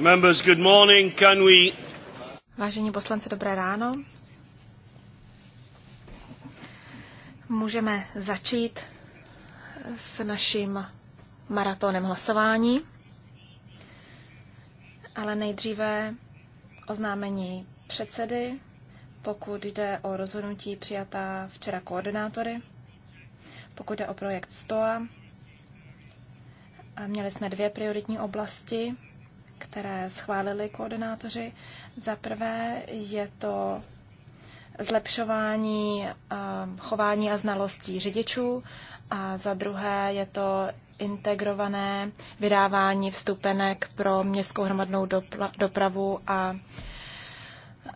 Members, good morning. Can we... Vážení poslanci, dobré ráno. Můžeme začít s naším maratonem hlasování, ale nejdříve oznámení předsedy, pokud jde o rozhodnutí přijatá včera koordinátory, pokud jde o projekt STOA, Měli jsme dvě prioritní oblasti které schválili koordinátoři. Za prvé je to zlepšování eh, chování a znalostí řidičů a za druhé je to integrované vydávání vstupenek pro městskou hromadnou dopravu a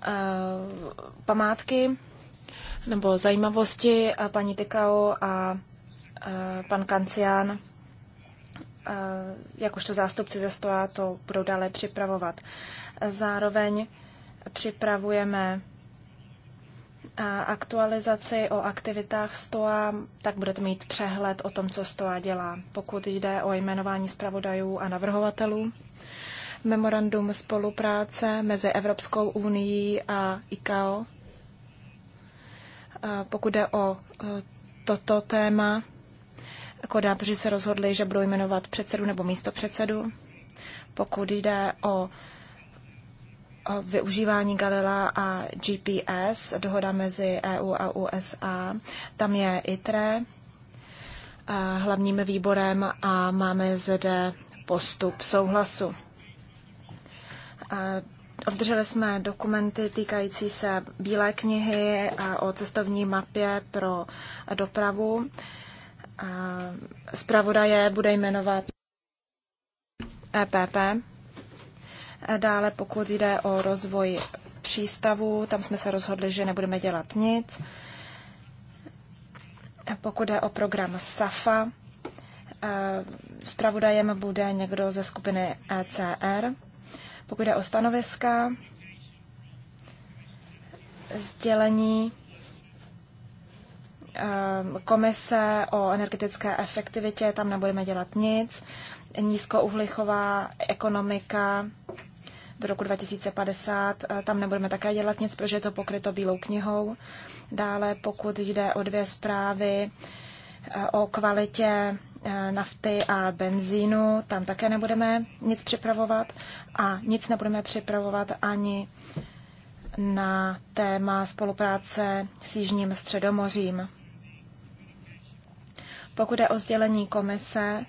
eh, památky nebo zajímavosti paní Tykao a eh, pan Kancián Eh, jakožto zástupci ze to budou dále připravovat. Zároveň připravujeme eh, aktualizaci o aktivitách STOA, tak budete mít přehled o tom, co STOA dělá. Pokud jde o jmenování zpravodajů a navrhovatelů, memorandum spolupráce mezi Evropskou unii a ICAO. Eh, pokud jde o toto téma, Koordinátoři se rozhodli, že budou jmenovat předsedu nebo místo předsedu. Pokud jde o využívání Galila a GPS, dohoda mezi EU a USA. Tam je ITRE hlavním výborem a máme zde postup souhlasu. Obdrželi jsme dokumenty týkající se Bílé knihy o cestovní mapě pro dopravu zpravodaje bude jmenovat EPP. E, dále, pokud jde o rozvoj přístavu, tam jsme se rozhodli, že nebudeme dělat nic. E, pokud jde o program SAFA, e, zpravodajem bude někdo ze skupiny ECR. Pokud jde o stanoviska, sdělení Ehm, komise o energetické efektivitě, tam nebudeme dělat nic. Nízkouhlichová ekonomika do roku 2050, eh, tam nebudeme také dělat nic, protože je to pokryto bílou knihou. Dále, pokud jde o dvě zprávy eh, o kvalitě eh, nafty a benzínu, tam také nebudeme nic připravovat a nic nebudeme připravovat ani na téma spolupráce s Jižním středomořím. Pokud je o sdělení komise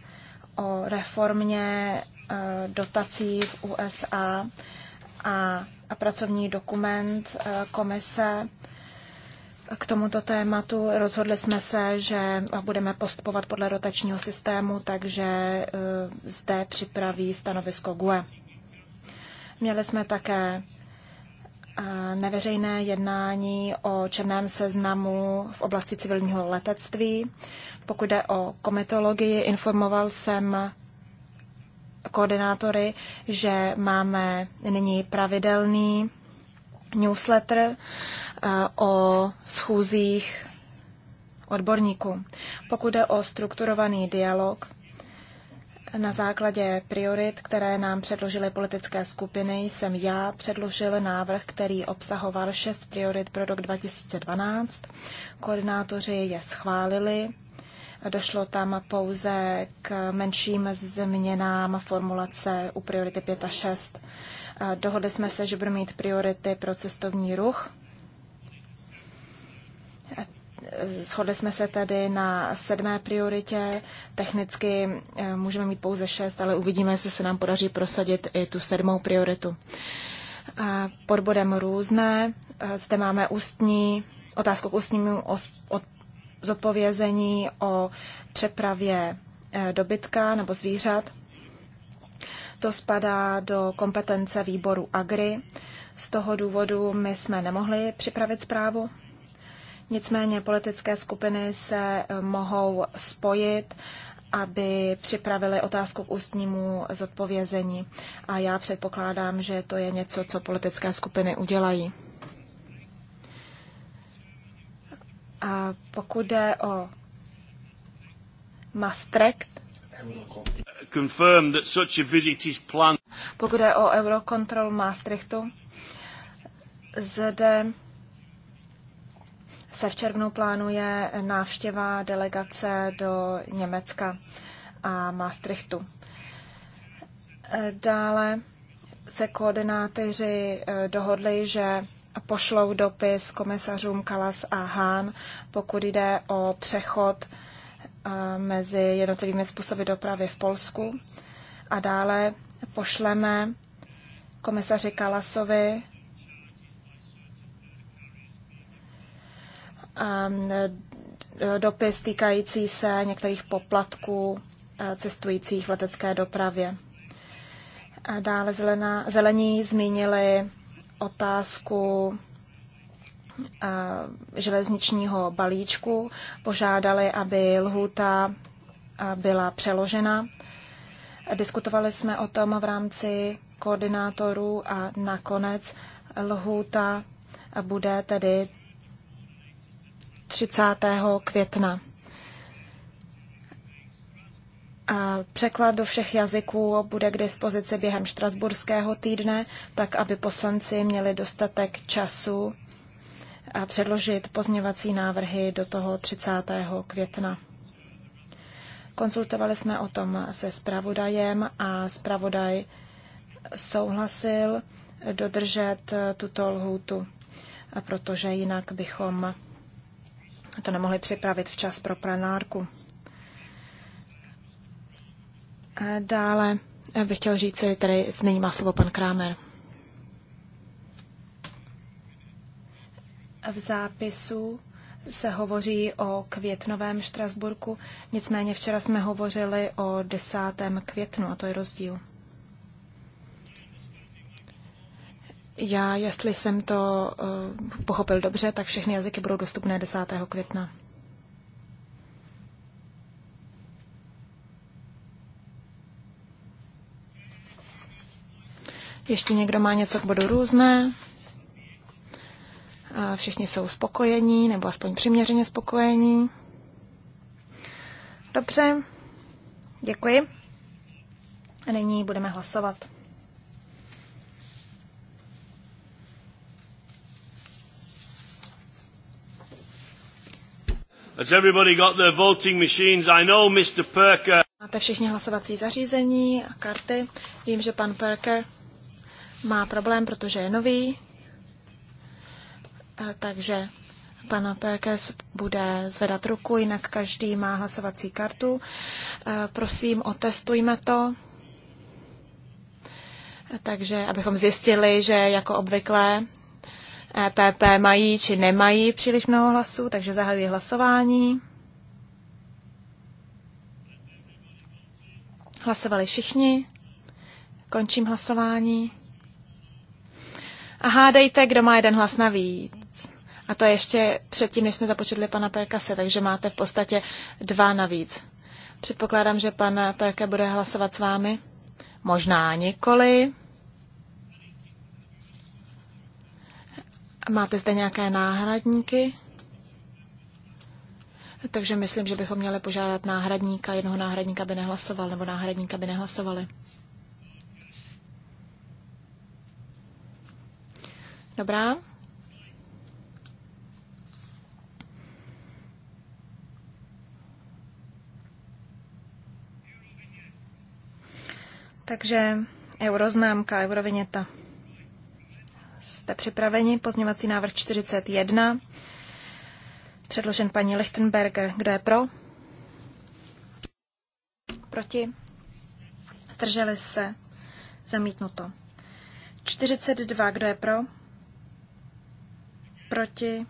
o reformě eh, dotací v USA a, pracovní dokument eh, komise, k tomuto tématu rozhodli jsme se, že budeme postupovat podle rotačního systému, takže eh, zde připraví stanovisko GUE. Měli jsme také neveřejné jednání o černém seznamu v oblasti civilního letectví. Pokud jde o kometologii, informoval jsem koordinátory, že máme nyní pravidelný newsletter eh, o schůzích odborníků. Pokud jde o strukturovaný dialog, na základě priorit, které nám předložily politické skupiny, jsem já předložil návrh, který obsahoval šest priorit pro rok 2012. Koordinátoři je schválili. Došlo tam pouze k menším změnám formulace u priority 5 a 6. Dohodli jsme se, že budeme mít priority pro cestovní ruch, Shodli jsme se tedy na sedmé prioritě. Technicky eh, můžeme mít pouze šest, ale uvidíme, jestli se nám podaří prosadit i tu sedmou prioritu. Pod bodem různé. Eh, zde máme ústní otázku k ústnímu zodpovězení o přepravě eh, dobytka nebo zvířat. To spadá do kompetence výboru AGRI. Z toho důvodu my jsme nemohli připravit zprávu. Nicméně politické skupiny se eh, mohou spojit, aby připravili otázku k ústnímu zodpovězení. A já předpokládám, že to je něco, co politické skupiny udělají. A pokud jde o Maastricht, pokud jde o Eurocontrol Maastrichtu, zde se v červnu plánuje návštěva delegace do Německa a Maastrichtu. Dále se koordinátoři eh, dohodli, že pošlou dopis komisařům Kalas a Hahn, pokud jde o přechod eh, mezi jednotlivými způsoby dopravy v Polsku. A dále pošleme komisaři Kalasovi Ehm, dopis týkající se některých poplatků eh, cestujících v letecké dopravě. A dále zelená, zelení zmínili otázku eh, železničního balíčku, požádali, aby lhůta eh, byla přeložena. Diskutovali jsme o tom v rámci koordinátorů a nakonec lhůta bude tedy 30. května. A překlad do všech jazyků bude k dispozici během štrasburského týdne, tak aby poslanci měli dostatek času a předložit pozměvací návrhy do toho 30. května. Konzultovali jsme o tom se zpravodajem a zpravodaj souhlasil dodržet tuto lhůtu, protože jinak bychom to nemohli připravit včas pro pranárku. Dále bych chtěl říct, tady nyní má slovo pan Krámer. V zápisu se hovoří o květnovém Štrasburku, nicméně včera jsme hovořili o 10. květnu a to je rozdíl. Já, jestli jsem to uh, pochopil dobře, tak všechny jazyky budou dostupné 10. května. Ještě někdo má něco k bodu různé? A eh, všichni jsou spokojení, nebo aspoň přiměřeně spokojení. Dobře, děkuji. A nyní budeme hlasovat. Has everybody got their voting machines? I know Mr. Perker. Máte všichni hlasovací zařízení a karty. Vím, že pan Perker má problém, protože je nový. Eh, takže pan Perker bude zvedat ruku, jinak každý má hlasovací kartu. Eh, prosím, otestujme to. Eh, takže, abychom zjistili, že jako obvykle EPP mají či nemají příliš mnoho hlasů, takže zahajuji hlasování. Hlasovali všichni. Končím hlasování. A hádejte, kdo má jeden hlas navíc. A to ještě předtím, než jsme započetli pana Perkase, takže máte v podstatě dva navíc. Předpokládám, že pan Perke bude hlasovat s vámi. Možná nikoli. Máte zde nějaké náhradníky? Takže myslím, že bychom měli požádat náhradníka, jednoho náhradníka by nehlasoval, nebo náhradníka by nehlasovali. Dobrá. Takže euroznámka, euroviněta. Jste připraveni? Pozměvací návrh 41, předložen paní Lichtenberger. Kdo je pro? Proti? Zdrželi se? Zamítnuto. 42, kdo je pro? Proti?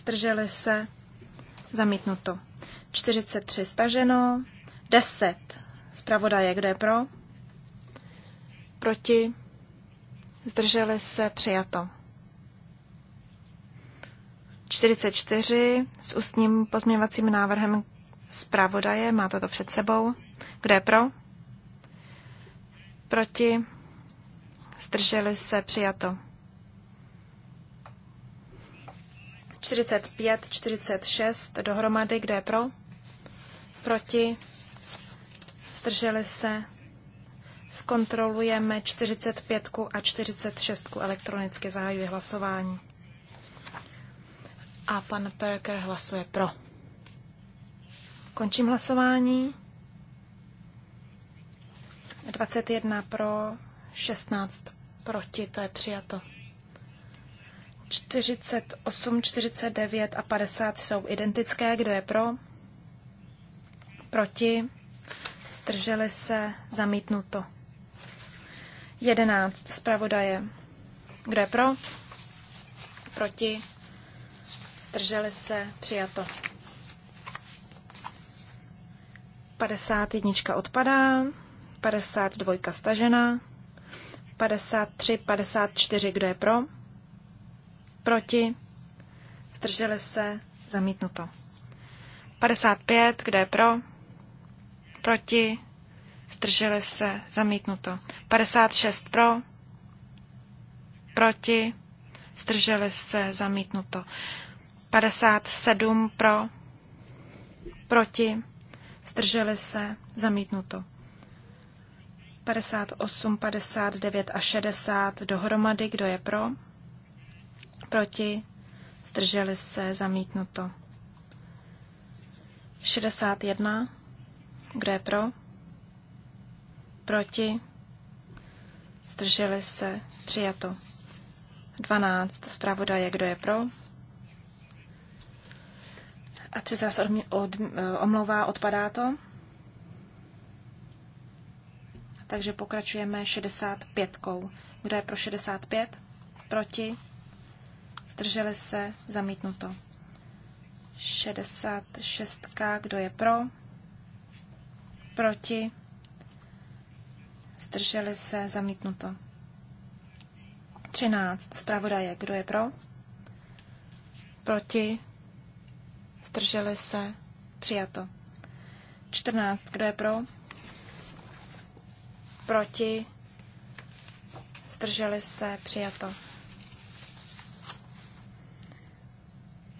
Zdrželi se? Zamítnuto. 43 staženo. 10. Zpravodaje, kdo je pro? Proti? zdrželi se, přijato. 44 s ústním pozměňovacím návrhem zpravodaje, má to před sebou. Kdo je pro? Proti? Zdrželi se, přijato. 45, 46 dohromady, kde je pro? Proti? Zdrželi se, Zkontrolujeme 45 a 46 elektronicky zahajuje hlasování. A pan Perker hlasuje pro. Končím hlasování. 21 pro, 16 proti, to je přijato. 48, 49 a 50 jsou identické. Kdo je pro? Proti? Zdrželi se? Zamítnuto. 11 zpravodaje. Kdo je pro? Proti? Zdrželi se? Přijato. 51 odpadá, 52 stažena, 53, 54, kdo je pro? Proti? Zdrželi se? Zamítnuto. 55, kdo je pro? Proti? zdrželi se, zamítnuto. 56 pro, proti, zdrželi se, zamítnuto. 57 pro, proti, zdrželi se, zamítnuto. 58, 59 a 60 dohromady, kdo je pro, proti, zdrželi se, zamítnuto. 61, kdo je pro, proti, zdrželi se, přijato. 12. Zpravodaje, kdo je pro? A předseda vás od, od, omlouvá, odpadá to. Takže pokračujeme 65. Kdo je pro 65? Proti? Zdrželi se? Zamítnuto. 66. Kdo je pro? Proti? Zdrželi se zamítnuto. 13. Zpravodaje. Kdo je pro? Proti? Zdrželi se? Přijato. 14. Kdo je pro? Proti? Zdrželi se? Přijato.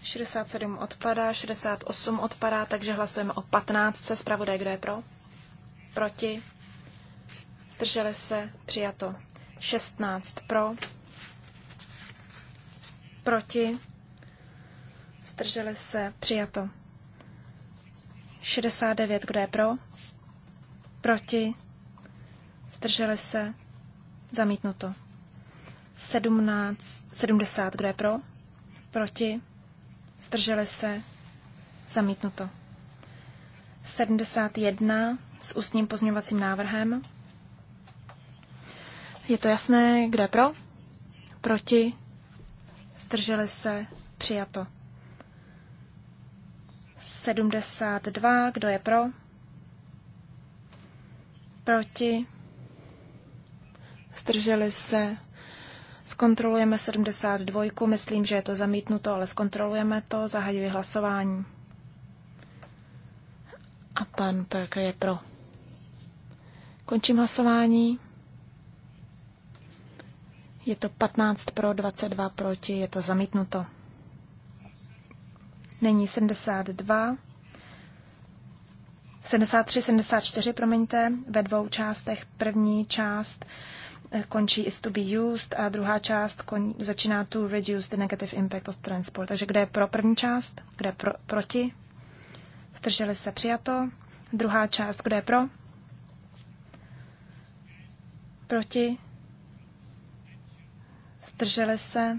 67 odpadá, 68 odpadá, takže hlasujeme o 15. Zpravodaj, kdo je pro? Proti? zdrželi se, přijato. 16 pro, proti, zdrželi se, přijato. 69, kdo je pro, proti, zdrželi se, zamítnuto. 17, 70, kdo je pro, proti, zdrželi se, zamítnuto. 71 s ústním pozměňovacím návrhem. Je to jasné, kde pro? Proti? Zdrželi se? Přijato. 72, kdo je pro? Proti? Zdrželi se? Zkontrolujeme 72, myslím, že je to zamítnuto, ale zkontrolujeme to, zahajuji hlasování. A pan Perker je pro. Končím hlasování. Je to 15 pro, 22 proti, je to zamítnuto. Není 72. 73, 74, promiňte, ve dvou částech. První část eh, končí is to be used a druhá část kon, začíná to reduce the negative impact of transport. Takže kde je pro první část, kde je pro, proti, Strželi se přijato. Druhá část, kde je pro, proti, zdrželi se.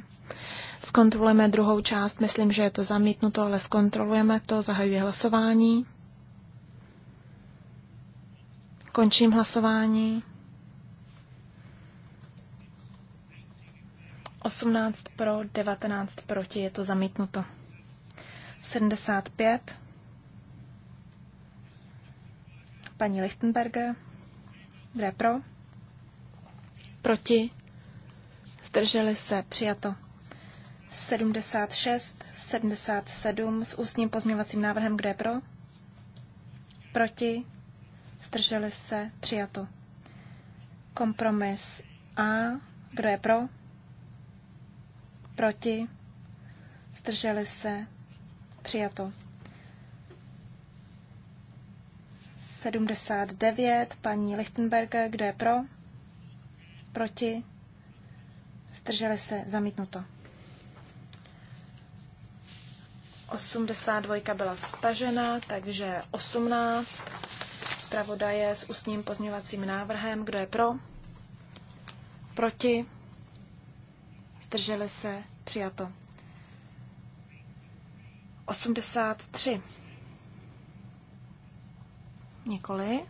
Zkontrolujeme druhou část, myslím, že je to zamítnuto, ale zkontrolujeme to, zahajuji hlasování. Končím hlasování. 18 pro, 19 proti, je to zamítnuto. 75. Paní Lichtenberger. Kde pro? Proti zdrželi se, přijato. 76, 77 s ústním pozměvacím návrhem, kde pro? Proti, zdrželi se, přijato. Kompromis A, kdo je pro? Proti, zdrželi se, přijato. 79, paní Lichtenberger, kdo je pro? Proti, Zdrželi se. Zamítnuto. 82 byla stažena, takže 18. Zpravodaje s ústním pozměňovacím návrhem. Kdo je pro? Proti? Zdrželi se? Přijato. 83. Nikoli.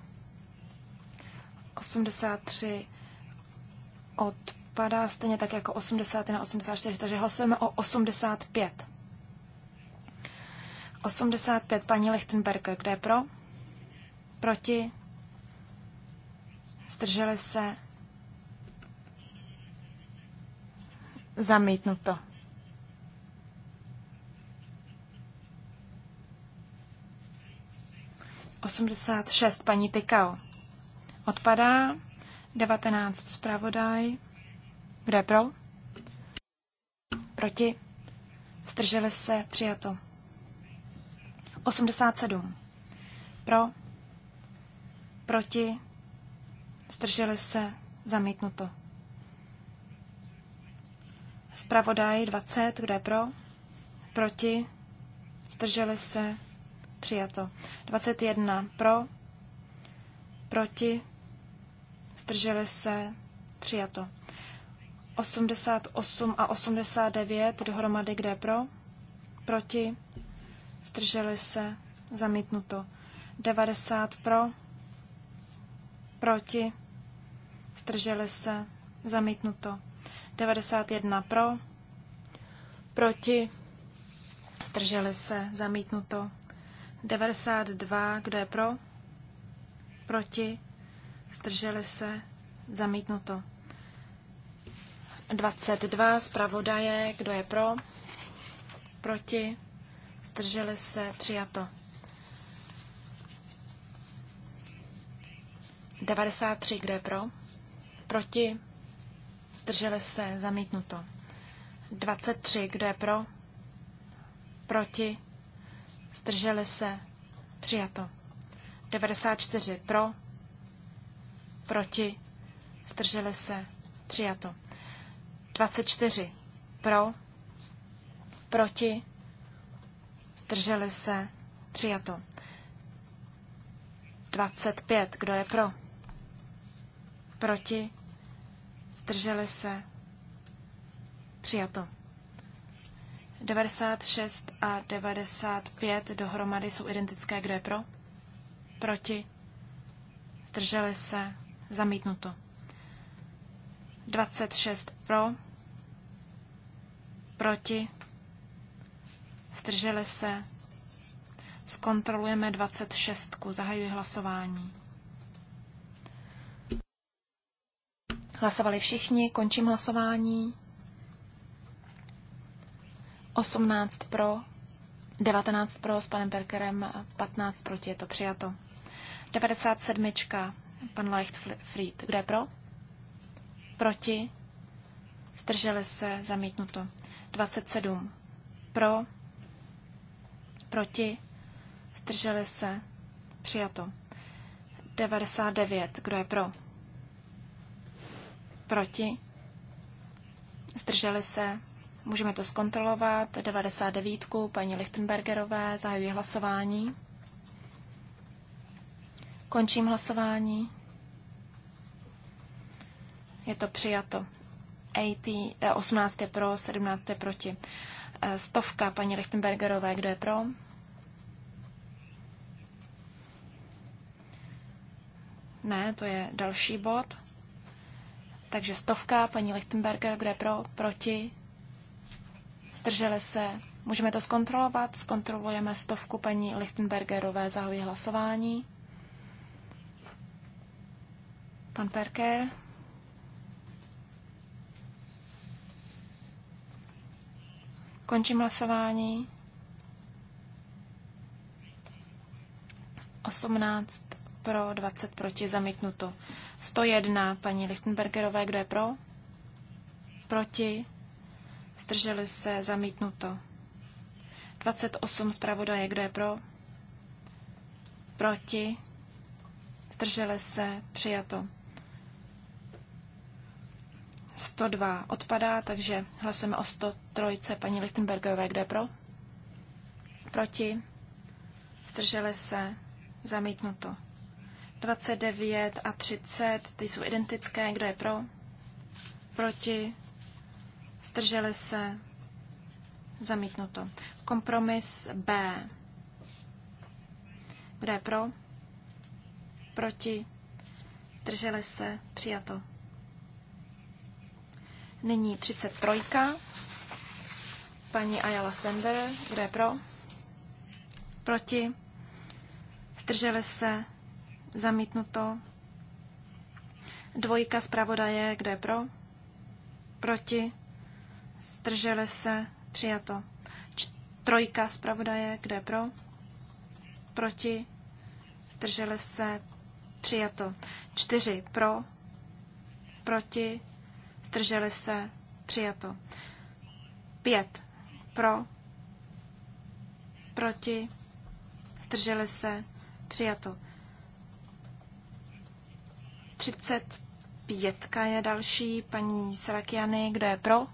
83 od vypadá stejně tak jako 80 na 84, takže hlasujeme o 85. 85, paní Lichtenberger, kde je pro? Proti? Zdrželi se? Zamítnuto. Osmdesát šest, paní Tykal. Odpadá. Devatenáct, zpravodaj. Kdo je pro? Proti? Zdrželi se? Přijato. 87. Pro? Proti? Zdrželi se? Zamítnuto. Zpravodaj 20. Kdo je pro? Proti? Zdrželi se? Přijato. 21. Pro? Proti? Zdrželi se? Přijato. 88 a 89 dohromady, kde pro, proti, zdrželi se, zamítnuto. 90 pro, proti, zdrželi se, zamítnuto. 91 pro, proti, zdrželi se, zamítnuto. 92, kdo je pro, proti, zdrželi se, zamítnuto. 22 zpravodaje, kdo je pro, proti, zdrželi se, přijato. 93, kdo je pro, proti, zdrželi se, zamítnuto. 23, kdo je pro, proti, zdrželi se, přijato. 94 pro, proti, zdrželi se, přijato. 24 pro, proti, zdrželi se, přijato. 25, kdo je pro, proti, zdrželi se, přijato. 96 a 95 dohromady jsou identické, kdo je pro, proti, zdrželi se, zamítnuto. 26 pro, proti, zdrželi se, zkontrolujeme 26, zahajuji hlasování. Hlasovali všichni, končím hlasování. 18 pro, 19 pro s panem Perkerem, 15 proti, je to přijato. 97. pan Leichtfried, kde je pro? Proti, zdrželi se, zamítnuto. 27. Pro, proti, zdrželi se, přijato. 99. Kdo je pro? Proti, zdrželi se, můžeme to zkontrolovat. 99. paní Lichtenbergerové, zahajuji hlasování. Končím hlasování. Je to přijato. AT, 18 eh, je pro, 17 je proti. Eh, stovka paní Lichtenbergerové, kdo je pro? Ne, to je další bod. Takže stovka, paní Lichtenberger, kde pro, proti, zdrželi se. Můžeme to zkontrolovat, zkontrolujeme stovku paní Lichtenbergerové, zahojí hlasování. Pan Perker. Končím hlasování. 18 pro, 20 proti, zamítnuto. 101 paní Lichtenbergerové, kdo je pro? Proti, zdrželi se, zamítnuto. 28 zpravodaje, kdo je pro? Proti, zdrželi se, přijato. 102 odpadá, takže hlasujeme o 103 paní Lichtenbergové. Kde pro? Proti? Zdrželi se? Zamítnuto. 29 a 30, ty jsou identické. Kdo je pro? Proti? Zdrželi se? Zamítnuto. Kompromis B. Kdo je pro? Proti? Drželi se? Přijato. Nyní 33. Paní Ayala Sender, kdo je pro? Proti? Zdrželi se? Zamítnuto? Dvojka zpravodaje, kdo je pro? Proti? Zdrželi se? Přijato. Č- trojka zpravodaje, kdo je pro? Proti? Zdrželi se? Přijato. Čtyři pro? Proti? zdrželi se, přijato. Pět pro, proti, zdrželi se, přijato. 35 je další, paní Srakiany, kdo je pro,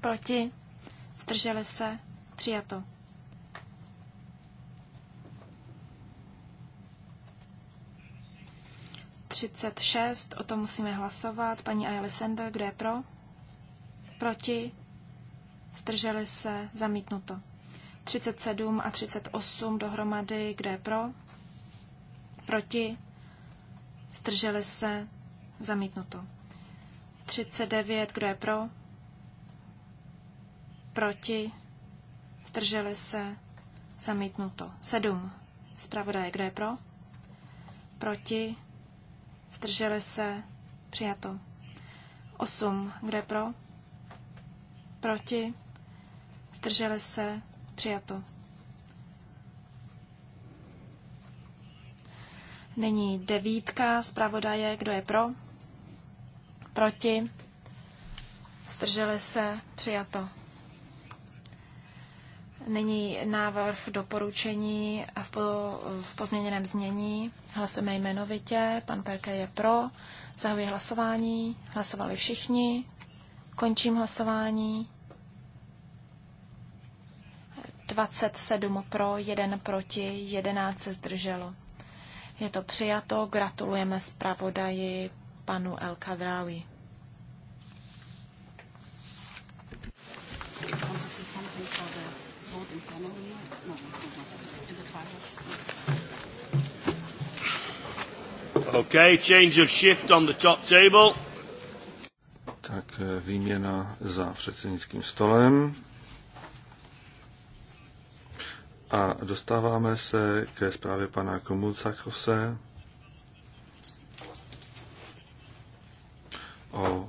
proti, zdrželi se, přijato. 36, o tom musíme hlasovat. Paní Ayali kdo je pro? Proti? Zdrželi se? Zamítnuto. 37 a 38 dohromady, kdo je pro? Proti? Zdrželi se? Zamítnuto. 39, kdo je pro? Proti? Zdrželi se? Zamítnuto. 7. Zpravodaje, kdo je pro? Proti? Zdrželi se? Přijato. 8. Kdo je pro? Proti? Zdrželi se? Přijato. Nyní devítka zpravodaje. Kdo je pro? Proti? Zdrželi se? Přijato. Nyní návrh doporučení v, po, v pozměněném znění. Hlasujeme jmenovitě. Pan Perke je pro. Zahajuji hlasování. Hlasovali všichni. Končím hlasování. 27 pro, 1 proti, 11 se zdrželo. Je to přijato. Gratulujeme zpravodaji panu El Kadraoui. Okay, change of shift on the top table. Tak eh, výměna za předsednickým stolem. A dostáváme se ke zprávě pana Komucakose o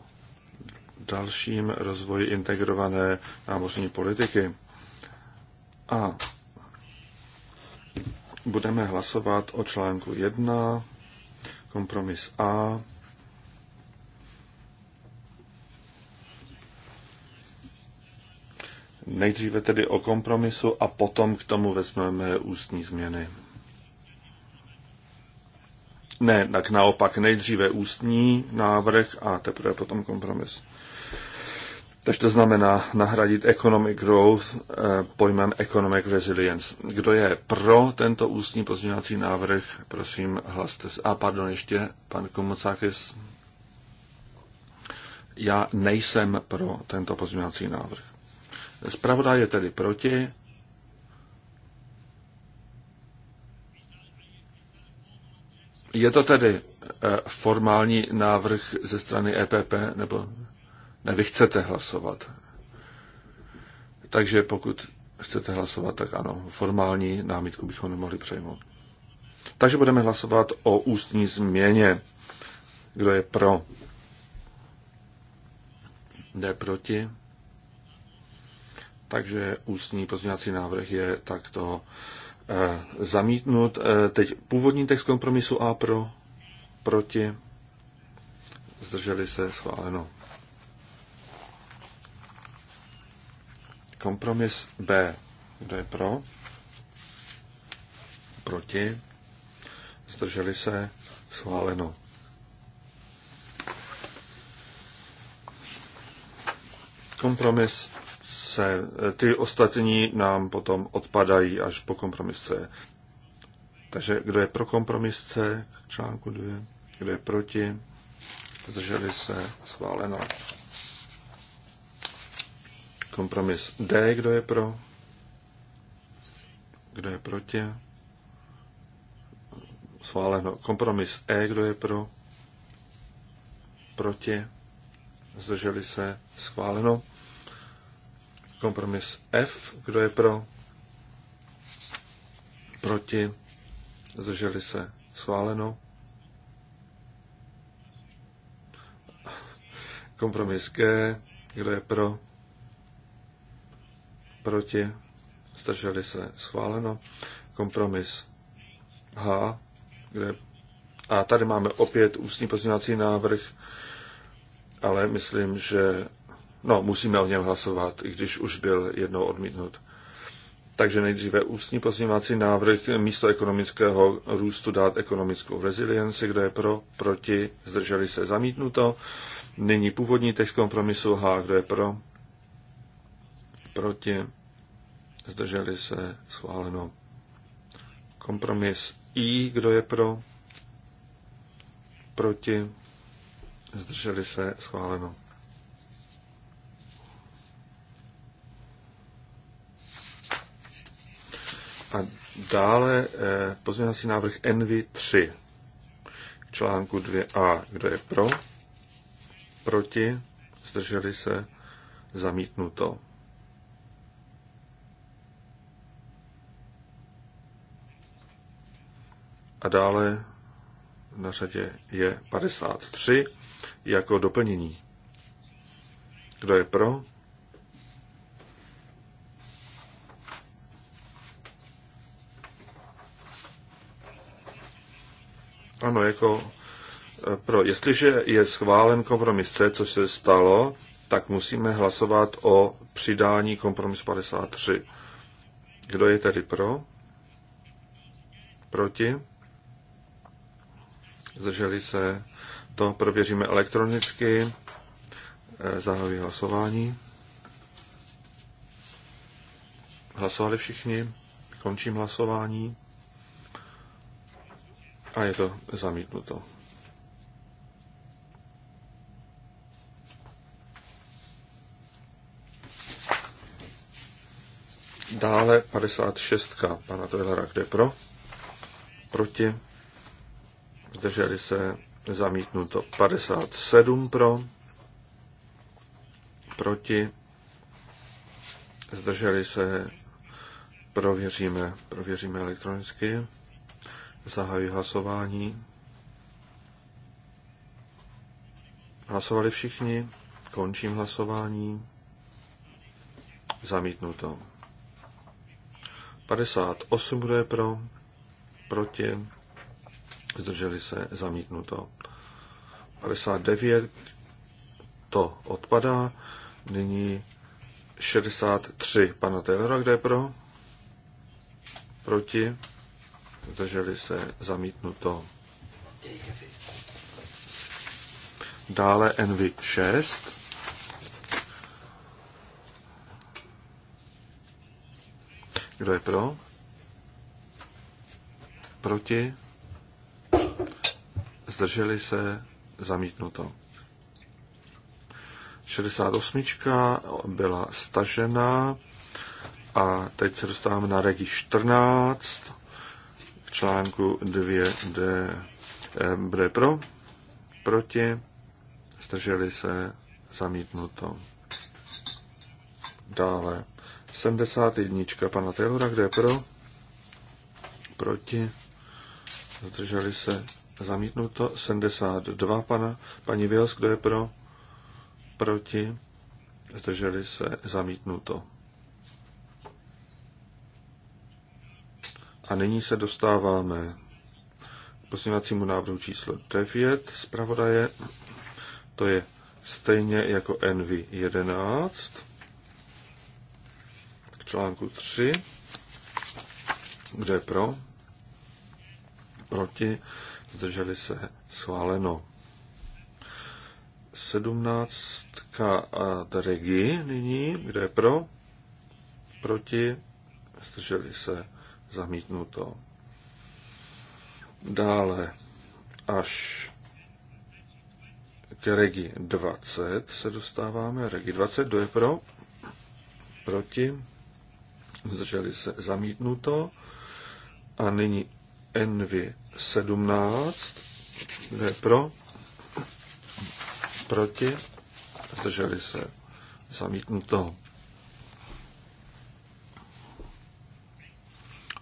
dalším rozvoji integrované námořní politiky. A budeme hlasovat o článku 1 Kompromis A. Nejdříve tedy o kompromisu a potom k tomu vezmeme ústní změny. Ne, tak naopak nejdříve ústní návrh a teprve potom kompromis. Takže to znamená nahradit economic growth eh, pojmem economic resilience. Kdo je pro tento ústní pozměňovací návrh, prosím, hlaste se. A pardon, ještě pan Komocakis. Já nejsem pro tento pozměňovací návrh. Spravodaj je tedy proti. Je to tedy eh, formální návrh ze strany EPP, nebo ne, vy chcete hlasovat. Takže pokud chcete hlasovat, tak ano, formální námitku bychom nemohli přejmout. Takže budeme hlasovat o ústní změně. Kdo je pro? Kdo je proti? Takže ústní pozměňovací návrh je takto e, zamítnut. E, teď původní text kompromisu A pro, proti, zdrželi se, schváleno. Kompromis B. Kdo je pro? Proti? Zdrželi se? Schváleno. Kompromis C. Ty ostatní nám potom odpadají až po kompromis C. Takže kdo je pro kompromis C k článku 2? Kdo je proti? Zdrželi se? Schváleno. Kompromis D, kdo je pro? Kdo je proti? Schváleno. Kompromis E, kdo je pro? Proti? Zdrželi se? Schváleno. Kompromis F, kdo je pro? Proti? Zdrželi se? Schváleno. Kompromis G, kdo je pro? proti, zdrželi se, schváleno. Kompromis H, kde, a tady máme opět ústní pozměňovací návrh, ale myslím, že no, musíme o něm hlasovat, i když už byl jednou odmítnut. Takže nejdříve ústní pozměňovací návrh místo ekonomického růstu dát ekonomickou rezilienci, kdo je pro, proti, zdrželi se zamítnuto. Nyní původní text kompromisu H, kdo je pro, proti, zdrželi se, schváleno. Kompromis I, kdo je pro, proti, zdrželi se, schváleno. A dále eh, pozměňovací návrh NV3 k článku 2a. Kdo je pro? Proti? Zdrželi se? Zamítnuto. A dále na řadě je 53 jako doplnění. Kdo je pro? Ano, jako eh, pro. Jestliže je schválen kompromis C, co se stalo, tak musíme hlasovat o přidání kompromisu 53. Kdo je tedy pro? Proti? zdrželi se, to prověříme elektronicky. E, zahajuji hlasování. Hlasovali všichni, končím hlasování a je to zamítnuto. Dále 56. Pana Toilera, kde pro? Proti? zdrželi se, zamítnuto 57 pro, proti, zdrželi se, prověříme, prověříme elektronicky, zahajuji hlasování. Hlasovali všichni, končím hlasování, zamítnuto. 58 bude pro, proti, zdrželi se zamítnuto. 59 to odpadá, nyní 63 pana Taylora, kde je pro, proti, zdrželi se zamítnuto. Dále NV 6. Kdo je pro? Proti? zdrželi se, zamítnuto. 68. byla stažena a teď se dostáváme na regi 14 k článku 2D. Bude eh, pro, proti, zdrželi se, zamítnuto. Dále 71. pana Taylora, kde je pro, proti, zdrželi se, Zamítnuto 72 pana, paní Vils, kdo je pro? Proti? Zdrželi se zamítnuto. A nyní se dostáváme k posněvacímu návrhu číslo 9 zpravodaje. To je stejně jako NV11 k článku 3. Kdo je pro? Proti? zdrželi se schváleno. Sedmnáctka a regi nyní, kde je pro, proti, zdrželi se zamítnuto. Dále až k regi 20 se dostáváme. Regi 20, kdo je pro? Proti. Zdrželi se zamítnuto. A nyní Envy 17, kdo je pro, proti, zdrželi se zamítnuto.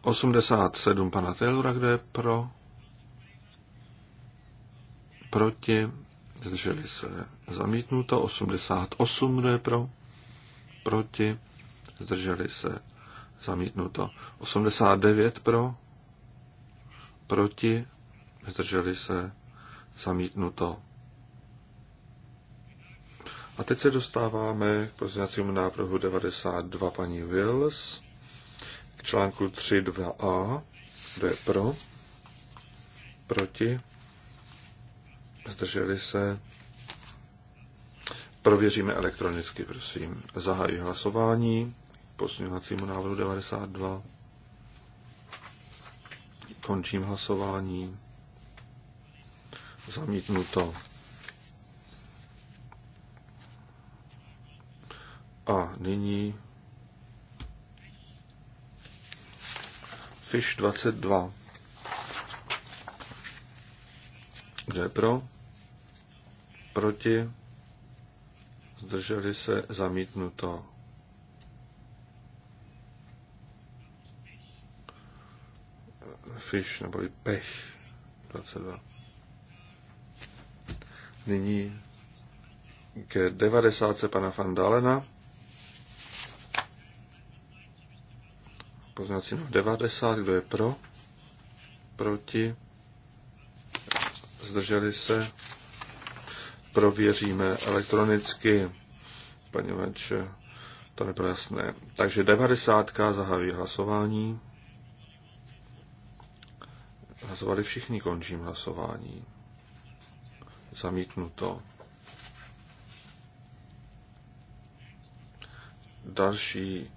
87 pana Taylora, kdo je pro, proti, zdrželi se zamítnuto. 88, kdo je pro, proti, zdrželi se zamítnuto. 89 pro, proti, zdrželi se, zamítnuto. A teď se dostáváme k pozměňovacímu návrhu 92 paní Wills, k článku 3.2a, kdo je pro, proti, zdrželi se, prověříme elektronicky, prosím. Zahají hlasování k pozměňovacímu návrhu 92. Končím hlasování. Zamítnuto. A nyní Fish 22. Kdo je pro? Proti? Zdrželi se zamítnuto. Fish nebo Pech 22. Nyní k 90. pana Fandalena. Poznací no 90, kdo je pro? Proti? Zdrželi se? Prověříme elektronicky, poněvadž to nebylo jasné. Takže 90. zahájí hlasování. Hlasovali všichni, končím hlasování. Zamítnuto. Další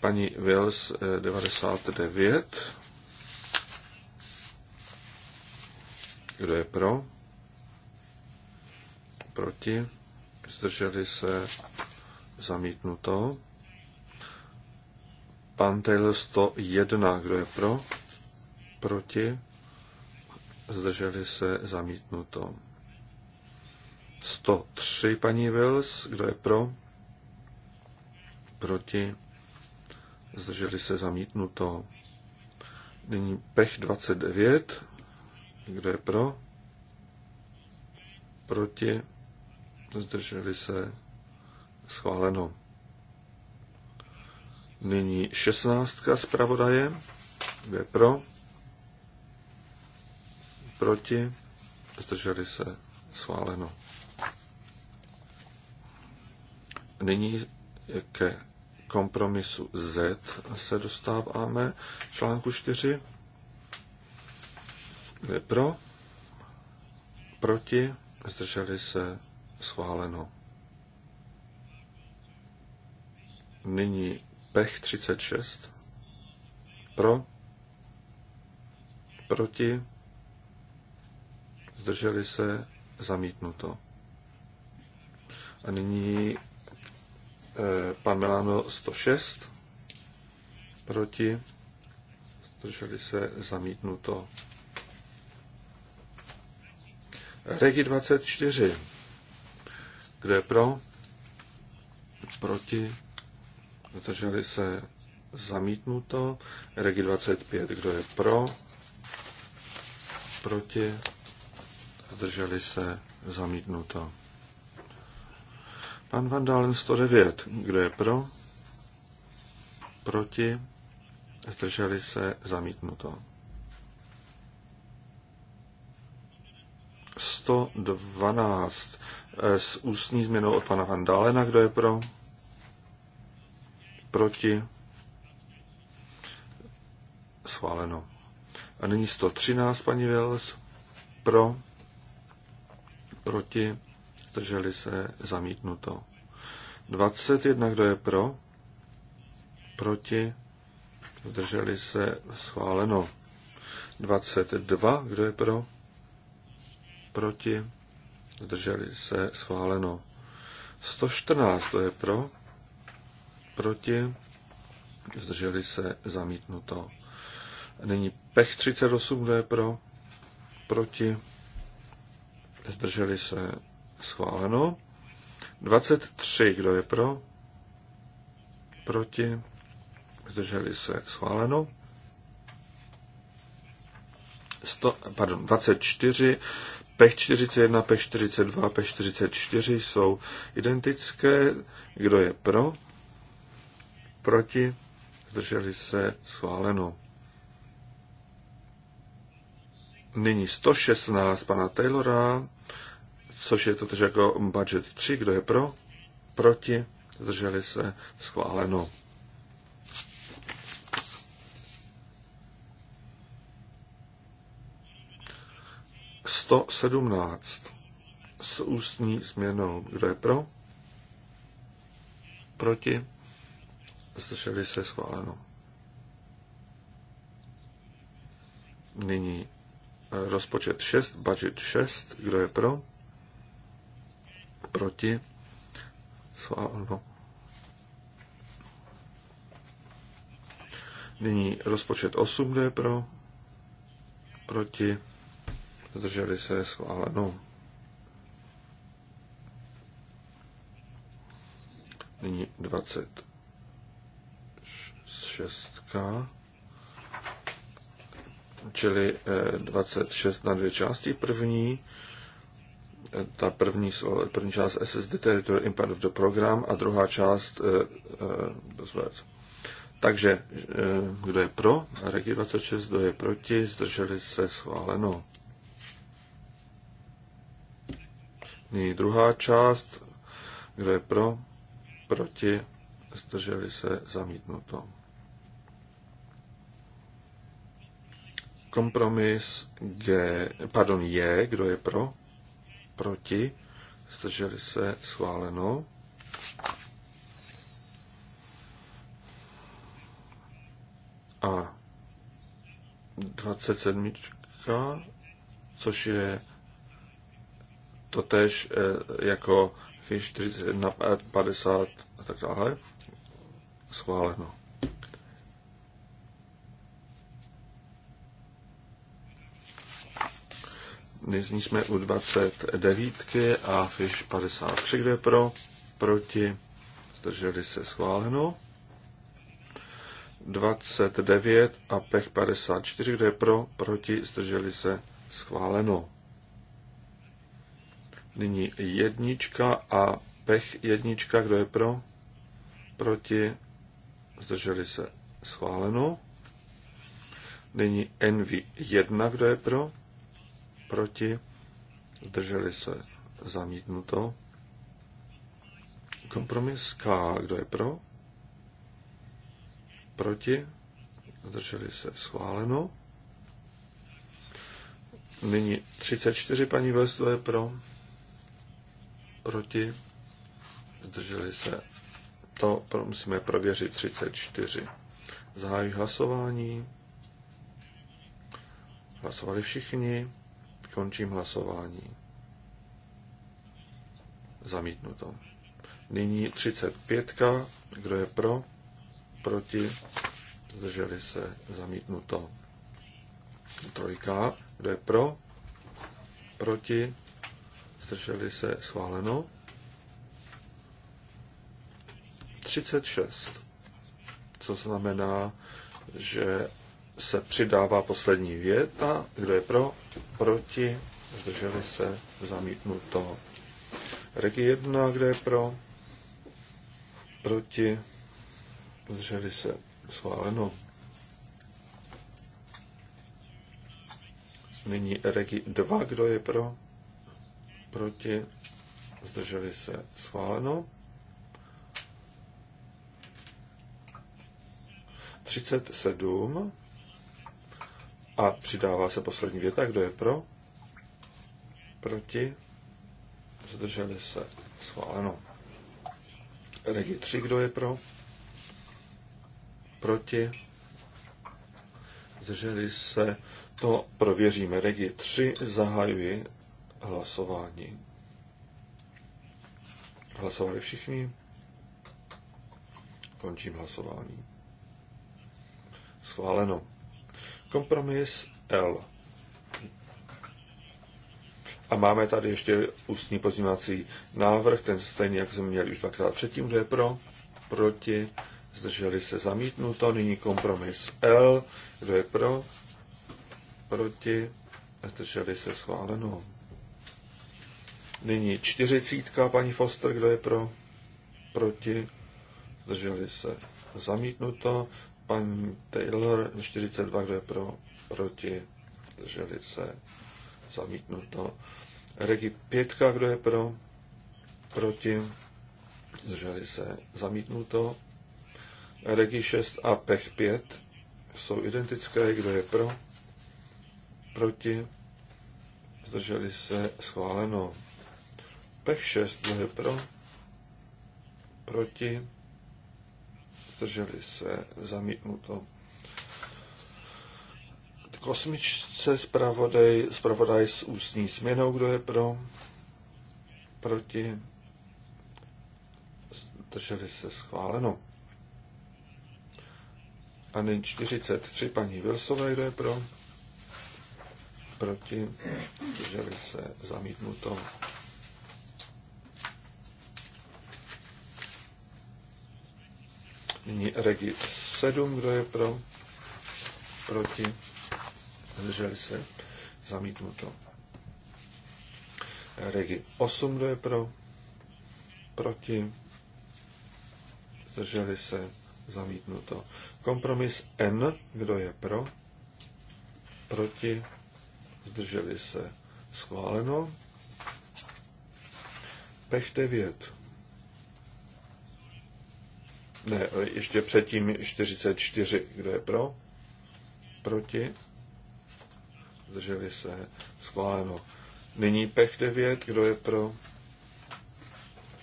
paní Wills 99. Eh, kdo je pro? Proti? Zdrželi se zamítnuto. Pan Taylor 101, kdo je pro? Proti? zdrželi se, zamítnuto. 103, paní Wills, kdo je pro? Proti, zdrželi se, zamítnuto. Nyní Pech 29, kdo je pro? Proti, zdrželi se, schváleno. Nyní šestnáctka zpravodaje, kdo je pro? proti, zdrželi se, schváleno. Nyní ke kompromisu Z se dostáváme článku 4. Kde pro, proti, zdrželi se, schváleno. Nyní Pech 36. Pro, proti, zdrželi se, zamítnuto. A nyní eh, pan Milano 106, proti, zdrželi se, zamítnuto. Regi 24, kde je pro, proti, zdrželi se, zamítnuto. Regi 25, kdo je pro, proti, zdrželi se, zamítnuto. Pan Van Dalen 109, kdo je pro, proti, zdrželi se, zamítnuto. 112 s ústní změnou od pana Van Dalena, kdo je pro, proti, schváleno. A nyní 113, paní Vils, pro, proti, zdrželi se, zamítnuto. 21, kdo je pro, proti, zdrželi se, schváleno. 22, kdo je pro, proti, zdrželi se, schváleno. 114, kdo je pro, proti, zdrželi se, zamítnuto. Nyní pech 38, kdo je pro, proti, zdrželi se schváleno. 23, kdo je pro, proti, zdrželi se schváleno. 100, pardon, 24, PECH 41, PECH 42, PECH 44 jsou identické. Kdo je pro? Proti? Zdrželi se schváleno. Nyní 116 pana Taylora, což je totiž jako budget 3, kdo je pro, proti, zdrželi se, schváleno. Sto sedmnáct s ústní změnou. Kdo je pro? Proti? Zdrželi se schváleno. Nyní rozpočet 6, budget 6, kdo je pro? Proti? Schváleno. Nyní rozpočet 8, kdo je pro? Proti? Zdrželi se schváleno. Nyní 26 čili 26 eh, na dvě části. První, eh, ta první, první část SSD Territory Impact of the Program a druhá část eh, dozvec. Takže kdo je pro? Regi 26, kdo je proti? Zdrželi se schváleno. Nyní druhá část. Kdo je pro? Proti? Zdrželi se zamítnuto. Kompromis G, pardon, je, kdo je pro, proti, zdrželi se, schváleno. A 27, což je totež eh, jako 41, 50 a tak dále, schváleno. Nyní jsme u 29 a FISH 53, kde pro, proti, zdrželi se schváleno. 29 a PECH 54, kde pro, proti, zdrželi se schváleno. Nyní jednička a pech jednička, kdo je pro? Proti? Zdrželi se schváleno. Nyní NV1, kdo je pro? proti, zdrželi se zamítnuto. Kompromis K, kdo je pro, proti, zdrželi se schváleno. Nyní 34 paní Vestu je pro, proti, zdrželi se. To musíme prověřit 34. Zahájí hlasování. Hlasovali všichni. Končím hlasování. Zamítnuto. Nyní 35. Kdo je pro? Proti? Zdrželi se. Zamítnuto. Trojka. Kdo je pro? Proti? Zdrželi se. Schváleno. 36. Co znamená, že se přidává poslední věta. Kdo je pro? Proti? Zdrželi se? Zamítnuto. Regi 1, kdo je pro? Proti? Zdrželi se? Schváleno. Nyní Regi 2, kdo je pro? Proti? Zdrželi se? Schváleno. 37. A přidává se poslední věta, kdo je pro, proti, zdrželi se, schváleno. Regi 3, kdo je pro, proti, zdrželi se, to prověříme. Regi 3, zahajuji hlasování. Hlasovali všichni? Končím hlasování. Schváleno. Kompromis L. A máme tady ještě ústní pozměňovací návrh, ten stejný, jak jsme měli už dvakrát předtím, kdo je pro, proti, zdrželi se zamítnuto, nyní kompromis L, kdo je pro, proti, zdrželi se schváleno. Nyní čtyřicítka, paní Foster, kdo je pro, proti, zdrželi se zamítnuto, Pan Taylor 42, kdo je pro, proti, drželi se, zamítnuto. Regi 5, kdo je pro, proti, zdrželi se, zamítnuto. Regi 6 a PECH 5 jsou identické, kdo je pro, proti, zdrželi se, schváleno. PECH 6, kdo je pro, proti, zdrželi se, zamítnuto. Kosmičce zpravodaj, zpravodaj s ústní změnou, kdo je pro, proti, zdrželi se, schváleno. A nyní 43 paní Vilsové, kdo je pro, proti, zdrželi se, zamítnuto. Nyní regi 7, kdo je pro, proti, zdrželi se, zamítnuto. Regi 8, kdo je pro, proti, zdrželi se, zamítnuto. Kompromis N, kdo je pro, proti, zdrželi se, schváleno. Pech 9, ne, ještě předtím 44. Kdo je pro? Proti? Zdrželi se. Schváleno. Nyní pech 9. Kdo je pro?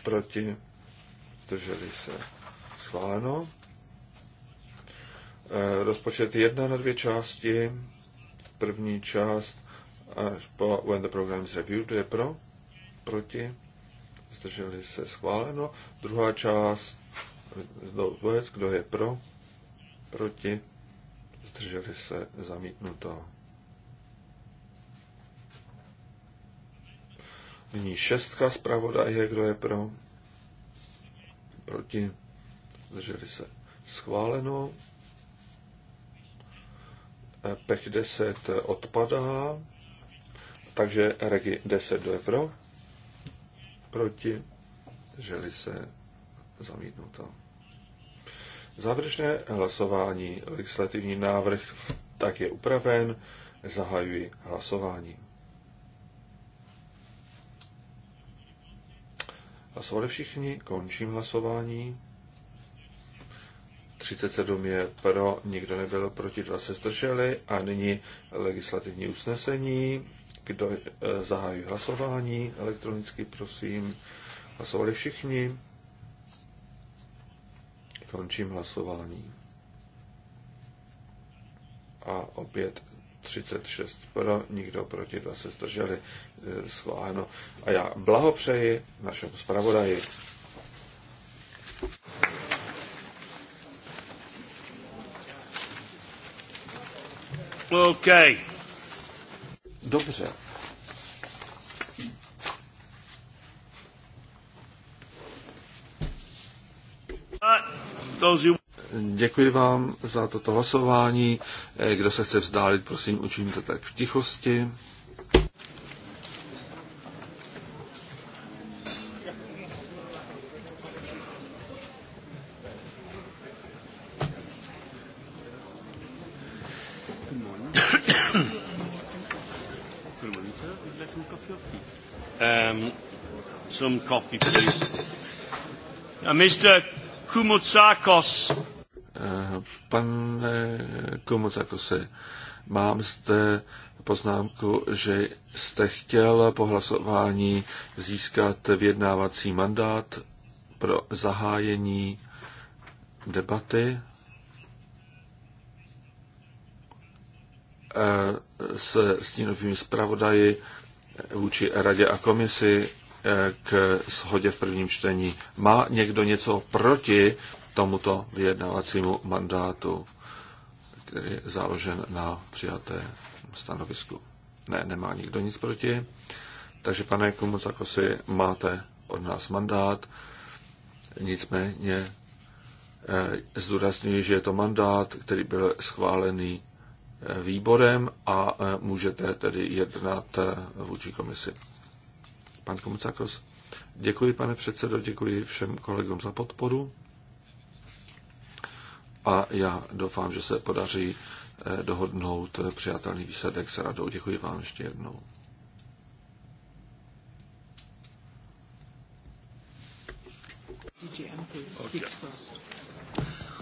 Proti? Zdrželi se. Schváleno. E, rozpočet jedna na dvě části. První část až po When the Program is Reviewed. Kdo je pro? Proti? Zdrželi se. Schváleno. Druhá část znovu vůbec, kdo je pro, proti, zdrželi se, zamítnuto. Nyní šestka zpravodaje, kdo je pro, proti, zdrželi se, schváleno. E, pech 10 odpadá, takže Regi 10, kdo je pro, proti, zdrželi se, zamítnuto. Závěrečné hlasování, legislativní návrh tak je upraven, zahajuji hlasování. Hlasovali všichni, končím hlasování. 37 je pro, nikdo nebyl proti, dva se zdrželi a nyní legislativní usnesení. Kdo eh, zahájí hlasování elektronicky, prosím. Hlasovali všichni končím hlasování. A opět 36 pro, nikdo proti, dva se zdrželi, e, schváleno. A já blahopřeji našemu zpravodaji. Okay. Dobře. Děkuji vám za toto hlasování. Kdo se chce vzdálit, prosím, učiníte tak v tichosti. Um, some coffee, please. Uh, Mr. Kumutsakos. Eh, pane Kumutsakose, mám zde poznámku, že jste chtěl po hlasování získat vyjednávací mandát pro zahájení debaty eh, se stínovými zpravodaji vůči radě a komisi k shodě v prvním čtení. Má někdo něco proti tomuto vyjednávacímu mandátu, který je založen na přijaté stanovisku? Ne, nemá nikdo nic proti. Takže, pane Komucakosi, máte od nás mandát. Nicméně eh, zdůrazňuji, že je to mandát, který byl schválený eh, výborem a eh, můžete tedy jednat vůči komisi. Pan Komucakos. Děkuji, pane předsedo, děkuji všem kolegům za podporu a já doufám, že se podaří eh, dohodnout přijatelný výsledek s radou. Děkuji vám ještě jednou. Okay.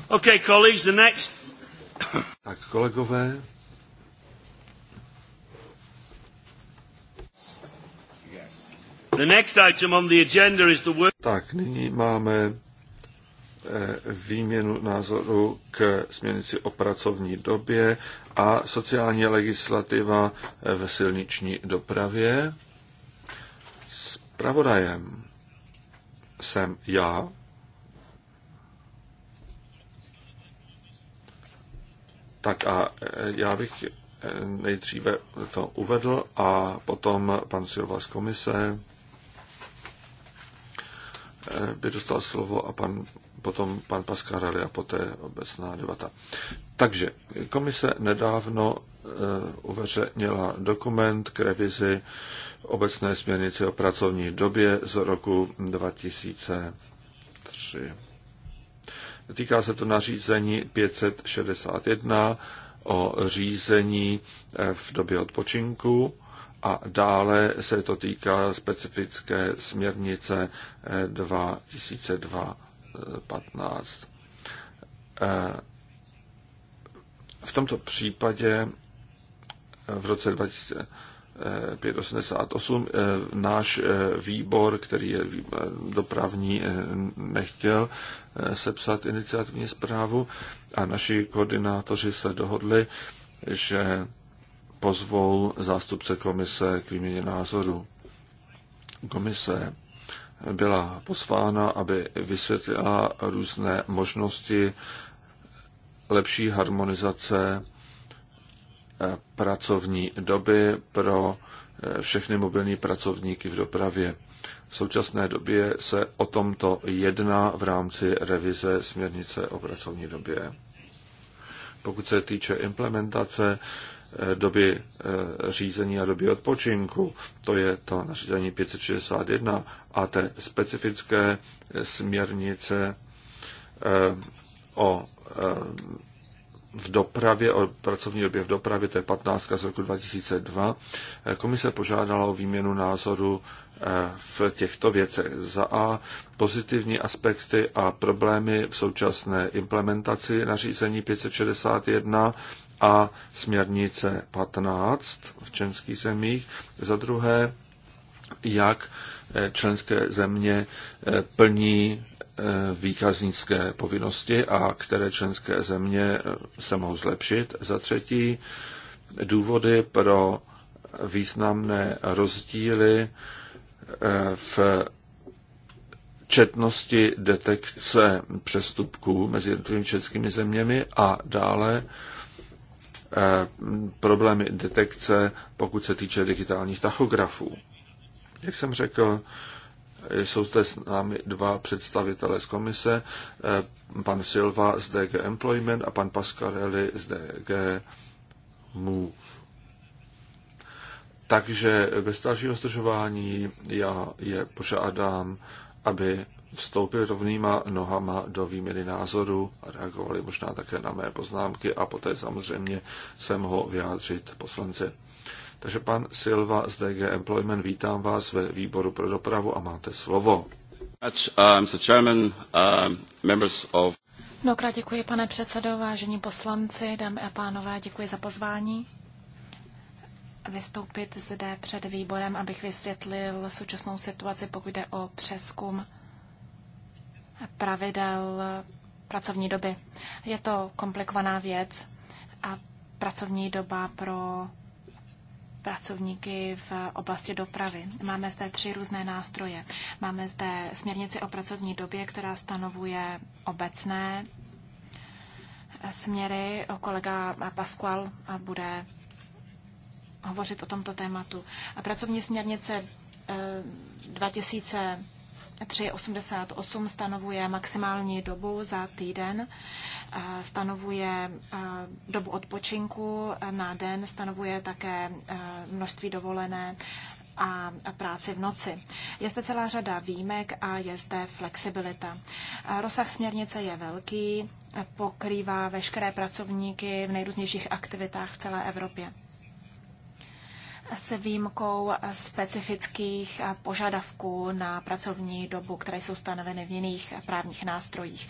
okay, colleagues, the next. Tak kolegové, Tak, nyní máme eh, výměnu názoru k směrnici o pracovní době a sociální legislativa eh, ve silniční dopravě. Spravodajem jsem já. Tak a eh, já bych nejdříve to uvedl a potom pan Silva z komise Eh, by dostal slovo a pan, potom pan Paskarali a poté obecná debata. Takže komise nedávno eh, uveřejnila dokument k revizi obecné směrnice o pracovní době z roku 2003. Týká se to nařízení 561 o řízení eh, v době odpočinku a dále se to týká specifické směrnice 2002-15. Eh, eh, v tomto případě eh, v roce 588 náš výbor, který je dopravní, nechtěl sepsat iniciativní zprávu a naši koordinátoři se dohodli, že pozvou zástupce komise k výměně názoru. Komise byla pozvána, aby vysvětlila různé možnosti lepší harmonizace eh, pracovní doby pro eh, všechny mobilní pracovníky v dopravě. V současné době se o tomto jedná v rámci revize směrnice o pracovní době. Pokud se týče implementace, doby eh, řízení a doby odpočinku, to je to nařízení 561 a té specifické eh, směrnice eh, o v dopravě, o pracovní době v dopravě, to je 15 z roku 2002, komise požádala o výměnu názoru v těchto věcech. Za A pozitivní aspekty a problémy v současné implementaci nařízení 561 a směrnice 15 v členských zemích. Za druhé, jak eh, členské země eh, plní eh, výkaznické povinnosti a které členské země se mohou zlepšit. Za třetí, důvody pro významné rozdíly v četnosti detekce přestupků mezi jednotlivými českými zeměmi a dále problémy detekce, pokud se týče digitálních tachografů. Jak jsem řekl, jsou zde s námi dva představitelé z komise, eh, pan Silva z DG Employment a pan Pascarelli z DG Move. Takže bez dalšího zdržování já je požádám, aby vstoupili rovnýma nohama do výměny názoru a reagovali možná také na mé poznámky a poté samozřejmě se mohl vyjádřit poslanci. Takže pan Silva z DG Employment, vítám vás ve výboru pro dopravu a máte slovo. Uh, uh, Mnohokrát děkuji, pane předsedo, vážení poslanci, dámy a pánové, děkuji za pozvání vystoupit zde před výborem, abych vysvětlil současnou situaci, pokud jde o přeskum pravidel pracovní doby. Je to komplikovaná věc a pracovní doba pro pracovníky v oblasti dopravy. Máme zde tři různé nástroje. Máme zde směrnici o pracovní době, která stanovuje obecné směry. Kolega Pasqual bude hovořit o tomto tématu. A pracovní směrnice 2000 eh, 388 stanovuje maximální dobu za týden, stanovuje dobu odpočinku na den, stanovuje také množství dovolené a práci v noci. Je zde celá řada výjimek a je zde flexibilita. Rozsah směrnice je velký, pokrývá veškeré pracovníky v nejrůznějších aktivitách v celé Evropě s výjimkou specifických požadavků na pracovní dobu, které jsou stanoveny v jiných právních nástrojích.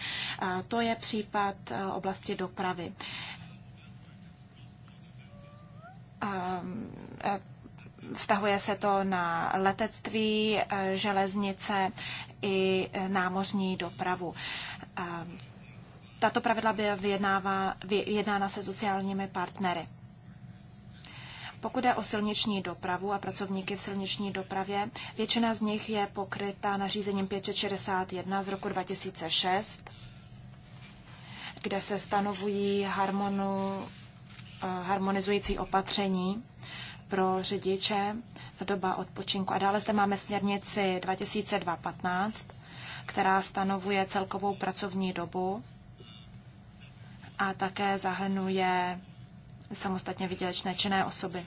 To je případ e, oblasti dopravy. Ehm, e, vztahuje se to na letectví, e, železnice i námořní dopravu. Ehm, tato pravidla byla vyjednána se sociálními partnery. Pokud jde o silniční dopravu a pracovníky v silniční dopravě, většina z nich je pokryta nařízením 561 z roku 2006, kde se stanovují harmonu, eh, harmonizující opatření pro řidiče, doba odpočinku. A dále zde máme směrnici 2002-15, která stanovuje celkovou pracovní dobu a také zahrnuje samostatně vydělečné činné osoby.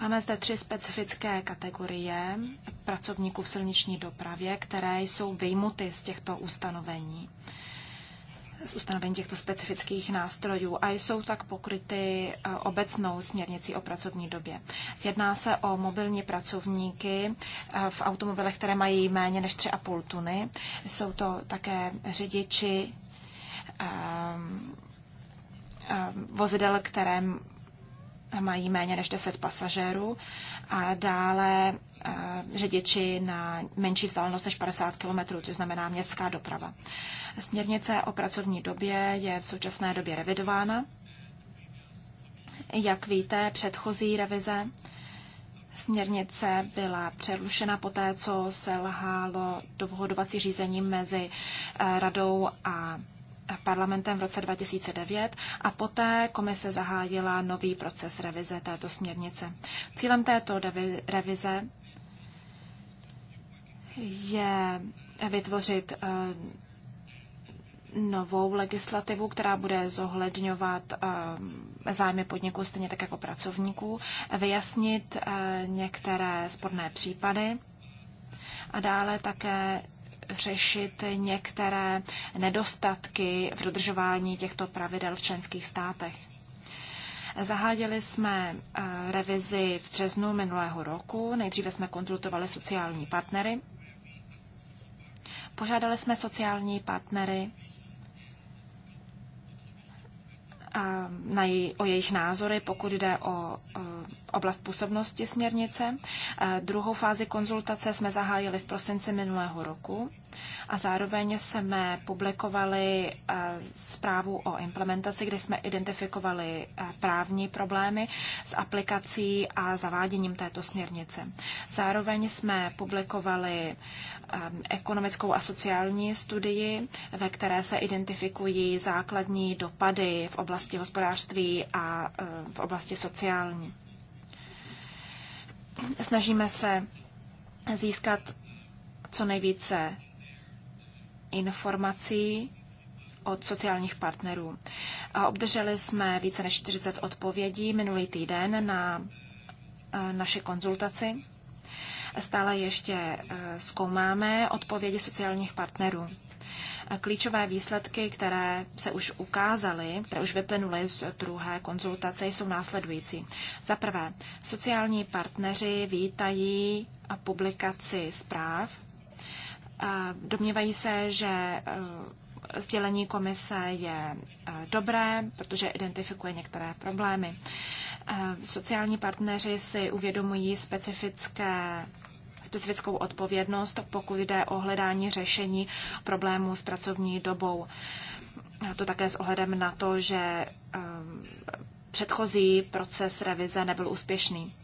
Máme zde tři specifické kategorie pracovníků v silniční dopravě, které jsou vyjmuty z těchto ustanovení z ustanovení těchto specifických nástrojů a jsou tak pokryty eh, obecnou směrnicí o pracovní době. Jedná se o mobilní pracovníky eh, v automobilech, které mají méně než 3,5 tuny. Jsou to také řidiči um, Eh, vozidel, které mají méně než 10 pasažérů a dále eh, řidiči na menší vzdálenost než 50 km, což znamená městská doprava. Směrnice o pracovní době je v současné době revidována. Jak víte, předchozí revize směrnice byla přerušena poté, co se lhálo dohodovací řízení mezi eh, radou a parlamentem v roce 2009 a poté komise zahájila nový proces revize této směrnice. Cílem této revize je vytvořit eh, novou legislativu, která bude zohledňovat eh, zájmy podniků stejně tak jako pracovníků, vyjasnit eh, některé sporné případy a dále také řešit některé nedostatky v dodržování těchto pravidel v členských státech. Zahájili jsme eh, revizi v březnu minulého roku. Nejdříve jsme konzultovali sociální partnery. Požádali jsme sociální partnery na jej, o jejich názory, pokud jde o oblast působnosti směrnice. Druhou fázi konzultace jsme zahájili v prosinci minulého roku a zároveň jsme publikovali e, zprávu o implementaci, kde jsme identifikovali e, právní problémy s aplikací a zaváděním této směrnice. Zároveň jsme publikovali Um, ekonomickou a sociální studii, ve které se identifikují základní dopady v oblasti hospodářství a uh, v oblasti sociální. Snažíme se získat co nejvíce informací od sociálních partnerů. A obdrželi jsme více než 40 odpovědí minulý týden na uh, naše konzultaci stále ještě eh, zkoumáme odpovědi sociálních partnerů. Klíčové výsledky, které se už ukázaly, které už vyplynuly z druhé konzultace, jsou následující. Za prvé, sociální partneři vítají publikaci zpráv. Domnívají se, že eh, sdělení komise je eh, dobré, protože identifikuje některé problémy. Sociální partneři si uvědomují specifické specifickou odpovědnost, pokud jde o hledání řešení problémů s pracovní dobou. A to také s ohledem na to, že ehm, předchozí proces revize nebyl úspěšný.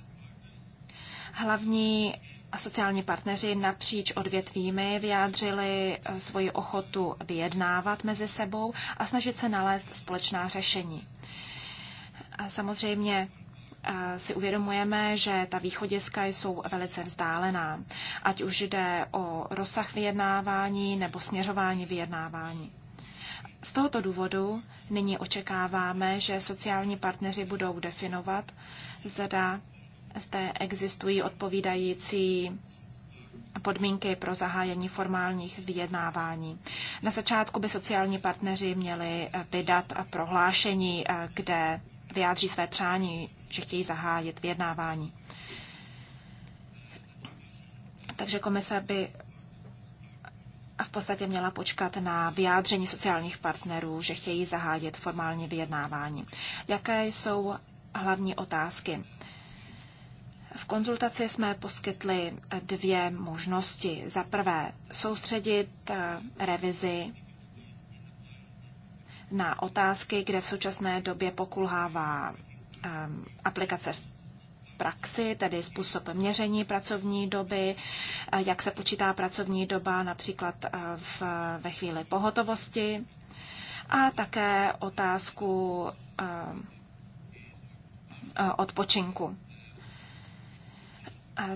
Hlavní a sociální partneři napříč odvětvími vyjádřili eh, svoji ochotu vyjednávat mezi sebou a snažit se nalézt společná řešení. A samozřejmě Eh, si uvědomujeme, že ta východiska jsou velice vzdálená, ať už jde o rozsah vyjednávání nebo směřování vyjednávání. Z tohoto důvodu nyní očekáváme, že sociální partneři budou definovat, zda zde existují odpovídající podmínky pro zahájení formálních vyjednávání. Na začátku by sociální partneři měli vydat prohlášení, eh, kde vyjádří své přání, že chtějí zahájit vyjednávání. Takže komise by v podstatě měla počkat na vyjádření sociálních partnerů, že chtějí zahájit formální vyjednávání. Jaké jsou hlavní otázky? V konzultaci jsme poskytli dvě možnosti. Za prvé soustředit eh, revizi na otázky, kde v současné době pokulhává ehm, aplikace v praxi, tedy způsob měření pracovní doby, eh, jak se počítá pracovní doba například eh, v, ve chvíli pohotovosti a také otázku ehm, eh, odpočinku.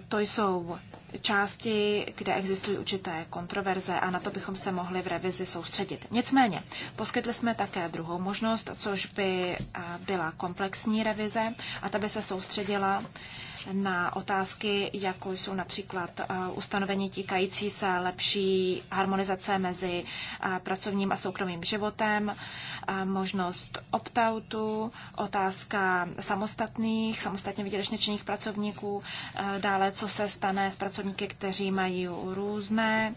To jsou části, kde existují určité kontroverze a na to bychom se mohli v revizi soustředit. Nicméně, poskytli jsme také druhou možnost, což by byla komplexní revize a ta by se soustředila na otázky, jako jsou například ustanovení týkající se lepší harmonizace mezi pracovním a soukromým životem, možnost opt-outu, otázka samostatných, samostatně výdělečně činných pracovníků, dále, co se stane s pracovním pracovníky, kteří mají různé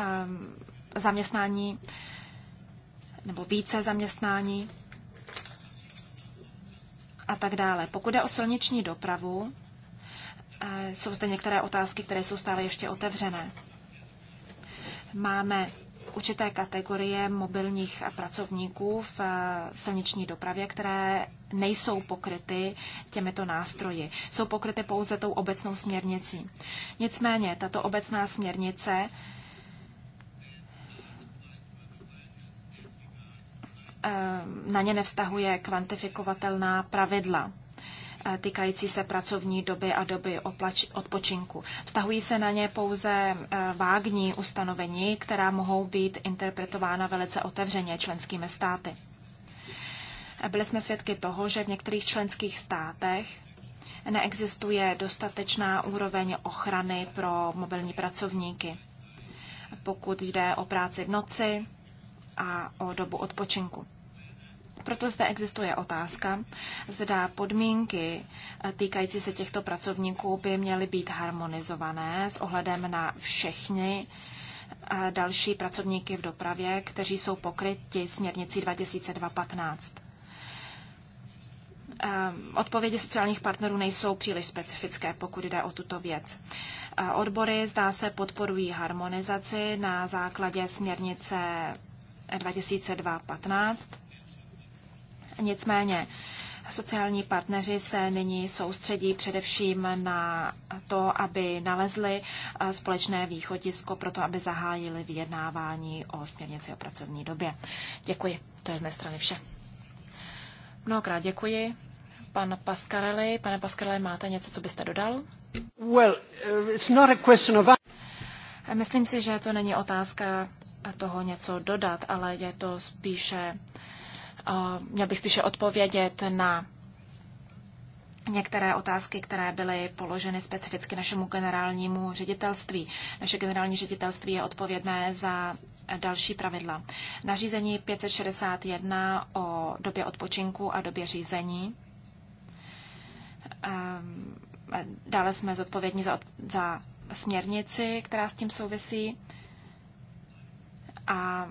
um, zaměstnání nebo více zaměstnání a tak dále. Pokud je o silniční dopravu, uh, jsou zde některé otázky, které jsou stále ještě otevřené. Máme určité kategorie mobilních pracovníků v eh, silniční dopravě, které nejsou pokryty těmito nástroji. Jsou pokryty pouze tou obecnou směrnicí. Nicméně, tato obecná směrnice eh, na ně nevztahuje kvantifikovatelná pravidla Eh, týkající se pracovní doby a doby odpočinku. Vztahují se na ně pouze eh, vágní ustanovení, která mohou být interpretována velice otevřeně členskými státy. Eh, byli jsme svědky toho, že v některých členských státech neexistuje dostatečná úroveň ochrany pro mobilní pracovníky, pokud jde o práci v noci a o dobu odpočinku. Proto zde existuje otázka, zda podmínky eh, týkající se těchto pracovníků by měly být harmonizované s ohledem na všechny eh, další pracovníky v dopravě, kteří jsou pokryti směrnicí 2015. Eh, odpovědi sociálních partnerů nejsou příliš specifické, pokud jde o tuto věc. Odbory zdá se podporují harmonizaci na základě směrnice 2015. Nicméně sociální partneři se nyní soustředí především na to, aby nalezli eh, společné východisko pro to, aby zahájili vyjednávání o směrnici o pracovní době. Děkuji. To je z mé strany vše. Mnohokrát děkuji. Pan Pascarelli, pane Pascarelli, máte něco, co byste dodal? Well, uh, it's not a question of... Myslím si, že to není otázka toho něco dodat, ale je to spíše uh, Měl bych spíše odpovědět na některé otázky, které byly položeny specificky našemu generálnímu ředitelství. Naše generální ředitelství je odpovědné za další pravidla. Nařízení 561 o době odpočinku a době řízení. Ehm, dále jsme zodpovědní za, za směrnici, která s tím souvisí a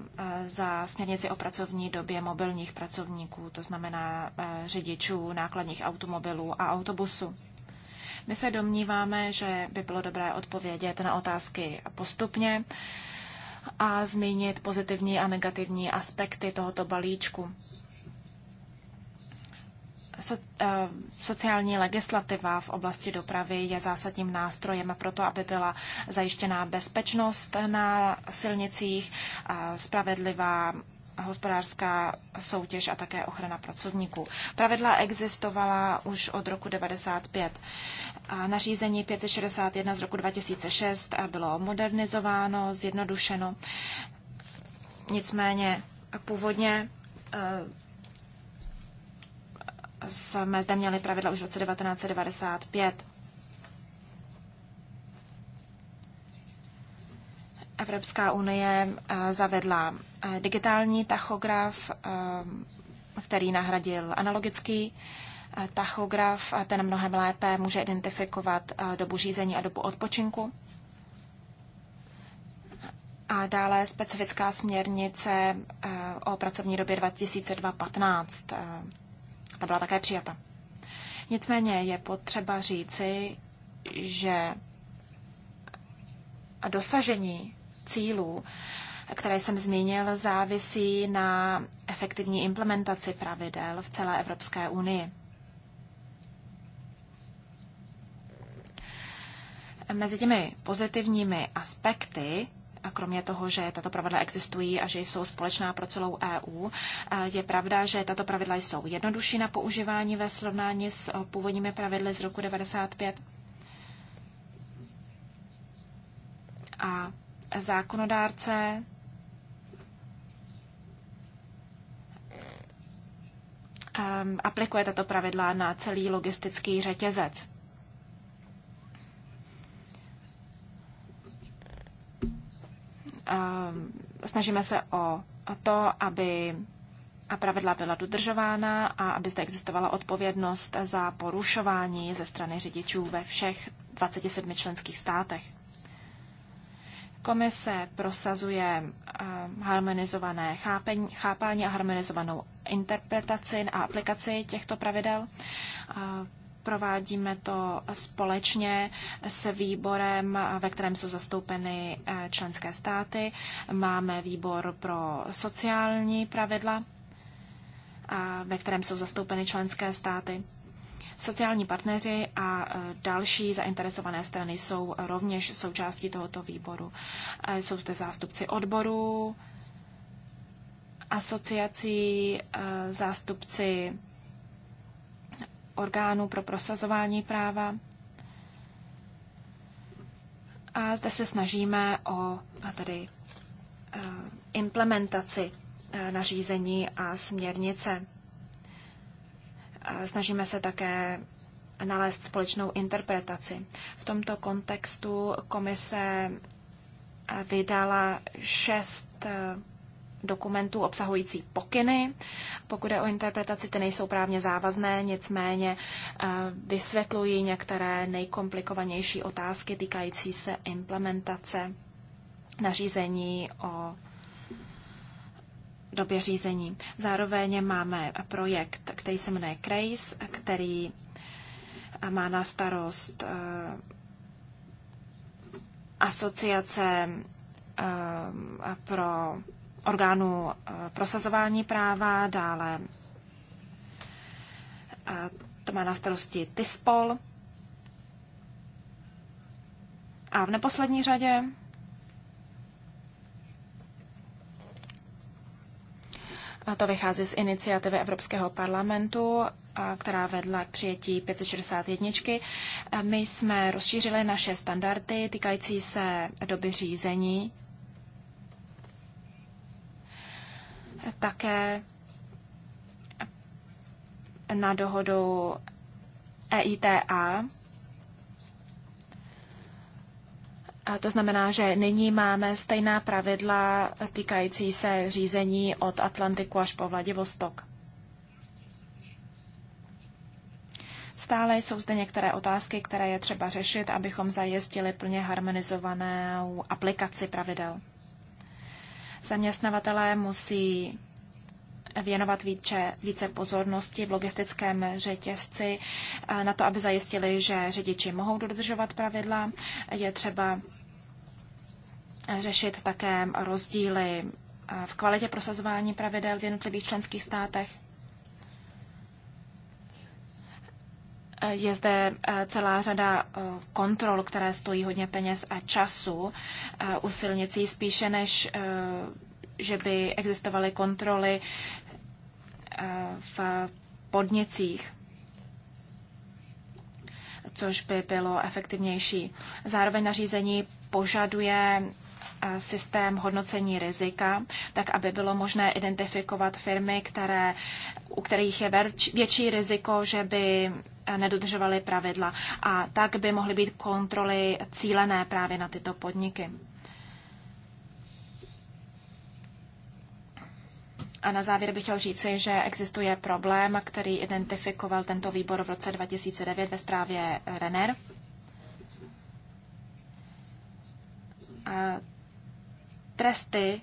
za směrnici o pracovní době mobilních pracovníků, to znamená e, řidičů nákladních automobilů a autobusu. My se domníváme, že by bylo dobré odpovědět na otázky postupně a zmínit pozitivní a negativní aspekty tohoto balíčku. Eh, sociální legislativa v oblasti dopravy je zásadním nástrojem pro to, aby byla zajištěná bezpečnost na silnicích, eh, spravedlivá hospodářská soutěž a také ochrana pracovníků. Pravidla existovala už od roku 1995. Nařízení 561 z roku 2006 bylo modernizováno, zjednodušeno. Nicméně původně eh, jsme zde měli pravidla už v roce 1995. Evropská unie eh, zavedla eh, digitální tachograf, eh, který nahradil analogický tachograf. Ten mnohem lépe může identifikovat dobu řízení a dobu odpočinku. A dále specifická směrnice o pracovní době 2002 ta byla také přijata. Nicméně je potřeba říci, že dosažení cílů, které jsem zmínil, závisí na efektivní implementaci pravidel v celé Evropské unii. Mezi těmi pozitivními aspekty a kromě toho, že tato pravidla existují a že jsou společná pro celou EU, je pravda, že tato pravidla jsou jednodušší na používání ve srovnání s eh, původními pravidly z roku 95. A zákonodárce ehm, aplikuje tato pravidla na celý logistický řetězec. Eh, snažíme se o to, aby a pravidla byla dodržována a aby zde existovala odpovědnost za porušování ze strany řidičů ve všech 27 členských státech. Komise prosazuje eh, harmonizované chápání a harmonizovanou interpretaci a aplikaci těchto pravidel. Eh, Provádíme to společně s výborem, ve kterém jsou zastoupeny eh, členské státy. Máme výbor pro sociální pravidla, ve kterém jsou zastoupeny členské státy. Sociální partneři a eh, další zainteresované strany jsou rovněž součástí tohoto výboru. Jsou zde zástupci odborů, asociací, eh, zástupci orgánů pro prosazování práva. A zde se snažíme o tedy, eh, implementaci eh, nařízení a směrnice. Snažíme se také nalézt společnou interpretaci. V tomto kontextu komise eh, vydala šest dokumentů obsahující pokyny. Pokud je o interpretaci, ty nejsou právně závazné, nicméně eh, vysvětlují některé nejkomplikovanější otázky týkající se implementace nařízení o době řízení. Zároveň máme projekt, který se jmenuje CRACE, který má na starost eh, asociace eh, pro orgánu eh, prosazování práva, dále eh, to má na starosti TISPOL. A v neposlední řadě A to vychází z iniciativy Evropského parlamentu, eh, která vedla k přijetí 561. My jsme rozšířili naše standardy týkající se doby řízení také na dohodu EITA. A to znamená, že nyní máme stejná pravidla týkající se řízení od Atlantiku až po Vladivostok. Stále jsou zde některé otázky, které je třeba řešit, abychom zajistili plně harmonizovanou aplikaci pravidel. Zaměstnavatelé musí věnovat více, více pozornosti v logistickém řetězci eh, na to, aby zajistili, že řidiči mohou dodržovat pravidla. Je třeba eh, řešit také rozdíly eh, v kvalitě prosazování pravidel v jednotlivých členských státech. Je zde eh, celá řada eh, kontrol, které stojí hodně peněz a času eh, u silnicí, spíše než že by existovaly kontroly v podnicích což by bylo efektivnější. Zároveň nařízení požaduje systém hodnocení rizika, tak aby bylo možné identifikovat firmy, které, u kterých je větší riziko, že by nedodržovali pravidla a tak by mohly být kontroly cílené právě na tyto podniky. A na závěr bych chtěl říci, že existuje problém, který identifikoval tento výbor v roce 2009 ve zprávě Renner. Tresty,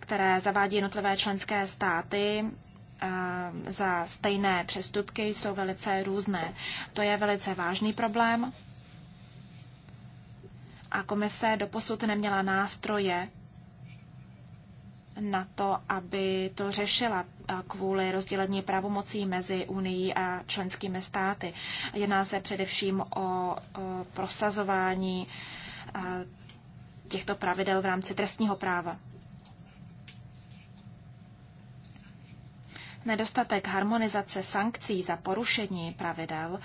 které zavádí jednotlivé členské státy, Ehm, za stejné přestupky jsou velice různé. To je velice vážný problém a komise doposud neměla nástroje na to, aby to řešila eh, kvůli rozdělení pravomocí mezi Unii a členskými státy. Jedná se především o prosazování eh, těchto pravidel v rámci trestního práva. Nedostatek harmonizace sankcí za porušení pravidel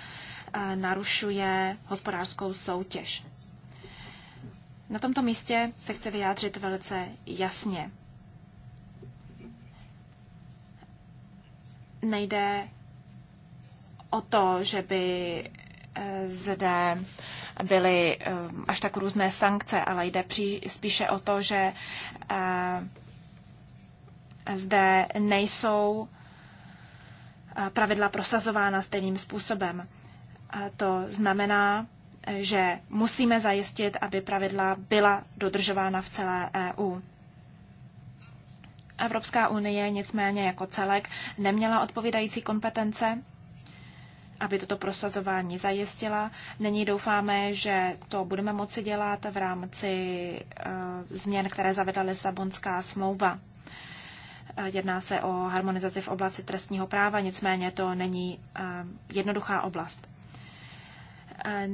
eh, narušuje hospodářskou soutěž. Na tomto místě se chci vyjádřit velice jasně. Nejde o to, že by eh, zde byly eh, až tak různé sankce, ale jde spíše o to, že zde nejsou pravidla prosazována stejným způsobem. A to znamená, že musíme zajistit, aby pravidla byla dodržována v celé EU. Evropská unie nicméně jako celek neměla odpovídající kompetence, aby toto prosazování zajistila. Nyní doufáme, že to budeme moci dělat v rámci e, změn, které zavedla Lisabonská smlouva. Eh, jedná se o harmonizaci v oblasti trestního práva, nicméně to není eh, jednoduchá oblast. Eh,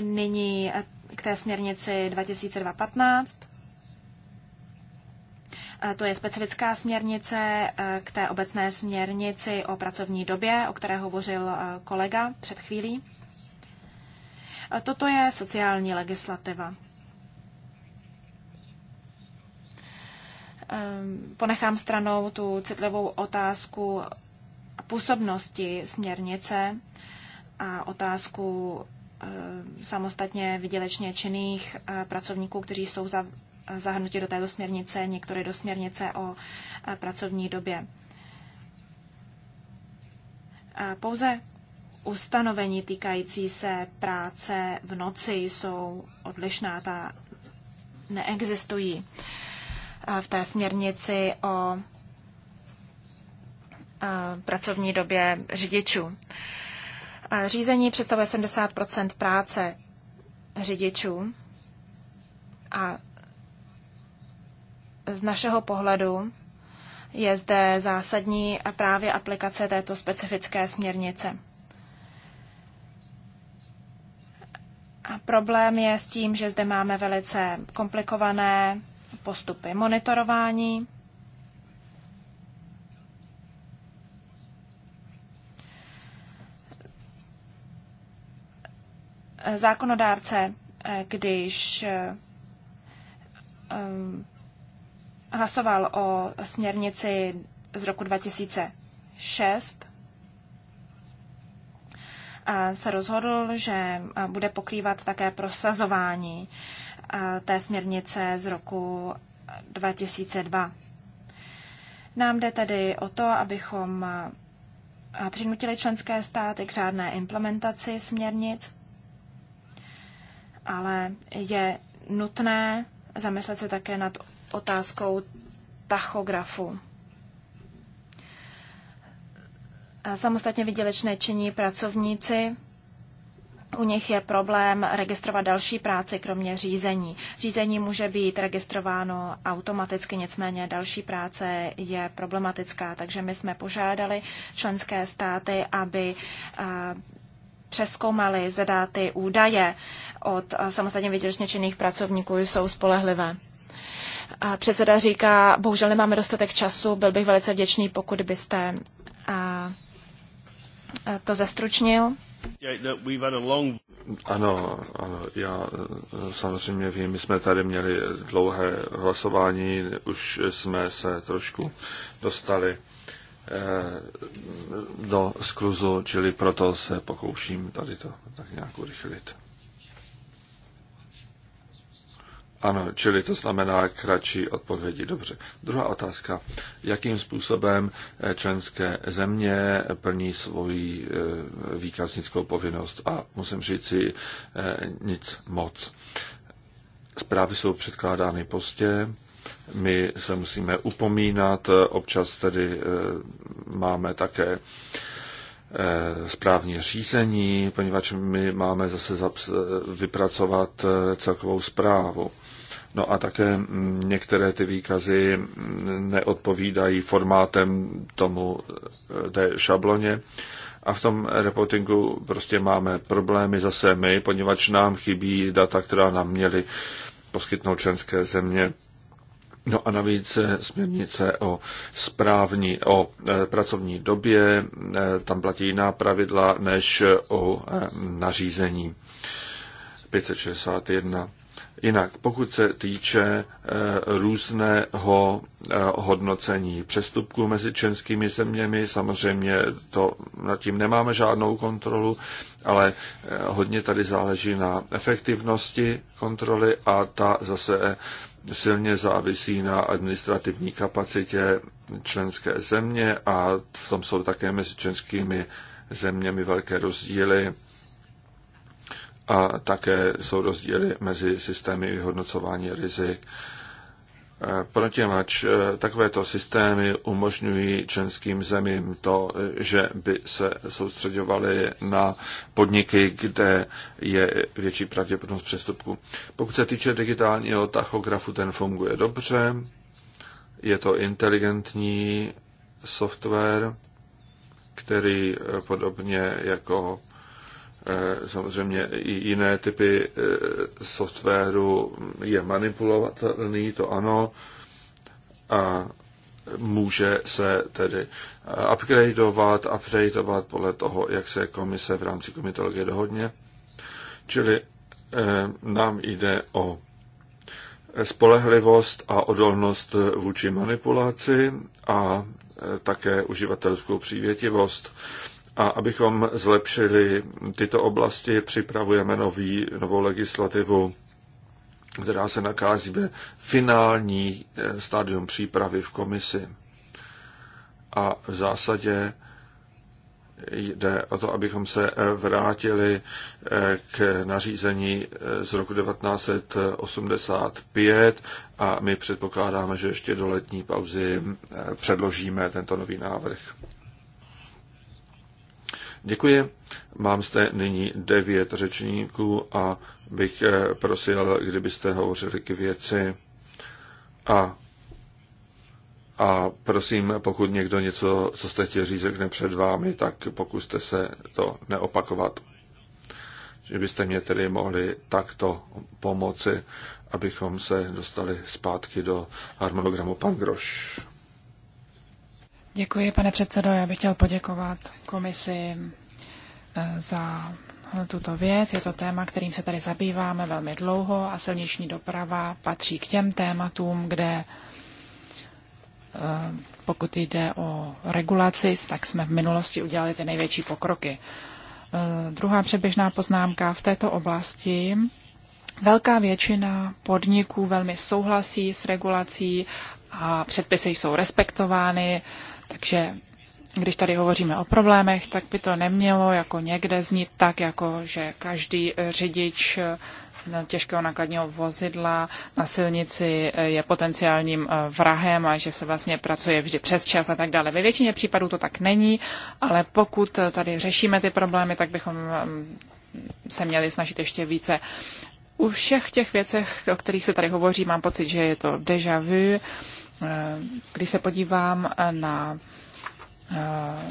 nyní k té směrnici 2015. To je specifická směrnice k té obecné směrnici o pracovní době, o které hovořil kolega před chvílí. Toto je sociální legislativa. Ehm, ponechám stranou tu citlivou otázku působnosti směrnice a otázku ehm, samostatně vydělečně činných eh, pracovníků, kteří jsou zahrnuti do této směrnice, některé do směrnice o eh, pracovní době. Pouze ustanovení týkající se práce v noci jsou odlišná, ta neexistují v té směrnici o pracovní době řidičů. Řízení představuje 70 práce řidičů a z našeho pohledu je zde zásadní právě aplikace této specifické směrnice. A problém je s tím, že zde máme velice komplikované postupy monitorování. Zákonodárce, eh, když eh, hlasoval o směrnici z roku 2006, eh, se rozhodl, že bude pokrývat také prosazování té směrnice z roku 2002. Nám jde tedy o to, abychom přinutili členské státy k řádné implementaci směrnic, ale je nutné zamyslet se také nad otázkou tachografu. Samostatně vydělečné činí pracovníci u nich je problém registrovat další práci, kromě řízení. Řízení může být registrováno automaticky, nicméně další práce je problematická, takže my jsme požádali členské státy, aby eh, přeskoumali, zda ty údaje od eh, samostatně vydělečně činných pracovníků jsou spolehlivé. A předseda říká, bohužel nemáme dostatek času, byl bych velice vděčný, pokud byste a eh, Eh, to zestručnil. Ano, ano, já eh, samozřejmě vím, my jsme tady měli dlouhé hlasování, už jsme se trošku dostali eh, do skluzu, čili proto se pokouším tady to tak nějak urychlit. Ano, čili to znamená kratší odpovědi. Dobře. Druhá otázka. Jakým způsobem eh, členské země plní svoji eh, výkaznickou povinnost? A musím říct si eh, nic moc. Zprávy jsou předkládány postě. My se musíme upomínat, občas tedy máme také správní řízení, poněvadž my máme zase vypracovat celkovou zprávu. No a také některé ty výkazy neodpovídají formátem tomu eh, té šabloně. A v tom reportingu prostě máme problémy zase my, poněvadž nám chybí data, která nám měly poskytnout členské země. No a navíc eh, směrnice o správní, o eh, pracovní době, tam platí jiná pravidla než o nařízení 561. Jinak, pokud se týče eh, různého eh, hodnocení přestupků mezi členskými zeměmi, samozřejmě to nad tím nemáme žádnou kontrolu, ale eh, hodně tady záleží na efektivnosti kontroly a ta zase silně závisí na administrativní kapacitě členské země a v tom jsou také mezi členskými zeměmi velké rozdíly a také jsou rozdíly mezi systémy vyhodnocování rizik. Protimač eh, takovéto systémy umožňují členským zemím to, eh, že by se soustředovaly na podniky, kde je větší pravděpodobnost přestupku. Pokud se týče digitálního tachografu, ten funguje dobře, je to inteligentní software, který eh, podobně jako Eh, samozřejmě i jiné typy eh, softwaru je manipulovatelný, to ano, a může se tedy upgradeovat, updateovat podle toho, jak se komise v rámci komitologie dohodně. Čili eh, nám jde o spolehlivost a odolnost vůči manipulaci a také uživatelskou přívětivost. A abychom zlepšili tyto oblasti, připravujeme nový, novou legislativu, která se nakází ve finální eh, stádium přípravy v komisi. A v zásadě jde o to, abychom se eh, vrátili eh, k nařízení z roku 1985 a my předpokládáme, že ještě do letní pauzy předložíme tento nový návrh. Děkuji. Mám zde nyní devět řečníků a bych eh, prosil, kdybyste hovořili k věci. A, a prosím, pokud někdo něco, co jste chtěl říct, řekne před vámi, tak pokuste se to neopakovat. Že byste mě tedy mohli takto pomoci, abychom se dostali zpátky do harmonogramu Pan Groš. Děkuji, pane předsedo. Já bych chtěl poděkovat komisi eh, za tuto věc. Je to téma, kterým se tady zabýváme velmi dlouho a silniční doprava patří k těm tématům, kde eh, pokud jde o regulaci, tak jsme v minulosti udělali ty největší pokroky. Eh, druhá předběžná poznámka v této oblasti. Velká většina podniků velmi souhlasí s regulací a předpisy jsou respektovány. Takže když tady hovoříme o problémech, tak by to nemělo jako někde znít tak, jako že každý řidič eh, těžkého nákladního vozidla na silnici eh, je potenciálním eh, vrahem a že se vlastně pracuje vždy přes čas a tak dále. Ve většině případů to tak není, ale pokud tady řešíme ty problémy, tak bychom se měli snažit ještě více. U všech těch věcech, o kterých se tady hovoří, mám pocit, že je to deja vu Eh, když se podívám eh, na eh,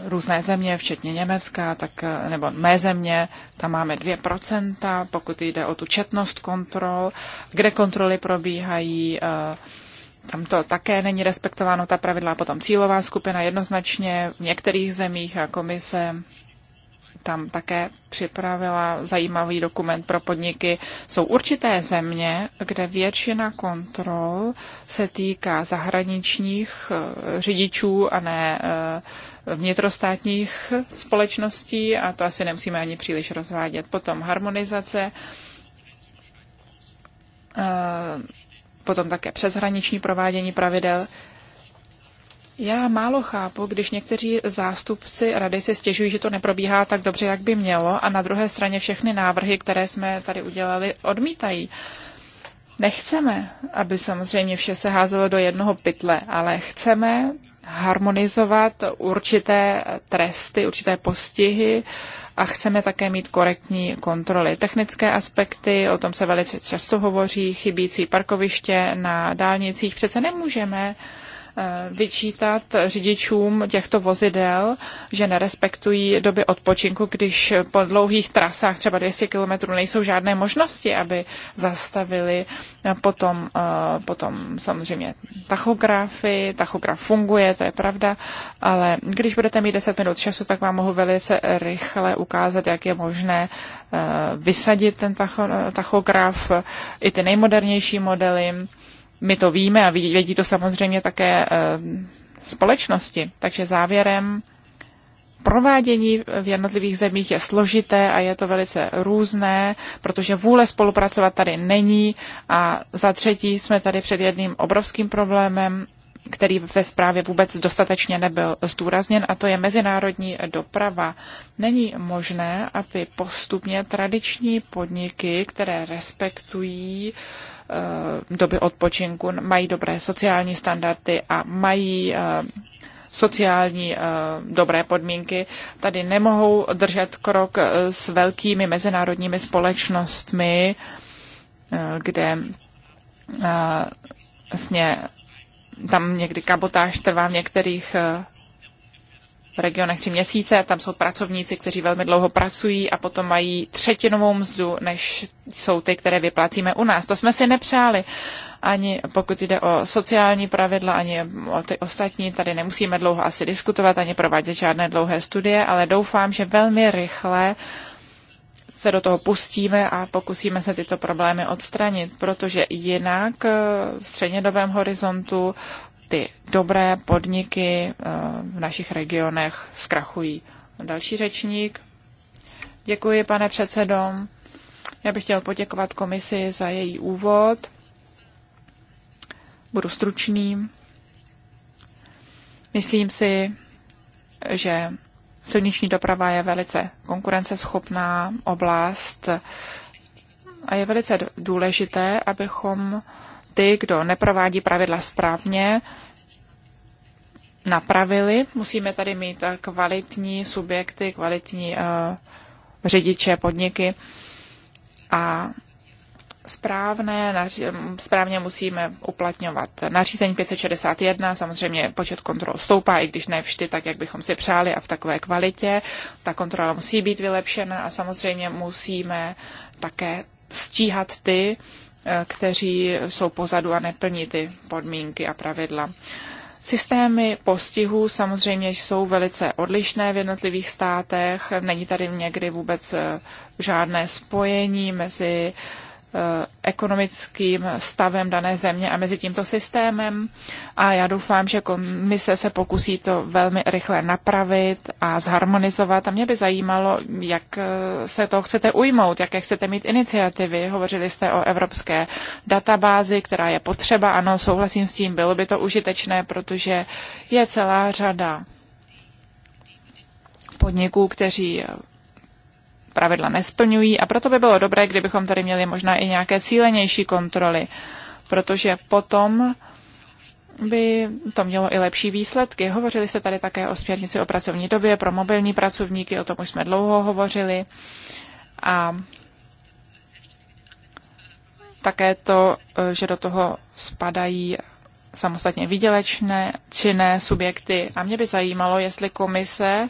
různé země, včetně Německa, tak, nebo mé země, tam máme 2%, pokud jde o tu četnost kontrol, kde kontroly probíhají, tam to také není respektováno, ta pravidla, potom cílová skupina jednoznačně v některých zemích a komise tam také připravila zajímavý dokument pro podniky. Jsou určité země, kde většina kontrol se týká zahraničních eh, řidičů a ne eh, vnitrostátních společností a to asi nemusíme ani příliš rozvádět. Potom harmonizace, eh, potom také přeshraniční provádění pravidel. Já málo chápu, když někteří zástupci rady se stěžují, že to neprobíhá tak dobře, jak by mělo, a na druhé straně všechny návrhy, které jsme tady udělali, odmítají. Nechceme, aby samozřejmě vše se házelo do jednoho pytle, ale chceme harmonizovat určité tresty, určité postihy a chceme také mít korektní kontroly. Technické aspekty, o tom se velice často hovoří, chybící parkoviště na dálnicích. Přece nemůžeme uh, Eh, vyčítat řidičům těchto vozidel, že nerespektují doby odpočinku, když po dlouhých trasách, třeba 200 kilometrů, nejsou žádné možnosti, aby zastavili potom, eh, potom samozřejmě tachografy, tachograf funguje, to je pravda, ale když budete mít 10 minut času, tak vám mohu velice rychle ukázat, jak je možné eh, vysadit ten tachograf, i ty nejmodernější modely, my to víme a vědí to samozřejmě také eh, společnosti. Takže závěrem provádění v jednotlivých zemích je složité a je to velice různé, protože vůle spolupracovat tady není. A za třetí jsme tady před jedním obrovským problémem, který ve zprávě vůbec dostatečně nebyl zdůrazněn, a to je mezinárodní doprava. Není možné, aby postupně tradiční podniky, které respektují Eh, doby odpočinku, mají dobré sociální standardy a mají eh, sociální eh, dobré podmínky. Tady nemohou držet krok s velkými mezinárodními společnostmi, kde vlastně tam někdy kabotáž trvá v některých regionech tři měsíce, tam jsou pracovníci, kteří velmi dlouho pracují a potom mají třetinovou mzdu, než jsou ty, které vyplácíme u nás. To jsme si nepřáli. Ani pokud jde o sociální pravidla, ani o ty ostatní, tady nemusíme dlouho asi diskutovat, ani provádět žádné dlouhé studie, ale doufám, že velmi rychle se do toho pustíme a pokusíme se tyto problémy odstranit, protože jinak eh, v střednědobém horizontu ty dobré podniky eh, v našich regionech zkrachují. Další řečník. Děkuji, pane předsedo. Já bych chtěl poděkovat komisi za její úvod. Budu stručný. Myslím si, že silniční doprava je velice konkurenceschopná oblast a je velice důležité, abychom ty, kdo neprovádí pravidla správně, napravili. Musíme tady mít eh, kvalitní subjekty, kvalitní uh, řidiče, podniky a správné, správně musíme uplatňovat nařízení 561. Samozřejmě počet kontrol stoupá, i když ne vždy tak, jak bychom si přáli a v takové kvalitě. Ta kontrola musí být vylepšena a samozřejmě musíme také stíhat ty, kteří jsou pozadu a neplní ty podmínky a pravidla. Systémy postihů samozřejmě jsou velice odlišné v jednotlivých státech. Není tady někdy vůbec eh, žádné spojení mezi Eh, ekonomickým stavem dané země a mezi tímto systémem. A já doufám, že komise se pokusí to velmi rychle napravit a zharmonizovat. A mě by zajímalo, jak eh, se to chcete ujmout, jaké chcete mít iniciativy. Hovořili jste o evropské databázi, která je potřeba. Ano, souhlasím s tím, bylo by to užitečné, protože je celá řada podniků, kteří pravidla nesplňují a proto by bylo dobré, kdybychom tady měli možná i nějaké cílenější kontroly, protože potom by to mělo i lepší výsledky. Hovořili jste tady také o směrnici o pracovní době pro mobilní pracovníky, o tom už jsme dlouho hovořili. A také to, že do toho spadají samostatně výdělečné činné subjekty. A mě by zajímalo, jestli komise uh,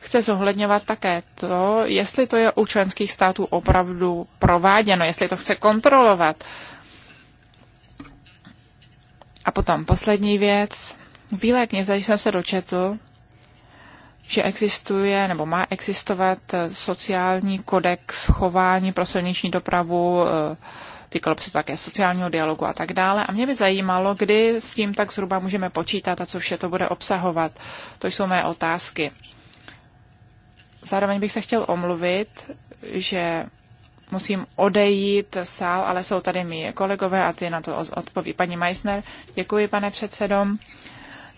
chce zohledňovat také to, jestli to je u členských států opravdu prováděno, jestli to chce kontrolovat. A potom poslední věc. V Bílé knize jsem se dočetl, že existuje nebo má existovat sociální kodex chování pro silniční dopravu, eh, týkalo se také sociálního dialogu a tak dále. A mě by zajímalo, kdy s tím tak zhruba můžeme počítat a co vše to bude obsahovat. To jsou mé otázky. Zároveň bych se chtěl omluvit, že musím odejít sál, ale jsou tady mý kolegové a ty na to odpoví. Paní Meissner, děkuji, pane předsedom.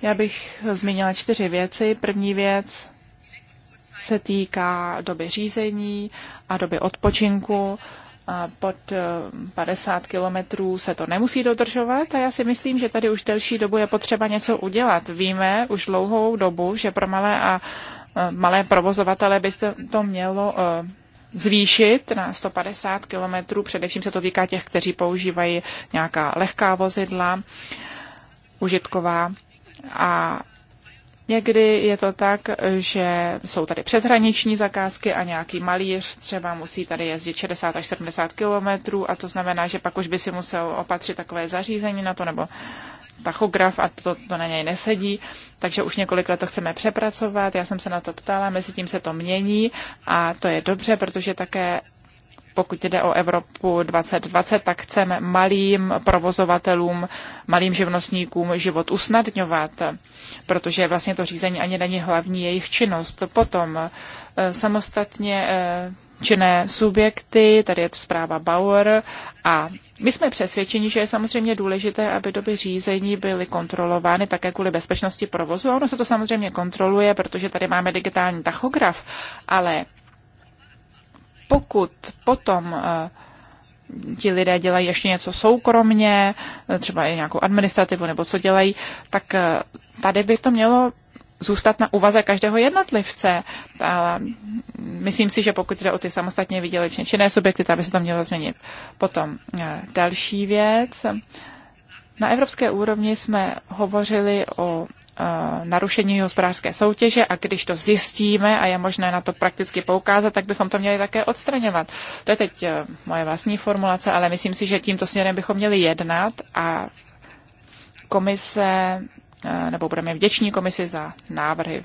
Já bych zmínila čtyři věci. První věc se týká doby řízení a doby odpočinku. Pod 50 eh, kilometrů se to nemusí dodržovat a já si myslím, že tady už delší dobu je potřeba něco udělat. Víme už dlouhou dobu, že pro malé a malé provozovatele by to mělo eh, zvýšit na 150 kilometrů. Především se to týká těch, kteří používají nějaká lehká vozidla, užitková. A Někdy je to tak, že jsou tady přeshraniční zakázky a nějaký malíř třeba musí tady jezdit 60 až 70 kilometrů a to znamená, že pak už by si musel opatřit takové zařízení na to nebo tachograf a to, to na něj nesedí, takže už několik let to chceme přepracovat. Já jsem se na to ptala, mezi tím se to mění a to je dobře, protože také pokud jde o Evropu 2020, tak chceme malým provozovatelům, malým živnostníkům život usnadňovat, protože vlastně to řízení ani není hlavní jejich činnost. Potom eh, samostatně eh, činné subjekty, tady je to zpráva Bauer a my jsme přesvědčeni, že je samozřejmě důležité, aby doby řízení byly kontrolovány také kvůli bezpečnosti provozu. A ono se to samozřejmě kontroluje, protože tady máme digitální tachograf, ale pokud potom eh, ti lidé dělají ještě něco soukromně, eh, třeba i nějakou administrativu nebo co dělají, tak eh, tady by to mělo zůstat na úvaze každého jednotlivce. A myslím si, že pokud jde o ty samostatně vydělečně činné subjekty, tak by se to mělo změnit. Potom e, další věc. Na evropské úrovni jsme hovořili o e, narušení hospodářské soutěže a když to zjistíme a je možné na to prakticky poukázat, tak bychom to měli také odstraňovat. To je teď e, moje vlastní formulace, ale myslím si, že tímto směrem bychom měli jednat a komise Eh, nebo budeme vděční komisi za návrhy.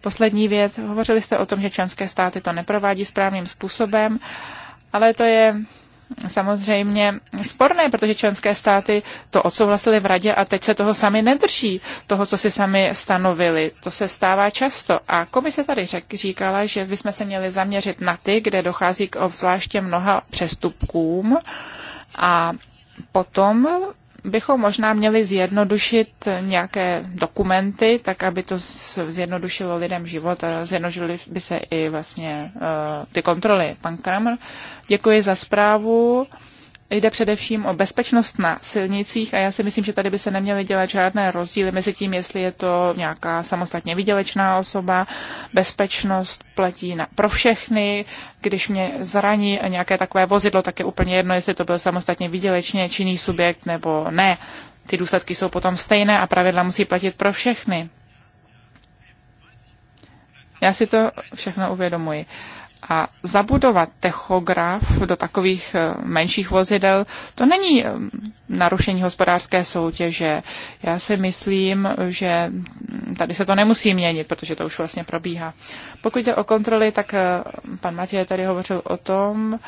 Poslední věc, hovořili jste o tom, že členské státy to neprovádí správným způsobem, ale to je samozřejmě sporné, protože členské státy to odsouhlasili v radě a teď se toho sami nedrží, toho, co si sami stanovili. To se stává často. A komise tady řek, říkala, že bychom se měli zaměřit na ty, kde dochází k obzvláště mnoha přestupkům a potom bychom možná měli zjednodušit nějaké dokumenty, tak aby to zjednodušilo lidem život a zjednodušili by se i vlastně uh, ty kontroly. Pan Kramer, děkuji za zprávu jde především o bezpečnost na silnicích a já si myslím, že tady by se neměly dělat žádné rozdíly mezi tím, jestli je to nějaká samostatně vydělečná osoba. Bezpečnost platí na, pro všechny. Když mě zraní nějaké takové vozidlo, tak je úplně jedno, jestli to byl samostatně vydělečně činný subjekt nebo ne. Ty důsledky jsou potom stejné a pravidla musí platit pro všechny. Já si to všechno uvědomuji. Uh, a zabudovat techograf do takových eh, menších vozidel, to není eh, narušení hospodářské soutěže. Já si myslím, že hm, tady se to nemusí měnit, protože to už vlastně probíhá. Pokud jde o kontroly, tak eh, pan Matěj tady hovořil o tom,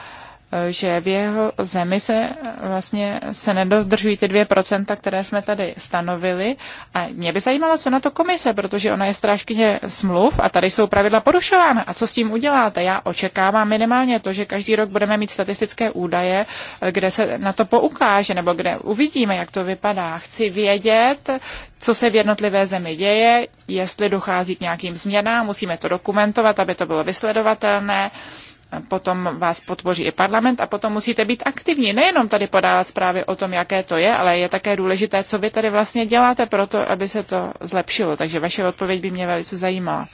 že v jeho zemi se vlastně se nedodržují ty 2%, které jsme tady stanovili. A mě by zajímalo, co na to komise, protože ona je strážkyně smluv a tady jsou pravidla porušována. A co s tím uděláte? Já očekávám minimálně to, že každý rok budeme mít statistické údaje, kde se na to poukáže, nebo kde uvidíme, jak to vypadá. Chci vědět, co se v jednotlivé zemi děje, jestli dochází k nějakým změnám, musíme to dokumentovat, aby to bylo vysledovatelné potom vás podpoří i parlament a potom musíte být aktivní. Nejenom tady podávat zprávy o tom, jaké to je, ale je také důležité, co vy tady vlastně děláte pro to, aby se to zlepšilo. Takže vaše odpověď by mě velice zajímala.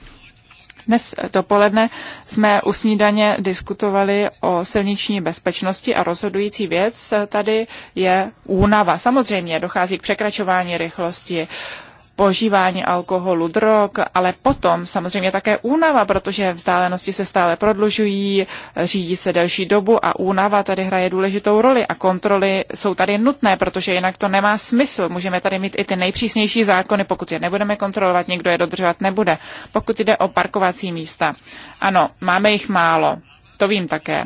Dnes dopoledne jsme u snídaně diskutovali o silniční bezpečnosti a rozhodující věc tady je únava. Samozřejmě dochází k překračování rychlosti, požívání alkoholu, drog, ale potom samozřejmě také únava, protože vzdálenosti se stále prodlužují, řídí se delší dobu a únava tady hraje důležitou roli a kontroly jsou tady nutné, protože jinak to nemá smysl. Můžeme tady mít i ty nejpřísnější zákony, pokud je nebudeme kontrolovat, nikdo je dodržovat nebude. Pokud jde o parkovací místa, ano, máme jich málo, to vím také.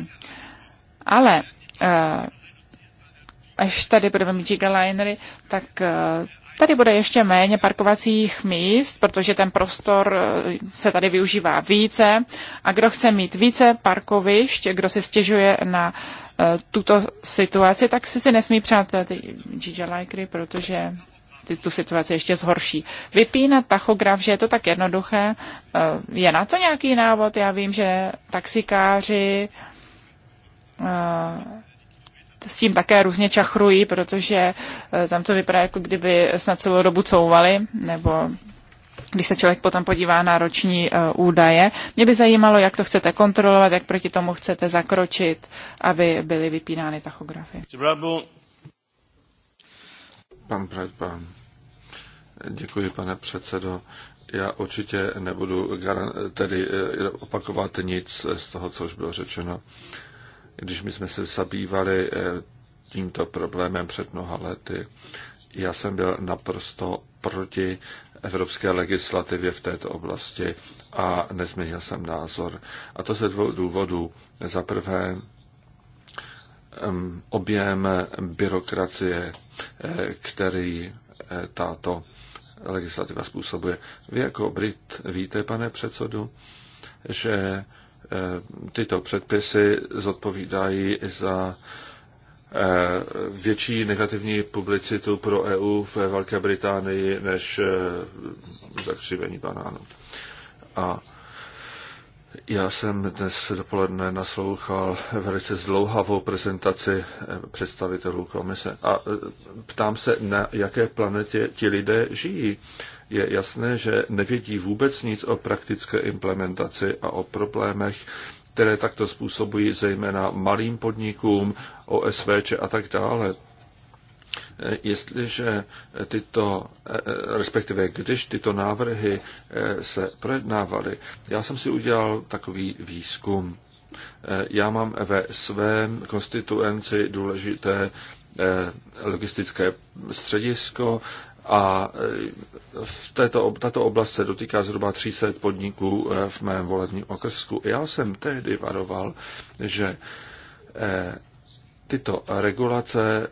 Ale eh, až tady budeme mít gigalinery, tak eh, Tady bude ještě méně parkovacích míst, protože ten prostor eh, se tady využívá více a kdo chce mít více parkovišť, kdo si stěžuje na eh, tuto situaci, tak si si nesmí přát eh, ty Gigalikery, protože ty tu situaci ještě zhorší. Vypínat tachograf, že je to tak jednoduché, je na to nějaký návod? Já vím, že taxikáři s tím také různě čachrují, protože eh, tam to vypadá, jako kdyby snad celou dobu couvali, nebo když se člověk potom podívá na roční uh, údaje. Mě by zajímalo, jak to chcete kontrolovat, jak proti tomu chcete zakročit, aby byly vypínány tachografy. Pan Pan. Děkuji, pane předsedo. Já určitě nebudu tedy eh, opakovat nic z toho, co už bylo řečeno. Uh, když my jsme se zabývali eh, tímto problémem před mnoha lety, já jsem byl naprosto proti evropské legislativě v této oblasti a nezměnil jsem názor. A to ze dvou důvodů. Za prvé, objem byrokracie, eh, který eh, tato legislativa způsobuje. Vy jako Brit víte, pane předsedu, že Eh, tyto předpisy zodpovídají za eh, větší negativní publicitu pro EU ve Velké Británii než eh, zakřivení banánu. A já jsem dnes dopoledne naslouchal velice zdlouhavou prezentaci představitelů komise a ptám se, na jaké planetě ti lidé žijí je jasné, že nevědí vůbec nic o praktické implementaci a o problémech, které takto způsobují zejména malým podnikům, OSVČ a tak dále. Jestliže tyto, respektive když tyto návrhy eh, se projednávaly, já jsem si udělal takový výzkum. Eh, já mám ve svém konstituenci důležité eh, logistické středisko, a e, v této, tato oblast se dotýká zhruba 300 podniků e, v mém volebním okrsku. Já jsem tehdy varoval, že e, tyto regulace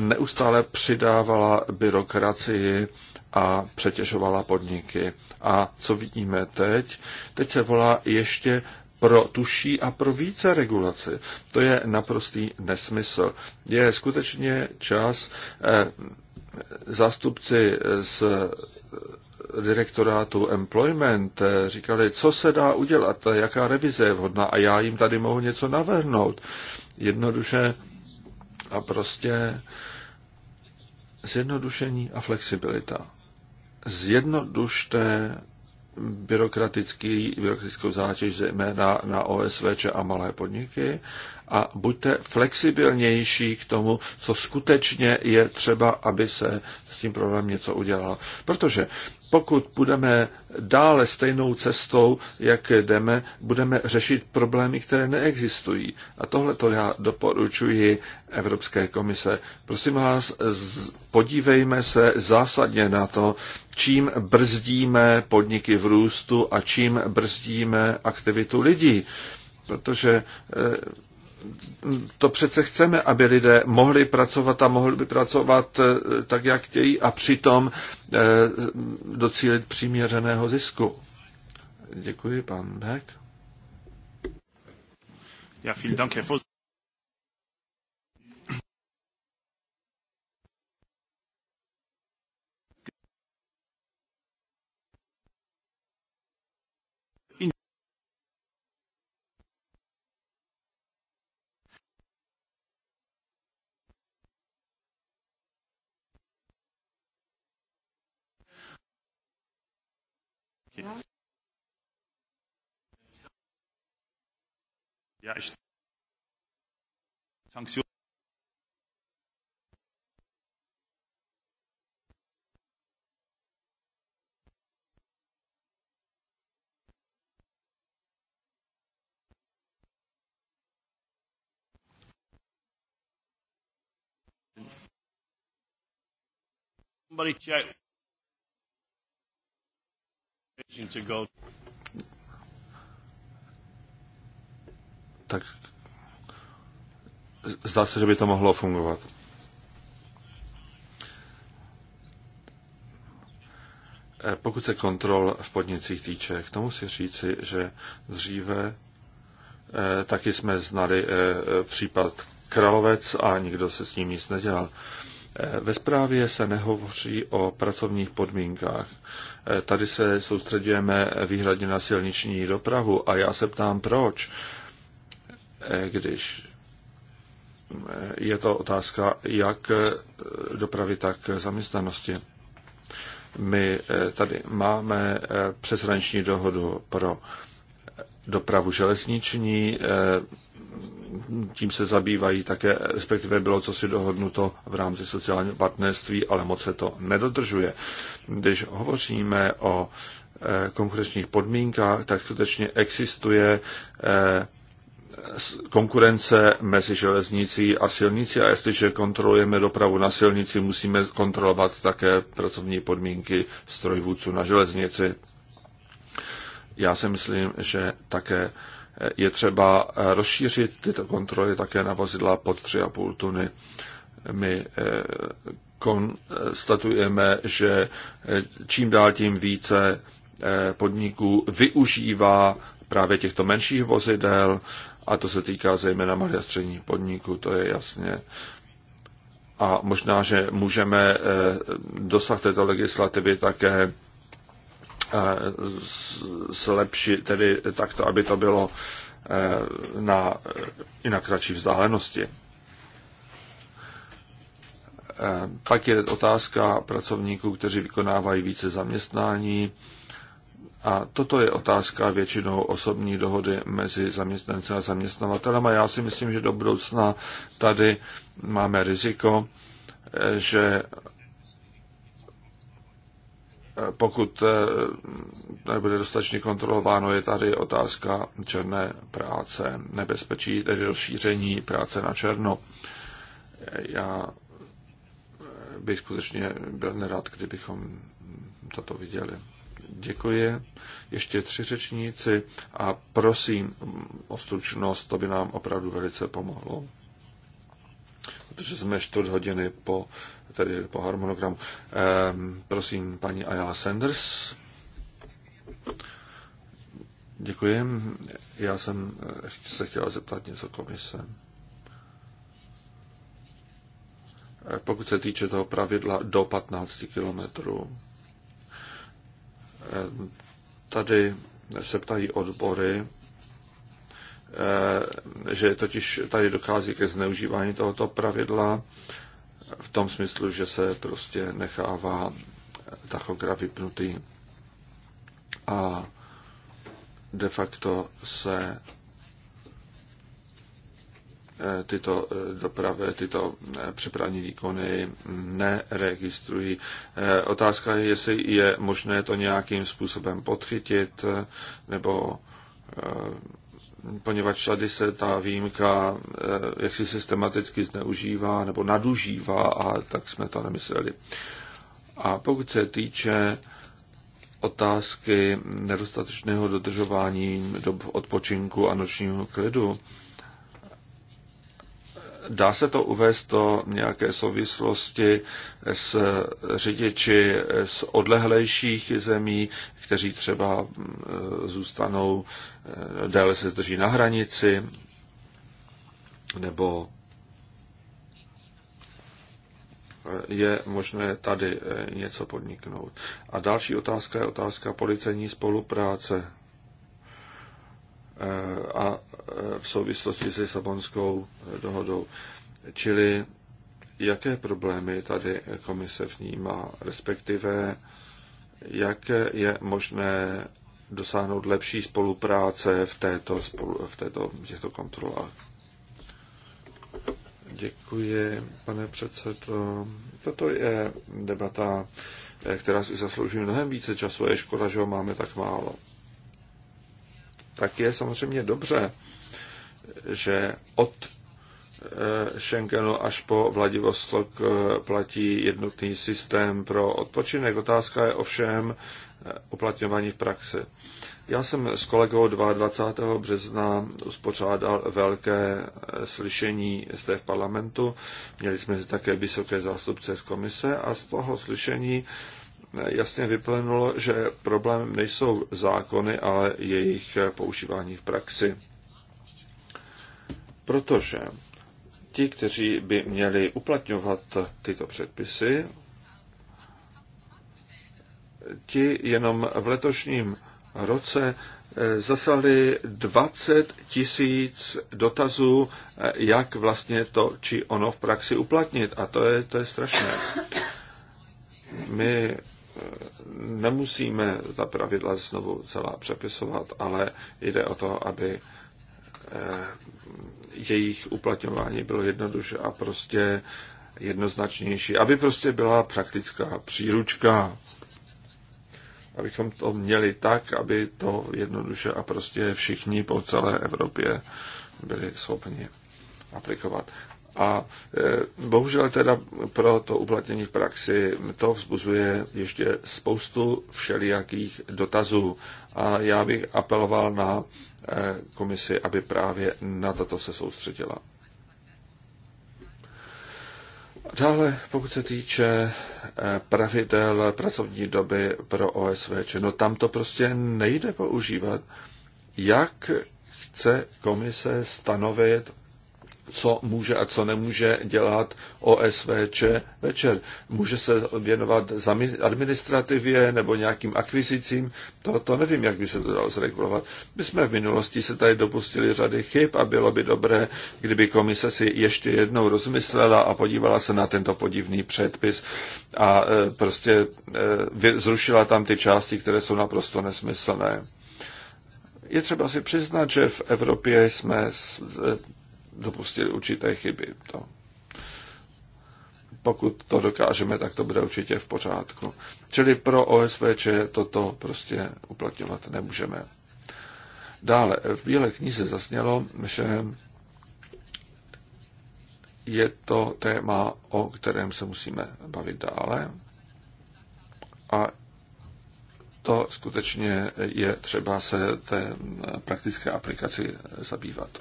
neustále přidávala byrokracii a přetěžovala podniky. A co vidíme teď? Teď se volá ještě pro tuší a pro více regulaci. To je naprostý nesmysl. Je skutečně čas zástupci z direktorátu Employment říkali, co se dá udělat, jaká revize je vhodná a já jim tady mohu něco navrhnout. Jednoduše a prostě zjednodušení a flexibilita. Zjednodušte byrokratický, byrokratickou zátěž zejména na OSVČ a malé podniky a buďte flexibilnější k tomu, co skutečně je třeba, aby se s tím problémem něco udělalo. Protože pokud budeme dále stejnou cestou, jak jdeme, budeme řešit problémy, které neexistují. A tohle to já doporučuji Evropské komise. Prosím vás, podívejme se zásadně na to, čím brzdíme podniky v růstu a čím brzdíme aktivitu lidí. Protože eh, to přece chceme, aby lidé mohli pracovat a mohli by pracovat eh, tak, jak chtějí a přitom eh, docílit přiměřeného zisku. Děkuji, pan Beck. Ja, vielen Dank, Herr Ja, ich Somebody check. Tak zdá se, že by to mohlo fungovat. Eh, pokud se kontrol v podnicích týče, k tomu si říci, že dříve eh, taky jsme znali eh, případ Kralovec a nikdo se s ním nic nedělal. Ve zprávě se nehovoří o pracovních podmínkách. Tady se soustředujeme výhradně na silniční dopravu a já se ptám, proč, když je to otázka jak dopravy, tak zaměstnanosti. My tady máme přeshraniční dohodu pro dopravu železniční, tím se zabývají také, respektive bylo co si dohodnuto v rámci sociálního partnerství, ale moc se to nedodržuje. Když hovoříme o eh, konkurenčních podmínkách, tak skutečně existuje eh, konkurence mezi železnicí a silnicí a jestliže kontrolujeme dopravu na silnici, musíme kontrolovat také pracovní podmínky strojvůdců na železnici. Já si myslím, že také je třeba rozšířit tyto kontroly také na vozidla pod 3,5 tuny. My eh, konstatujeme, že eh, čím dál tím více eh, podniků využívá právě těchto menších vozidel, a to se týká zejména malých a středních podniků, to je jasně. A možná, že můžeme dosah této legislativy také zlepšit, tedy takto, aby to bylo eh, na, i na kratší vzdálenosti. Eh, pak je otázka pracovníků, kteří vykonávají více zaměstnání. A toto je otázka většinou osobní dohody mezi zaměstnanci a zaměstnavatelem. A já si myslím, že do budoucna tady máme riziko, eh, že pokud eh, nebude dostatečně kontrolováno, je tady otázka černé práce, nebezpečí, tedy rozšíření práce na černo. Já bych skutečně byl nerad, kdybychom toto viděli. Děkuji. Ještě tři řečníci a prosím o stručnost, to by nám opravdu velice pomohlo. Protože jsme čtvrt hodiny po tedy po harmonogramu. Ehm, prosím, paní Ayala Sanders. Děkuji. Já jsem eh, se chtěla zeptat něco komise. Eh, pokud se týče toho pravidla do 15 kilometrů, eh, tady se ptají odbory, že totiž tady dochází ke zneužívání tohoto pravidla v tom smyslu, že se prostě nechává tachograf vypnutý a de facto se eh, tyto eh, dopravy, tyto eh, přepravní výkony neregistrují. Otázka je, jestli je možné to nějakým způsobem podchytit nebo poněvadž tady se ta výjimka eh, jak si systematicky zneužívá nebo nadužívá a tak jsme to nemysleli. A pokud se týče otázky nedostatečného dodržování dob odpočinku a nočního klidu, Dá se to uvést do nějaké souvislosti s řidiči z odlehlejších zemí, kteří třeba mm, zůstanou déle se zdrží na hranici, nebo je možné tady eh, něco podniknout. A další otázka je otázka policejní spolupráce eh, a eh, v souvislosti s Sabonskou dohodou. Čili jaké problémy tady komise vnímá, respektive jak je možné dosáhnout lepší spolupráce v, této, v, této, v těchto kontrolách. Děkuji, pane předsedo. Toto je debata, která si zaslouží mnohem více času. Je škoda, že ho máme tak málo. Tak je samozřejmě dobře, že od eh, Schengenu až po Vladivostok eh, platí jednotný systém pro odpočinek. Otázka je ovšem, uplatňování v praxi. Já jsem s kolegou 22. března uspořádal velké eh, slyšení zde v parlamentu. Měli jsme zde také vysoké zástupce z komise a z toho slyšení eh, jasně vyplynulo, že problém nejsou zákony, ale jejich eh, používání v praxi. Protože ti, kteří by měli uplatňovat tyto předpisy, ti jenom v letošním roce eh, zaslali 20 tisíc dotazů, eh, jak vlastně to či ono v praxi uplatnit. A to je, to je strašné. My eh, nemusíme ta pravidla znovu celá přepisovat, ale jde o to, aby jejich uplatňování bylo jednoduše a prostě jednoznačnější, aby prostě byla praktická příručka abychom to měli tak, aby to jednoduše a prostě všichni po celé Evropě byli schopni aplikovat. A e, bohužel teda pro to uplatnění v praxi to vzbuzuje ještě spoustu všelijakých dotazů. A já bych apeloval na e, komisi, aby právě na toto se soustředila. Dále, pokud se týče eh, pravidel pracovní doby pro OSVČ, no tam to prostě nejde používat. Jak chce komise stanovit co může a co nemůže dělat OSVČ večer. Může se věnovat administrativě nebo nějakým akvizicím, to, to nevím, jak by se to dalo zregulovat. My jsme v minulosti se tady dopustili řady chyb a bylo by dobré, kdyby komise si ještě jednou rozmyslela a podívala se na tento podivný předpis a e, prostě e, zrušila tam ty části, které jsou naprosto nesmyslné. Je třeba si přiznat, že v Evropě jsme e, dopustili určité chyby. To. Pokud to dokážeme, tak to bude určitě v pořádku. Čili pro OSVČ toto prostě uplatňovat nemůžeme. Dále, v Bílé knize zasnělo, že je to téma, o kterém se musíme bavit dále. A to skutečně je třeba se té praktické aplikaci zabývat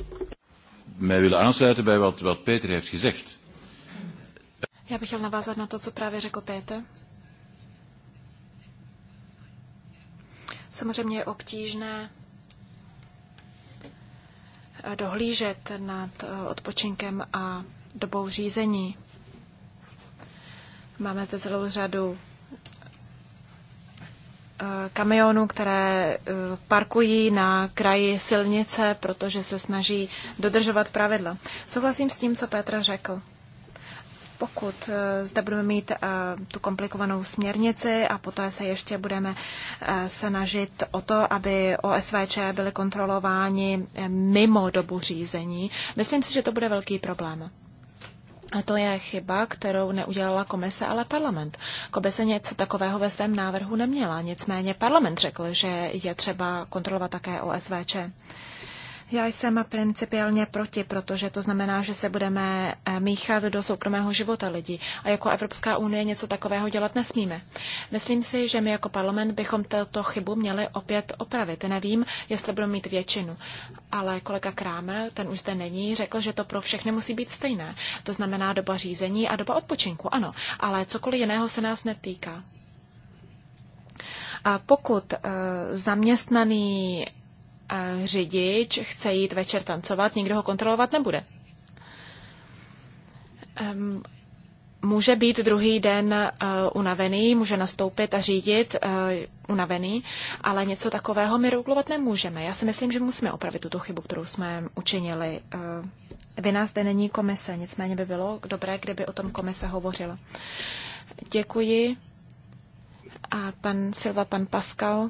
mij willen aansluiten bij wat, wat Peter heeft gezegd. Ja, bych chtěl navázat na to, co právě řekl Peter. Samozřejmě je obtížné eh, dohlížet nad eh, odpočinkem a dobou řízení. Máme zde celou řadu Eh, kamionů, které eh, parkují na kraji silnice, protože se snaží dodržovat pravidla. Souhlasím s tím, co Petr řekl. Pokud eh, zde budeme mít tu komplikovanou směrnici a poté se ještě budeme snažit o to, aby OSVČ byly kontrolováni mimo dobu řízení, myslím si, že to bude velký problém. A to je chyba, kterou neudělala komise, ale parlament. Komise něco takového ve svém návrhu neměla, nicméně parlament řekl, že je třeba kontrolovat také OSVČ. Já jsem principiálně proti, protože to znamená, že se budeme eh, míchat do soukromého života lidí a jako Evropská unie něco takového dělat nesmíme. Myslím si, že my jako parlament bychom tuto chybu měli opět opravit. Nevím, jestli budou mít většinu, ale kolega Krámer, ten už zde není, řekl, že to pro všechny musí být stejné. To znamená doba řízení a doba odpočinku, ano, ale cokoliv jiného se nás netýká. A pokud eh, zaměstnaný řidič chce jít večer tancovat, nikdo ho kontrolovat nebude. Může být druhý den e, unavený, může nastoupit a řídit e, unavený, ale něco takového my regulovat nemůžeme. Já si myslím, že musíme opravit tuto chybu, kterou jsme učinili. E, nás zde není komise, nicméně by bylo dobré, kdyby o tom komise hovořila. Děkuji. A pan Silva, pan Pascal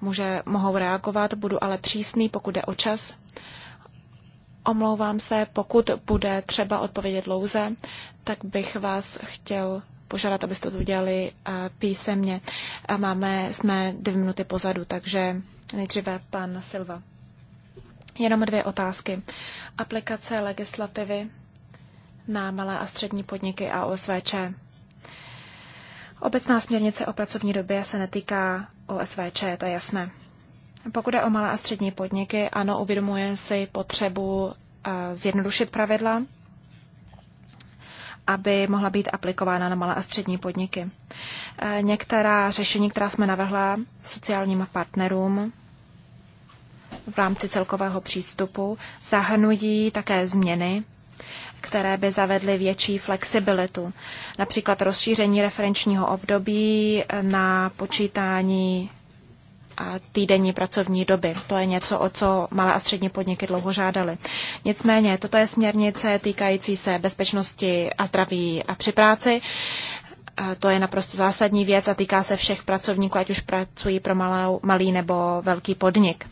může, mohou reagovat, budu ale přísný, pokud jde o čas. Omlouvám se, pokud bude třeba odpovědět dlouze, tak bych vás chtěl požádat, abyste to udělali písemně. A máme, jsme dvě minuty pozadu, takže nejdříve pan Silva. Jenom dvě otázky. Aplikace legislativy na malé a střední podniky a OSVČ. Obecná směrnice o pracovní době se netýká OSVČ, to je jasné. Pokud je o malé a střední podniky, ano, uvědomuje si potřebu eh, zjednodušit pravidla, aby mohla být aplikována na malé a střední podniky. Eh, některá řešení, která jsme navrhla sociálním partnerům v rámci celkového přístupu, zahrnují také změny které by zavedly větší flexibilitu, například rozšíření referenčního období na počítání týdenní pracovní doby. To je něco, o co malé a střední podniky dlouho žádaly. Nicméně, toto je směrnice týkající se bezpečnosti a zdraví a při práci. To je naprosto zásadní věc a týká se všech pracovníků, ať už pracují pro malou, malý nebo velký podnik.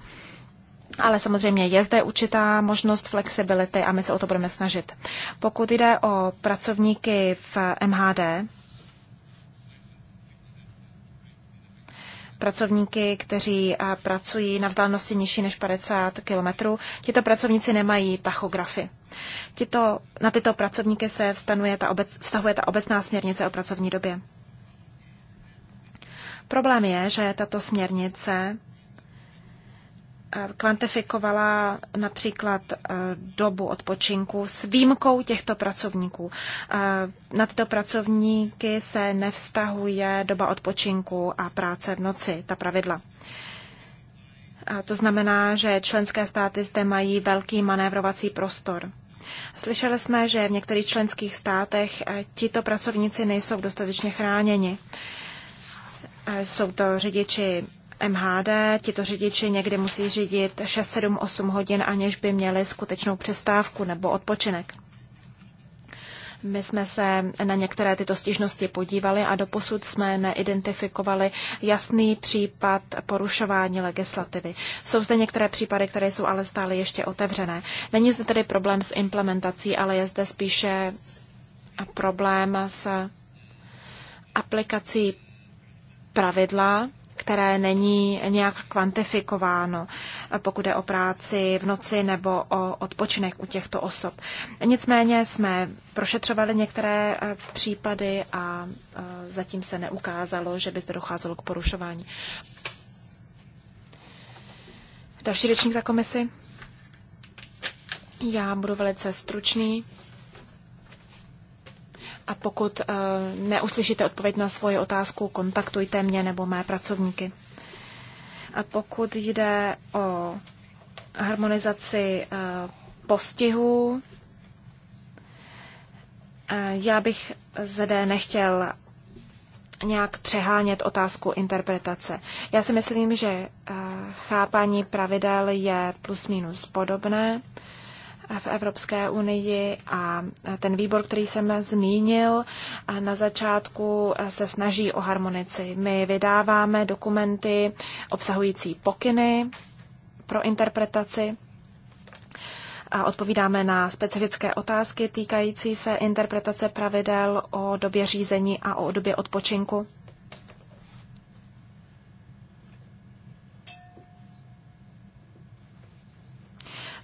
Ale samozřejmě je zde určitá možnost flexibility a my se o to budeme snažit. Pokud jde o pracovníky v MHD, pracovníky, kteří pracují na vzdálenosti nižší než 50 kilometrů. Tito pracovníci nemají tachografy. Tito, na tyto pracovníky se ta obec, vztahuje ta obecná směrnice o pracovní době. Problém je, že tato směrnice Eh, kvantifikovala například eh, dobu odpočinku s výjimkou těchto pracovníků. Eh, na tyto pracovníky se nevztahuje doba odpočinku a práce v noci, ta pravidla. A to znamená, že členské státy zde mají velký manévrovací prostor. Slyšeli jsme, že v některých členských státech tito pracovníci nejsou dostatečně chráněni. Jsou to řidiči MHD. Tito řidiči někdy musí řídit 6, 7, 8 hodin, aniž by měli skutečnou přestávku nebo odpočinek. My jsme se na některé tyto stížnosti podívali a doposud jsme neidentifikovali jasný případ porušování legislativy. Jsou zde některé případy, které jsou ale stále ještě otevřené. Není zde tedy problém s implementací, ale je zde spíše problém s aplikací pravidla které není nějak kvantifikováno, pokud je o práci v noci nebo o odpočinek u těchto osob. Nicméně jsme prošetřovali některé eh, případy a eh, zatím se neukázalo, že by zde docházelo k porušování. Další řečník za komisi. Já budu velice stručný. A pokud eh, neuslyšíte odpověď na svoji otázku, kontaktujte mě nebo mé pracovníky. A pokud jde o harmonizaci eh, postihů, eh, já bych zde nechtěl nějak přehánět otázku interpretace. Já si myslím, že chápání pravidel je plus minus podobné v Evropské unii a ten výbor, který jsem zmínil na začátku, se snaží o harmonici. My vydáváme dokumenty obsahující pokyny pro interpretaci a odpovídáme na specifické otázky týkající se interpretace pravidel o době řízení a o době odpočinku.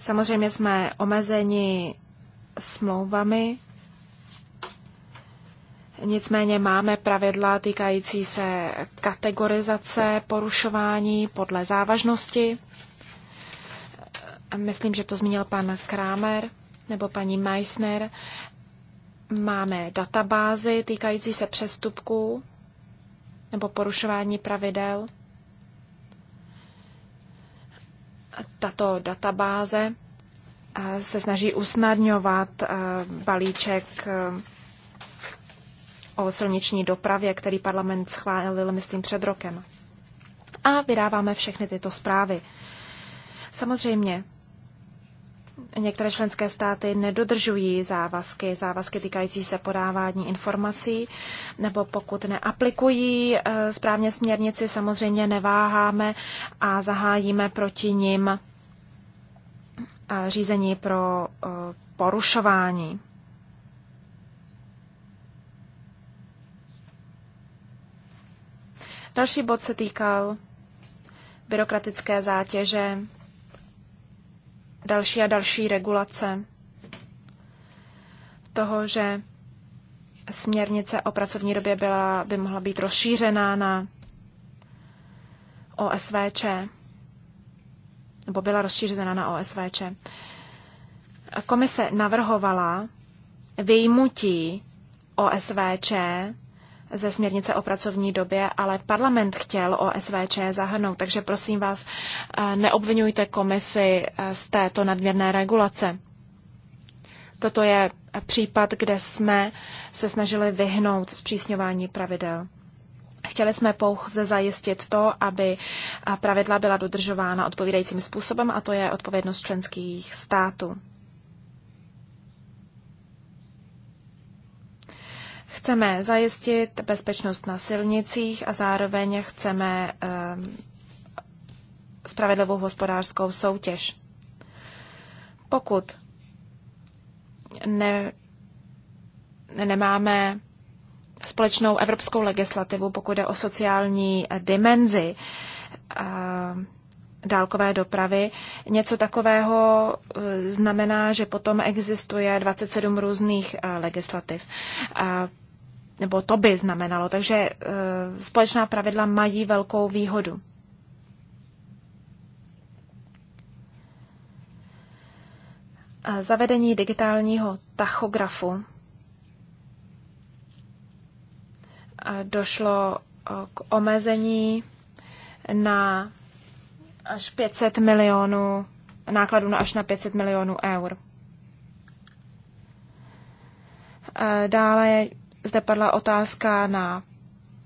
Samozřejmě jsme omezeni smlouvami, nicméně máme pravidla týkající se kategorizace porušování podle závažnosti. Myslím, že to zmínil pan Kramer nebo paní Meissner. Máme databázy týkající se přestupků nebo porušování pravidel. tato databáze eh, se snaží usnadňovat eh, balíček eh, o silniční dopravě, který parlament schválil, myslím, před rokem. A vydáváme všechny tyto zprávy. Samozřejmě Některé členské státy nedodržují závazky, závazky týkající se podávání informací, nebo pokud neaplikují eh, správně směrnici, samozřejmě neváháme a zahájíme proti nim eh, řízení pro eh, porušování. Další bod se týkal byrokratické zátěže další a další regulace toho, že směrnice o pracovní době byla, by mohla být rozšířená na OSVČ, nebo byla rozšířena na OSVČ. Komise navrhovala vyjmutí OSVČ ze směrnice o pracovní době, ale parlament chtěl o SVČ zahrnout, takže prosím vás, eh, neobvinujte komisi eh, z této nadměrné regulace. Toto je případ, kde jsme se snažili vyhnout zpřísňování pravidel. Chtěli jsme pouze zajistit to, aby eh, pravidla byla dodržována odpovídajícím způsobem, a to je odpovědnost členských států. Chceme zajistit bezpečnost na silnicích a zároveň chceme eh, spravedlivou hospodářskou soutěž. Pokud ne, ne nemáme společnou evropskou legislativu, pokud je o sociální eh, dimenzi eh, dálkové dopravy. Něco takového znamená, že potom existuje 27 různých legislativ nebo to by znamenalo. Takže eh, společná pravidla mají velkou výhodu. Zavedení digitálního tachografu došlo eh, k omezení na až 500 milionů nákladů na až na 500 milionů eur. Dále zde padla otázka na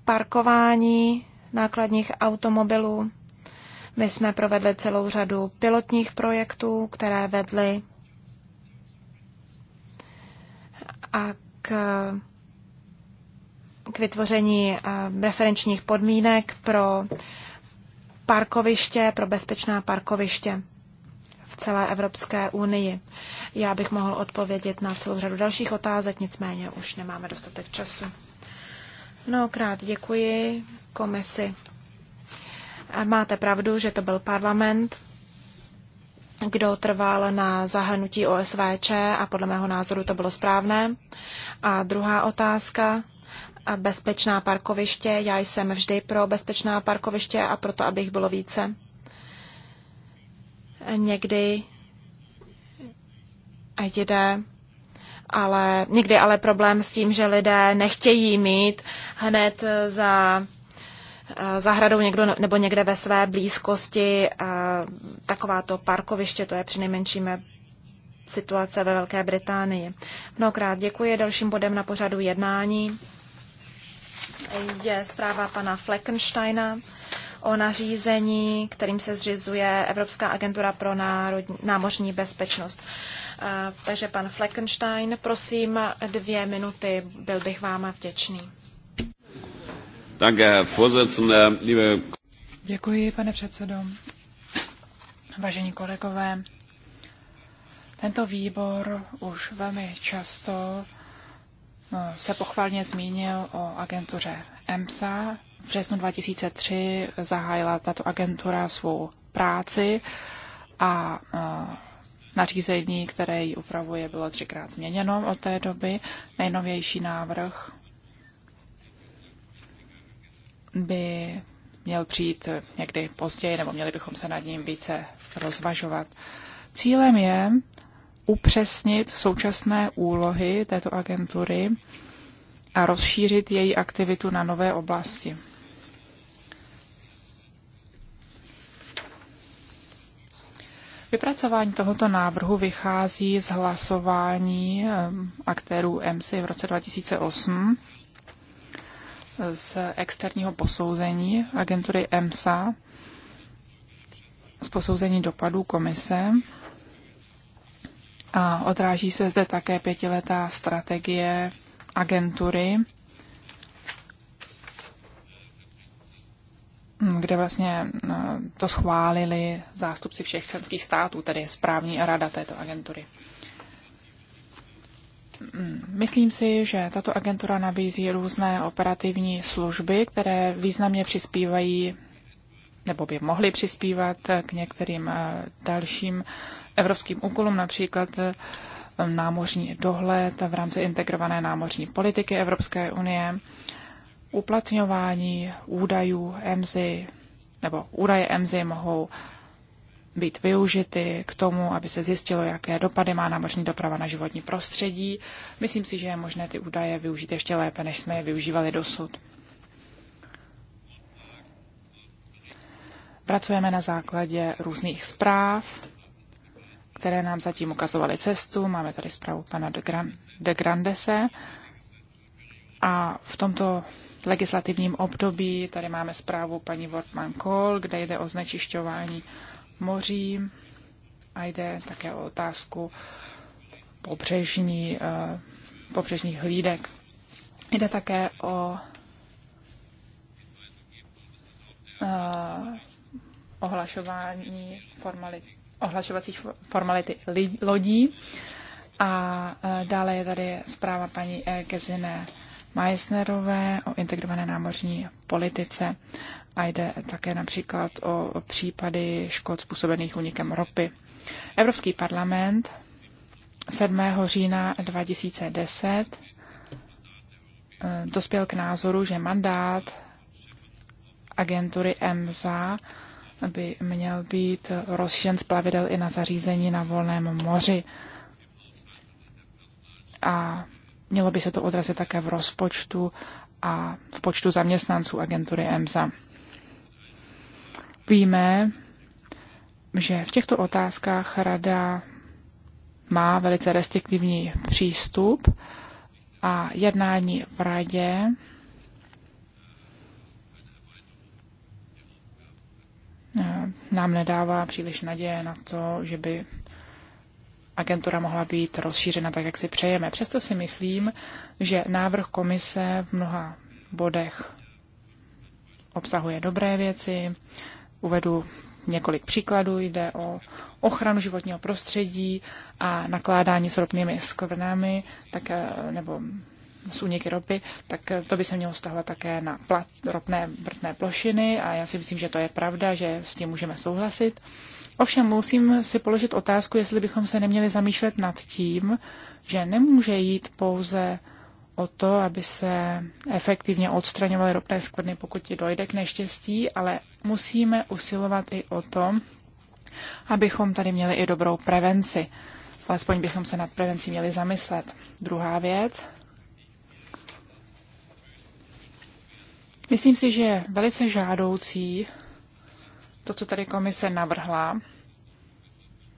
parkování nákladních automobilů. My jsme provedli celou řadu pilotních projektů, které vedly a k, k vytvoření eh, referenčních podmínek pro parkoviště, pro bezpečná parkoviště celé Evropské unii. Já bych mohl odpovědět na celou řadu dalších otázek, nicméně už nemáme dostatek času. Mnohokrát děkuji komisi. Máte pravdu, že to byl parlament, kdo trval na zahrnutí OSVČ a podle mého názoru to bylo správné. A druhá otázka, bezpečná parkoviště. Já jsem vždy pro bezpečná parkoviště a proto, abych bylo více. Někdy a jde ale někdy ale problém s tím, že lidé nechtějí mít hned za eh, zahradou někdo, no, nebo někde ve své blízkosti eh, takováto parkoviště, to je nejmenším situace ve Velké Británii. Mnohokrát děkuji. Dalším bodem na pořadu jednání je zpráva pana Fleckensteina o nařízení, kterým se zřizuje Evropská agentura pro národní, námořní bezpečnost. Takže pan Fleckenstein, prosím, dvě minuty, byl bych vám vděčný. Děkuji, pane předsedo. Vážení kolegové, tento výbor už velmi často no, se pochválně zmínil o agentuře EMSA v březnu 2003 zahájila tato agentura svou práci a e, nařízení, které ji upravuje, bylo třikrát změněno od té doby. Nejnovější návrh by měl přijít někdy později, nebo měli bychom se nad ním více rozvažovat. Cílem je upřesnit současné úlohy této agentury a rozšířit její aktivitu na nové oblasti. Vypracování tohoto návrhu vychází z hlasování eh, aktérů MC v roce 2008 z externího posouzení agentury EMSA, z posouzení dopadů komise a odráží se zde také pětiletá strategie agentury kde vlastně eh, to schválili zástupci všech členských států, tedy správní rada této agentury. Hmm, myslím si, že tato agentura nabízí různé operativní služby, které významně přispívají nebo by mohly přispívat eh, k některým eh, dalším evropským úkolům, například námořní dohled v rámci integrované námořní politiky Evropské unie uplatňování údajů EMZY nebo údaje EMZY mohou být využity k tomu, aby se zjistilo, jaké dopady má námořní doprava na životní prostředí. Myslím si, že je možné ty údaje využít ještě lépe, než jsme je využívali dosud. Pracujeme na základě různých zpráv, které nám zatím ukazovaly cestu. Máme tady zprávu pana de, de Grandese. A v tomto legislativním období. Tady máme zprávu paní Wortmann Kohl, kde jde o znečišťování moří a jde také o otázku pobřežní, eh, pobřežních hlídek. Jde také o eh, ohlašování formalit, ohlašovacích formality lodí. A eh, dále je tady zpráva paní Gezine Meissnerové o integrované námořní politice a jde také například o případy škod způsobených unikem ropy. Evropský parlament 7. října 2010 eh, dospěl k názoru, že mandát agentury EMSA by měl být rozšířen z plavidel i na zařízení na volném moři. A mělo by se to odrazit také v rozpočtu a v počtu zaměstnanců agentury EMSA. Víme, že v těchto otázkách rada má velice restriktivní přístup a jednání v radě nám nedává příliš naděje na to, že by agentura mohla být rozšířena tak, jak si přejeme. Přesto si myslím, že návrh komise v mnoha bodech obsahuje dobré věci. Uvedu několik příkladů. Jde o ochranu životního prostředí a nakládání s ropnými skvrnami, tak, eh, nebo z úniky ropy, tak eh, to by se mělo stahovat také na plat, ropné vrtné plošiny a já si myslím, že to je pravda, že s tím můžeme souhlasit. Ovšem musím si položit otázku, jestli bychom se neměli zamýšlet nad tím, že nemůže jít pouze o to, aby se efektivně odstraňovaly ropné skvrny, pokud ti dojde k neštěstí, ale musíme usilovat i o to, abychom tady měli i dobrou prevenci. Alespoň bychom se nad prevencí měli zamyslet. Druhá věc. Myslím si, že je velice žádoucí to, co tady komise navrhla,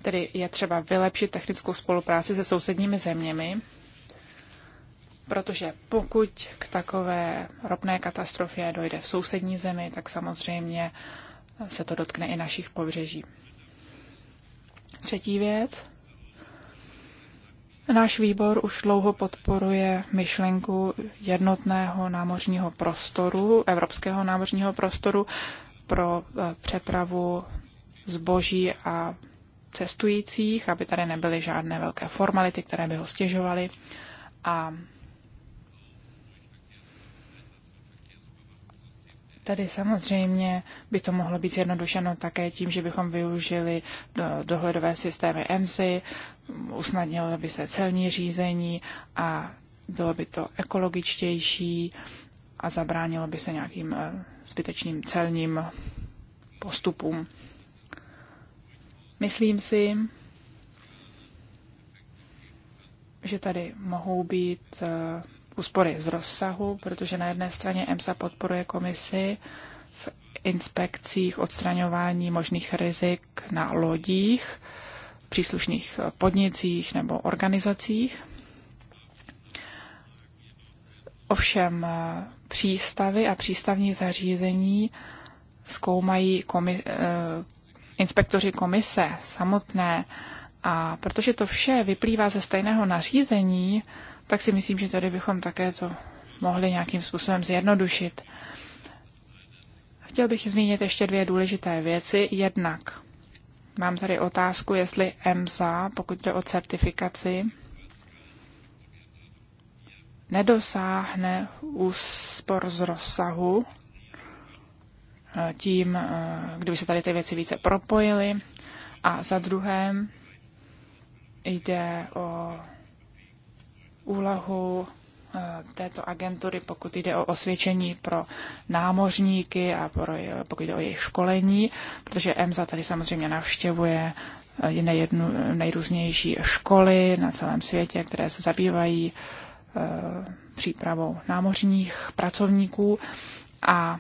tedy je třeba vylepšit technickou spolupráci se sousedními zeměmi, protože pokud k takové ropné katastrofě dojde v sousední zemi, tak samozřejmě se to dotkne i našich pobřeží. Třetí věc. Náš výbor už dlouho podporuje myšlenku jednotného námořního prostoru, evropského námořního prostoru pro eh, přepravu zboží a cestujících, aby tady nebyly žádné velké formality, které by ho stěžovaly. A Tady samozřejmě by to mohlo být zjednodušeno také tím, že bychom využili do, dohledové systémy EMSI, usnadnilo by se celní řízení a bylo by to ekologičtější a zabránilo by se nějakým eh, zbytečným celním postupům. Myslím si, že tady mohou být eh, úspory z rozsahu, protože na jedné straně EMSA podporuje komisi v inspekcích odstraňování možných rizik na lodích, příslušných eh, podnicích nebo organizacích. Ovšem přístavy a přístavní zařízení zkoumají komi- eh, inspektoři komise samotné. A protože to vše vyplývá ze stejného nařízení, tak si myslím, že tady bychom také to mohli nějakým způsobem zjednodušit. Chtěl bych zmínit ještě dvě důležité věci. Jednak mám tady otázku, jestli EMSA, pokud jde o certifikaci, nedosáhne úspor z rozsahu eh, tím, eh, kdyby se tady ty věci více propojily. A za druhé jde o úlohu eh, této agentury, pokud jde o osvědčení pro námořníky a pro, pokud jde o jejich školení, protože EMSA tady samozřejmě navštěvuje nejednu, nejrůznější školy na celém světě, které se zabývají Eh, přípravou námořních pracovníků a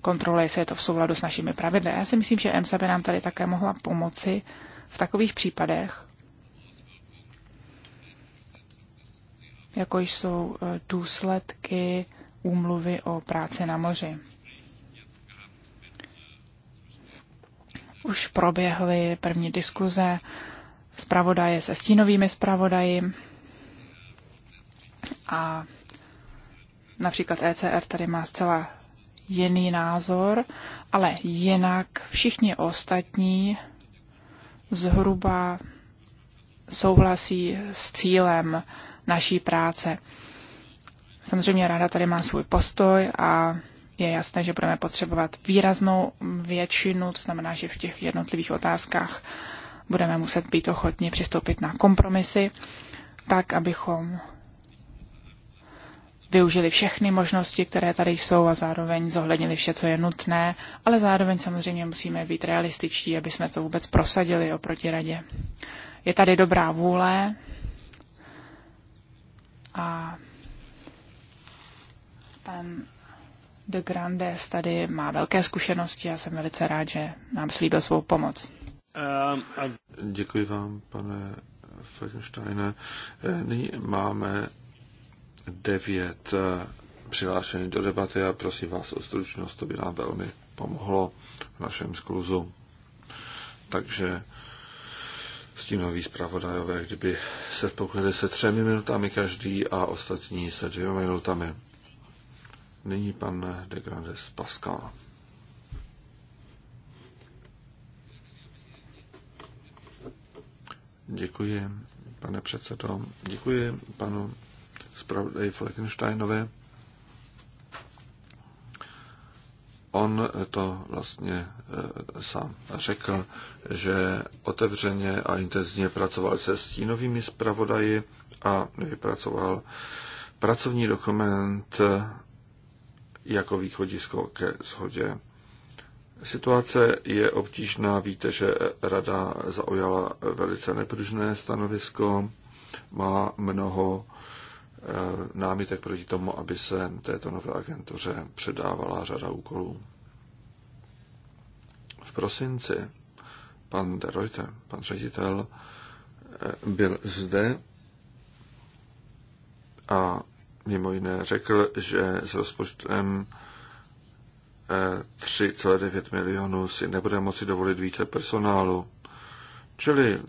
kontrole, jestli je to v souladu s našimi pravidly. Já si myslím, že EMSA by nám tady také mohla pomoci v takových případech, jako jsou eh, důsledky úmluvy o práci na moři. Už proběhly první diskuze zpravodaje se stínovými zpravodaji a například ECR tady má zcela jiný názor, ale jinak všichni ostatní zhruba souhlasí s cílem naší práce. Samozřejmě ráda tady má svůj postoj a je jasné, že budeme potřebovat výraznou většinu, to znamená, že v těch jednotlivých otázkách budeme muset být ochotni přistoupit na kompromisy, tak, abychom využili všechny možnosti, které tady jsou a zároveň zohlednili vše, co je nutné, ale zároveň samozřejmě musíme být realističtí, aby jsme to vůbec prosadili oproti radě. Je tady dobrá vůle a pan de Grandes tady má velké zkušenosti a jsem velice rád, že nám slíbil svou pomoc. Um, Děkuji vám, pane Frankensteine. Nyní máme devět eh, přihlášených do debaty a prosím vás o stručnost, to by nám velmi pomohlo v našem skluzu. Takže nový zpravodajové, kdyby se pokryli se třemi minutami každý a ostatní se dvěma minutami. Nyní pan de Grandes Pascal. Děkuji, pane předsedo. Děkuji panu zpravodaji Fleckensteinové. On to vlastně eh, sám řekl, že otevřeně a intenzivně pracoval se stínovými zpravodaji a vypracoval pracovní dokument eh, jako východisko ke shodě. Situace je obtížná. Víte, že rada zaujala velice nepružné stanovisko, má mnoho eh, námitek proti tomu, aby se této nové agentuře předávala řada úkolů. V prosinci pan de Reuter, pan ředitel, eh, byl zde a mimo jiné řekl, že s rozpočtem 3,9 milionů si nebude moci dovolit více personálu. Čili,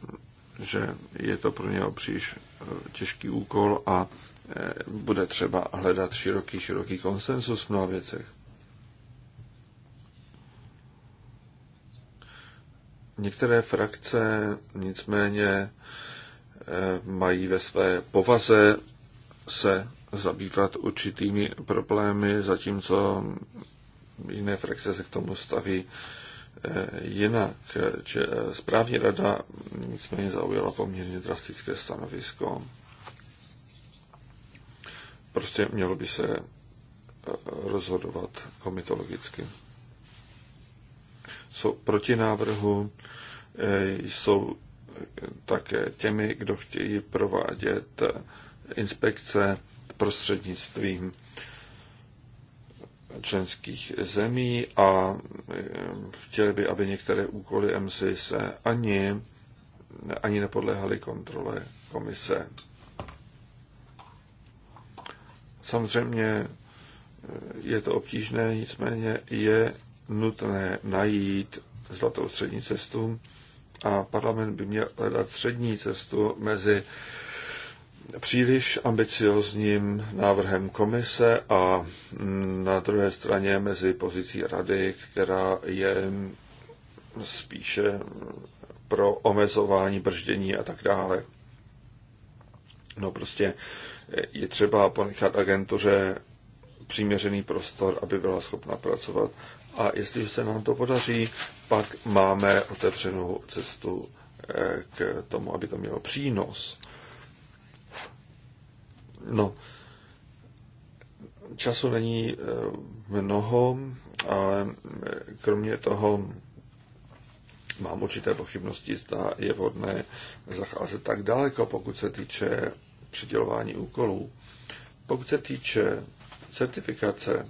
že je to pro ně příliš eh, těžký úkol a eh, bude třeba hledat široký, široký konsensus v mnoha věcech. Některé frakce nicméně eh, mají ve své povaze se zabývat určitými problémy, zatímco jiné frakce se k tomu staví eh, jinak. Če, eh, správní rada nicméně zaujala poměrně drastické stanovisko. Prostě mělo by se eh, rozhodovat komitologicky. Jsou proti návrhu, jsou také těmi, kdo chtějí provádět inspekce prostřednictvím členských zemí a eh, chtěli by, aby některé úkoly MSI se ani, ani nepodléhaly kontrole komise. Samozřejmě eh, je to obtížné, nicméně je nutné najít zlatou střední cestu a parlament by měl hledat střední cestu mezi příliš ambiciozním návrhem komise a na druhé straně mezi pozicí rady, která je spíše pro omezování, brždění a tak dále. No prostě je třeba ponechat agentuře přiměřený prostor, aby byla schopna pracovat. A jestliže se nám to podaří, pak máme otevřenou cestu eh, k tomu, aby to mělo přínos No, času není eh, mnoho, ale eh, kromě toho mám určité pochybnosti, zda je vhodné zacházet tak daleko, pokud se týče přidělování úkolů. Pokud se týče certifikace,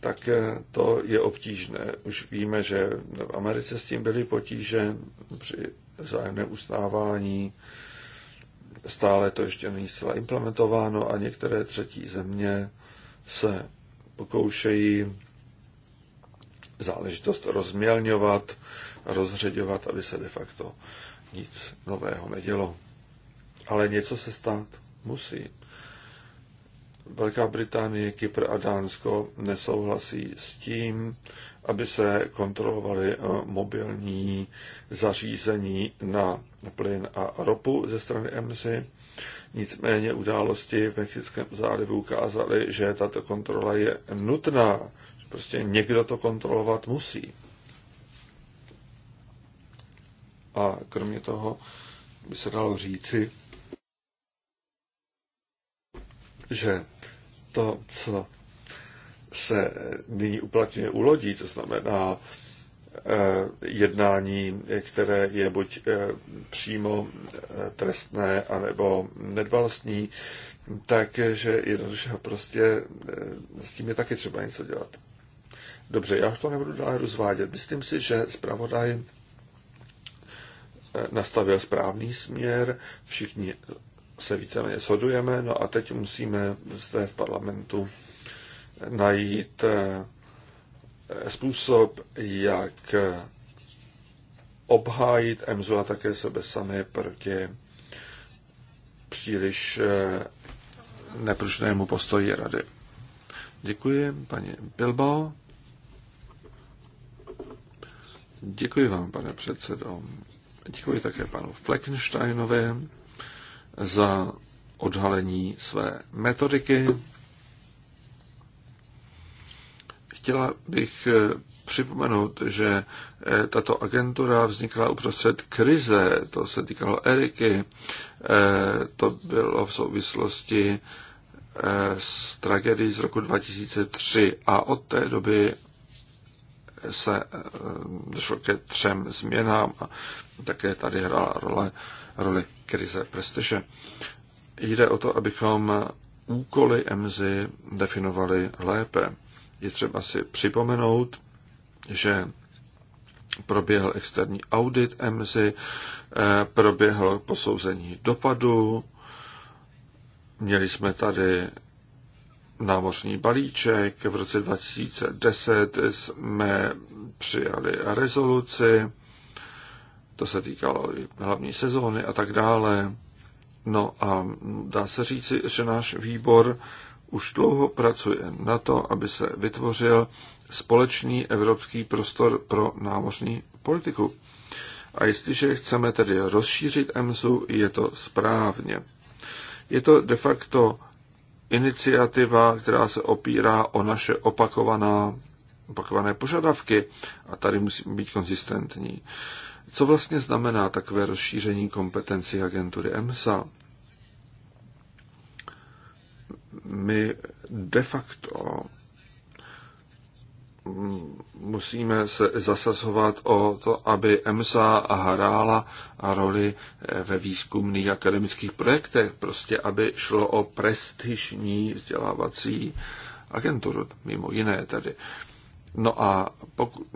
tak eh, to je obtížné. Už víme, že v Americe s tím byly potíže při vzájemném ustávání stále to ještě není zcela implementováno a některé třetí země se pokoušejí záležitost rozmělňovat, rozředěvat, aby se de facto nic nového nedělo. Ale něco se stát musí. Velká Británie, Kypr a Dánsko nesouhlasí s tím, aby se kontrolovaly eh, mobilní zařízení na plyn a ropu ze strany EMSI. Nicméně události v Mexickém zálivu ukázaly, že tato kontrola je nutná. že Prostě někdo to kontrolovat musí. A kromě toho by se dalo říci, že to, co se nyní uplatňuje u lodí, to znamená eh, jednání, které je buď eh, přímo eh, trestné, anebo nedbalostní, takže jednoduše prostě s tím je taky třeba něco dělat. Dobře, já už to nebudu dále rozvádět. Myslím si, že zpravodaj nastavil správný směr, všichni se víceméně shodujeme, no a teď musíme zde v parlamentu najít eh, způsob, jak eh, obhájit EMZU a také sebe samé proti příliš eh, nepružnému postoji rady. Děkuji, paní Bilbao. Děkuji vám, pane předsedo. Děkuji také panu Fleckensteinovi za odhalení své metodiky. Chtěla bych eh, připomenout, že eh, tato agentura vznikla uprostřed krize, to se týkalo Eriky, eh, to bylo v souvislosti s tragedií z roku 2003 a od té doby se došlo ke třem změnám a také tady hrála role, roli krize prestiže. Jde o to, abychom úkoly EMZY definovali lépe. Je třeba si připomenout, že proběhl externí audit EMSI, eh, proběhl posouzení dopadu, měli jsme tady námořní balíček, v roce 2010 jsme přijali rezoluci, to se týkalo i hlavní sezóny a tak dále. No a dá se říci, že náš výbor už dlouho pracuje na to, aby se vytvořil společný evropský prostor pro námořní politiku. A jestliže chceme tedy rozšířit EMSu, je to správně. Je to de facto iniciativa, která se opírá o naše opakovaná, opakované požadavky a tady musíme být konzistentní. Co vlastně znamená takové rozšíření kompetencí agentury EMSA? my de facto musíme se zasazovat o to, aby EMSA hrála roli ve výzkumných akademických projektech, prostě aby šlo o prestižní vzdělávací agenturu, mimo jiné tedy. No a pokud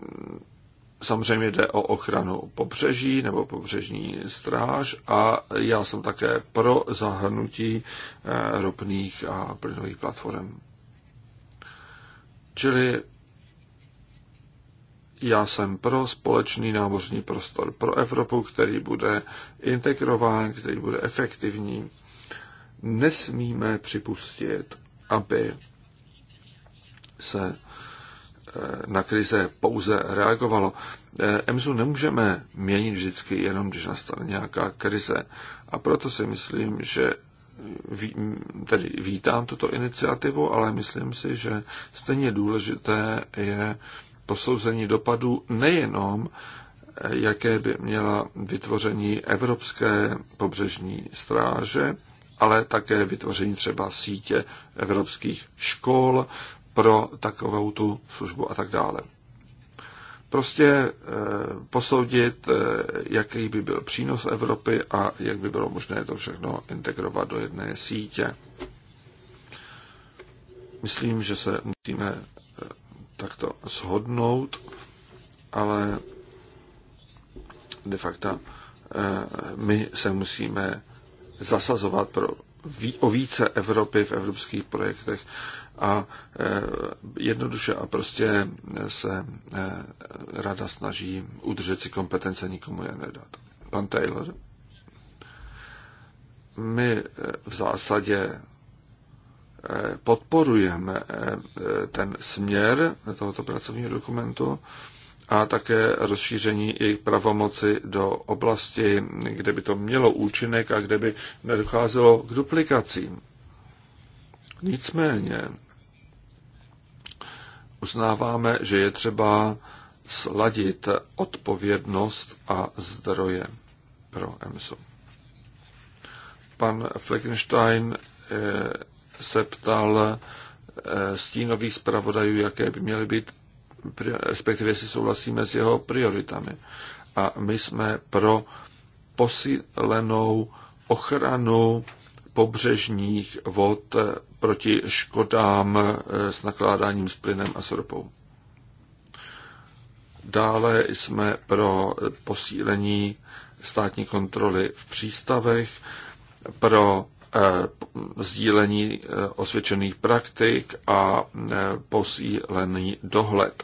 Samozřejmě jde o ochranu pobřeží nebo pobřežní stráž a já jsem také pro zahrnutí eh, ropných a plynových platform. Čili já jsem pro společný námořní prostor pro Evropu, který bude integrován, který bude efektivní. Nesmíme připustit, aby se Eh, na krize pouze reagovalo. Eh, EMSu nemůžeme měnit vždycky, jenom když nastane nějaká krize. A proto si myslím, že ví, tedy vítám tuto iniciativu, ale myslím si, že stejně důležité je posouzení dopadů nejenom, eh, jaké by měla vytvoření Evropské pobřežní stráže, ale také vytvoření třeba sítě evropských škol, pro takovou tu službu a tak dále. Prostě eh, posoudit, eh, jaký by byl přínos Evropy a jak by bylo možné to všechno integrovat do jedné sítě. Myslím, že se musíme eh, takto shodnout, ale de facto my se musíme zasazovat pro, o více Evropy v evropských projektech a e, jednoduše a prostě se e, rada snaží udržet si kompetence, nikomu je nedat. Pan Taylor, my e, v zásadě podporujeme ten směr tohoto pracovního dokumentu a také rozšíření jejich pravomoci do oblasti, kde by to mělo účinek a kde by nedocházelo k duplikacím. Nicméně, uznáváme, že je třeba sladit odpovědnost a zdroje pro EMSO. Pan Fleckenstein eh, se ptal eh, stínových zpravodajů, jaké by měly být, respektive si souhlasíme s jeho prioritami. A my jsme pro posílenou ochranu pobřežních vod proti škodám eh, s nakládáním s plynem a s ropou. Dále jsme pro posílení státní kontroly v přístavech, pro eh, sdílení eh, osvědčených praktik a posílený dohled,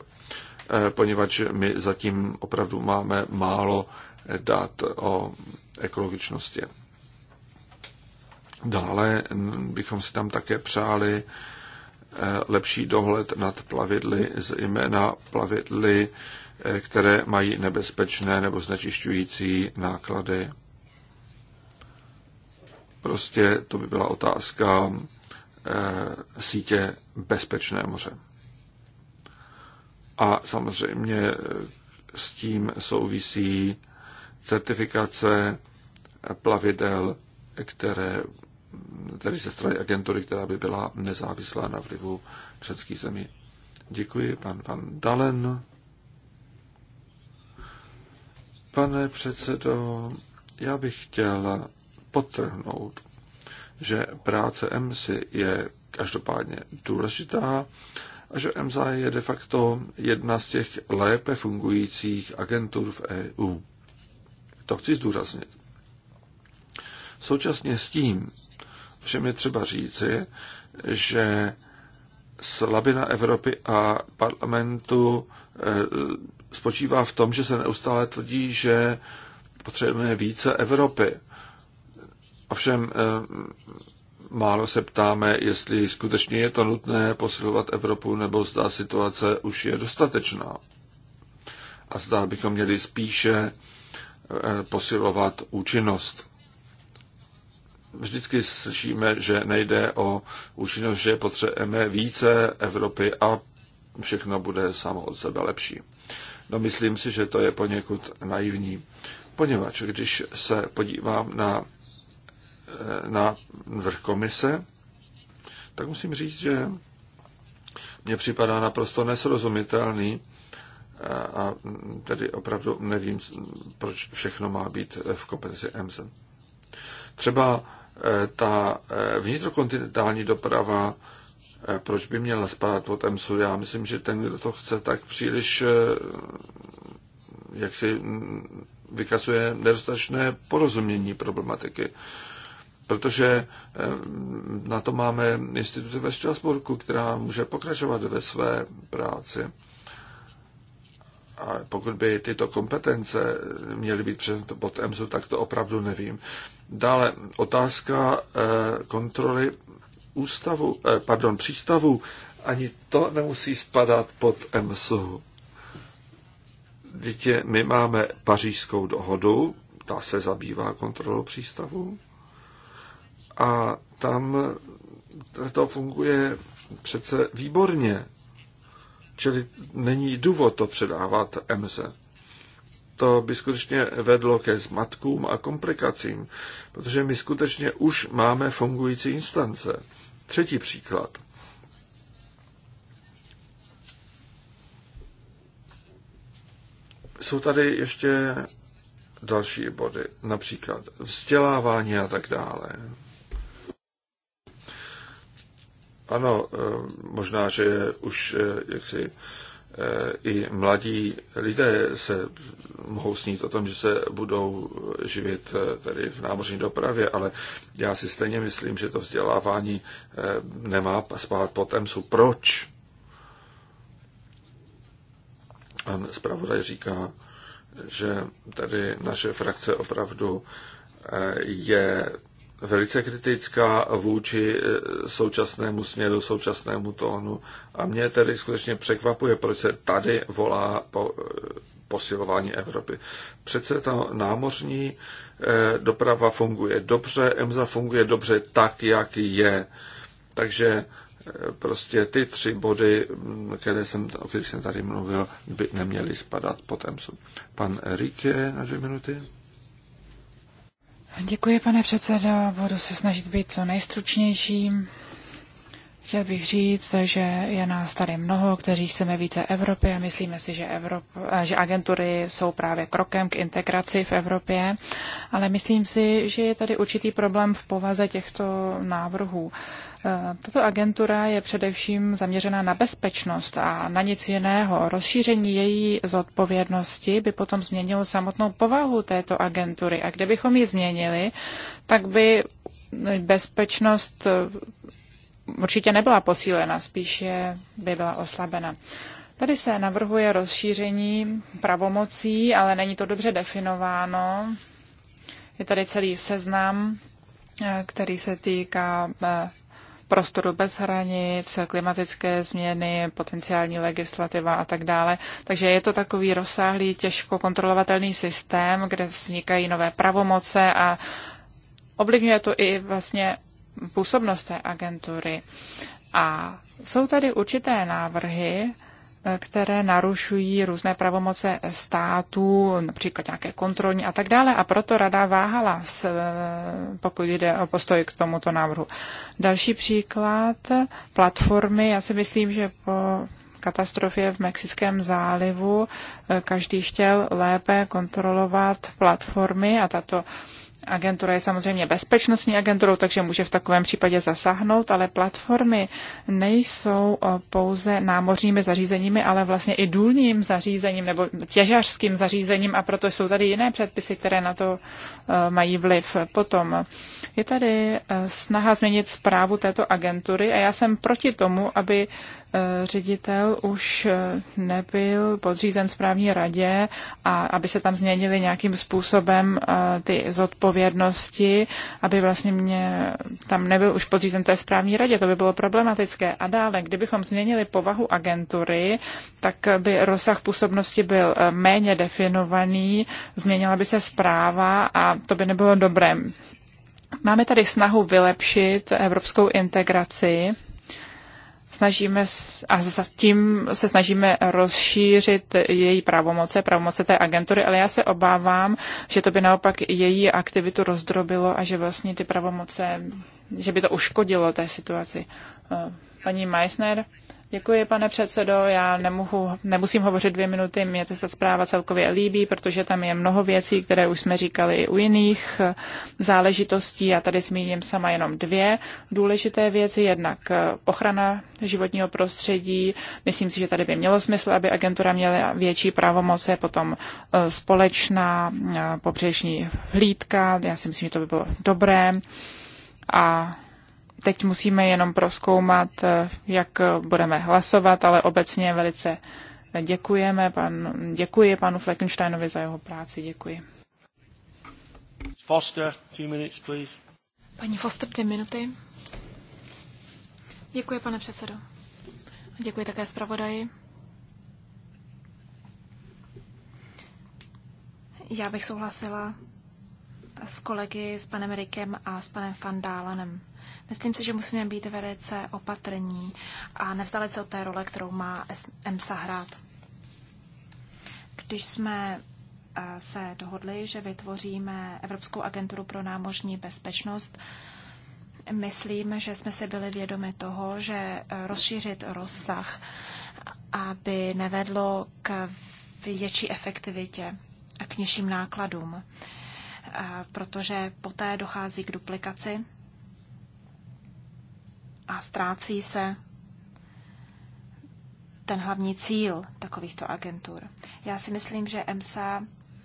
poněvadž my zatím opravdu máme málo dat o ekologičnosti. Dále bychom si tam také přáli eh, lepší dohled nad plavidly, zejména plavidly, eh, které mají nebezpečné nebo znečišťující náklady. Prostě to by byla otázka eh, sítě bezpečné moře. A samozřejmě s tím souvisí certifikace plavidel, které tedy ze strany agentury, která by byla nezávislá na vlivu český zemí. Děkuji, pan Van Dalen. Pane předsedo, já bych chtěl potrhnout, že práce MSI je každopádně důležitá a že MSA je de facto jedna z těch lépe fungujících agentur v EU. To chci zdůraznit. Současně s tím všem je třeba říci, že slabina Evropy a parlamentu eh, spočívá v tom, že se neustále tvrdí, že potřebujeme více Evropy. Ovšem eh, málo se ptáme, jestli skutečně je to nutné posilovat Evropu, nebo zda situace už je dostatečná. A zda bychom měli spíše eh, posilovat účinnost vždycky slyšíme, že nejde o účinnost, že potřebujeme více Evropy a všechno bude samo od sebe lepší. No myslím si, že to je poněkud naivní, poněvadž když se podívám na, eh, na vrch komise, tak musím říct, že mně připadá naprosto nesrozumitelný eh, a tedy opravdu nevím, proč všechno má být v kompetenci EMSEN. Třeba Eh, ta eh, vnitrokontinentální doprava, eh, proč by měla spadat pod EMSu? Já myslím, že ten, kdo to chce, tak příliš jak si mm, vykazuje nedostatečné porozumění problematiky. Protože na to máme instituci ve Štrasburku, která může pokračovat ve své práci. A pokud by tyto kompetence měly být přesunuty pod EMSu, tak to opravdu nevím. Dále otázka eh, kontroly ústavu, eh, pardon, přístavu. Ani to nemusí spadat pod EMSu. Dítě, my máme pařížskou dohodu, ta se zabývá kontrolou přístavu a tam to funguje přece výborně. Čili není důvod to předávat MZ. To by skutečně vedlo ke zmatkům a komplikacím, protože my skutečně už máme fungující instance. Třetí příklad. Jsou tady ještě další body, například vzdělávání a tak dále. Ano, eh, možná, že už eh, jaksi eh, i mladí lidé se mohou snít o tom, že se budou živit tady v námořní dopravě, ale já si stejně myslím, že to vzdělávání nemá spát po temsu. Proč? Pan zpravodaj říká, že tady naše frakce opravdu je velice kritická vůči eh, současnému směru, současnému tónu. A mě tedy skutečně překvapuje, proč se tady volá po eh, posilování Evropy. Přece ta námořní eh, doprava funguje dobře, EMSA funguje dobře tak, jak je. Takže prostě ty tři body, mm, které jsem, o kterých jsem tady mluvil, by neměly spadat pod EMSu. Pan Rike na dvě minuty. Děkuji, pane předsedo. Budu se snažit být co nejstručnějším. Chtěl bych říct, že je nás tady mnoho, kteří chceme více Evropy a myslíme si, že, Evrop, že agentury jsou právě krokem k integraci v Evropě, ale myslím si, že je tady určitý problém v povaze těchto návrhů. E, tato agentura je především zaměřena na bezpečnost a na nic jiného. Rozšíření její zodpovědnosti by potom změnilo samotnou povahu této agentury. A kdybychom ji změnili, tak by bezpečnost určitě nebyla posílena, spíše by byla oslabena. Tady se navrhuje rozšíření pravomocí, ale není to dobře definováno. Je tady celý seznam, eh, který se týká eh, prostoru bez hranic, klimatické změny, potenciální legislativa a tak dále. Takže je to takový rozsáhlý, těžko kontrolovatelný systém, kde vznikají nové pravomoce a ovlivňuje to i vlastně působnost té agentury. A jsou tady určité návrhy, eh, které narušují různé pravomoce států, například nějaké kontrolní a tak dále. A proto rada váhala, s, eh, pokud jde o postoj k tomuto návrhu. Další příklad, platformy. Já si myslím, že po katastrofě v Mexickém zálivu eh, každý chtěl lépe kontrolovat platformy a tato Agentura je samozřejmě bezpečnostní agenturou, takže může v takovém případě zasáhnout, ale platformy nejsou eh, pouze námořními zařízeními, ale vlastně i důlním zařízením nebo těžařským zařízením a proto jsou tady jiné předpisy, které na to eh, mají vliv. Potom je tady eh, snaha změnit zprávu této agentury a já jsem proti tomu, aby Eh, ředitel už eh, nebyl podřízen správní radě a aby se tam změnily nějakým způsobem eh, ty zodpovědnosti, aby vlastně mě tam nebyl už podřízen té správní radě, to by bylo problematické. A dále, kdybychom změnili povahu agentury, tak by rozsah působnosti byl méně definovaný, změnila by se zpráva a to by nebylo dobré. Máme tady snahu vylepšit evropskou integraci snažíme a zatím se snažíme rozšířit její pravomoce, pravomoce té agentury, ale já se obávám, že to by naopak její aktivitu rozdrobilo a že vlastně ty pravomoce, že by to uškodilo té situaci. Eh, paní Meissner, Děkuji, pane předsedo. Já nemohu, nemusím hovořit dvě minuty. to se zpráva celkově líbí, protože tam je mnoho věcí, které už jsme říkali i u jiných záležitostí. Já tady zmíním sama jenom dvě důležité věci. Jednak ochrana životního prostředí. Myslím si, že tady by mělo smysl, aby agentura měla větší pravomoce, potom e, společná e, pobřežní hlídka. Já si myslím, že to by bylo dobré. A teď musíme jenom proskoumat, eh, jak budeme hlasovat, ale obecně velice děkujeme. Pan, děkuji panu Fleckensteinovi za jeho práci. Děkuji. Foster, two minutes, please. Paní Foster, dvě minuty. Děkuji, pane předsedo. děkuji také zpravodaji. Já bych souhlasila s kolegy, s panem Rikem a s panem Fandálanem. Myslím si, že musíme být velice opatrní a nevzdalit se od té role, kterou má EMSA hrát. Když jsme eh, se dohodli, že vytvoříme Evropskou agenturu pro námořní bezpečnost, myslím, že jsme si byli vědomi toho, že eh, rozšířit rozsah, aby nevedlo k větší efektivitě a k nižším nákladům, eh, protože poté dochází k duplikaci a ztrácí se ten hlavní cíl takovýchto agentur. Já si myslím, že EMSA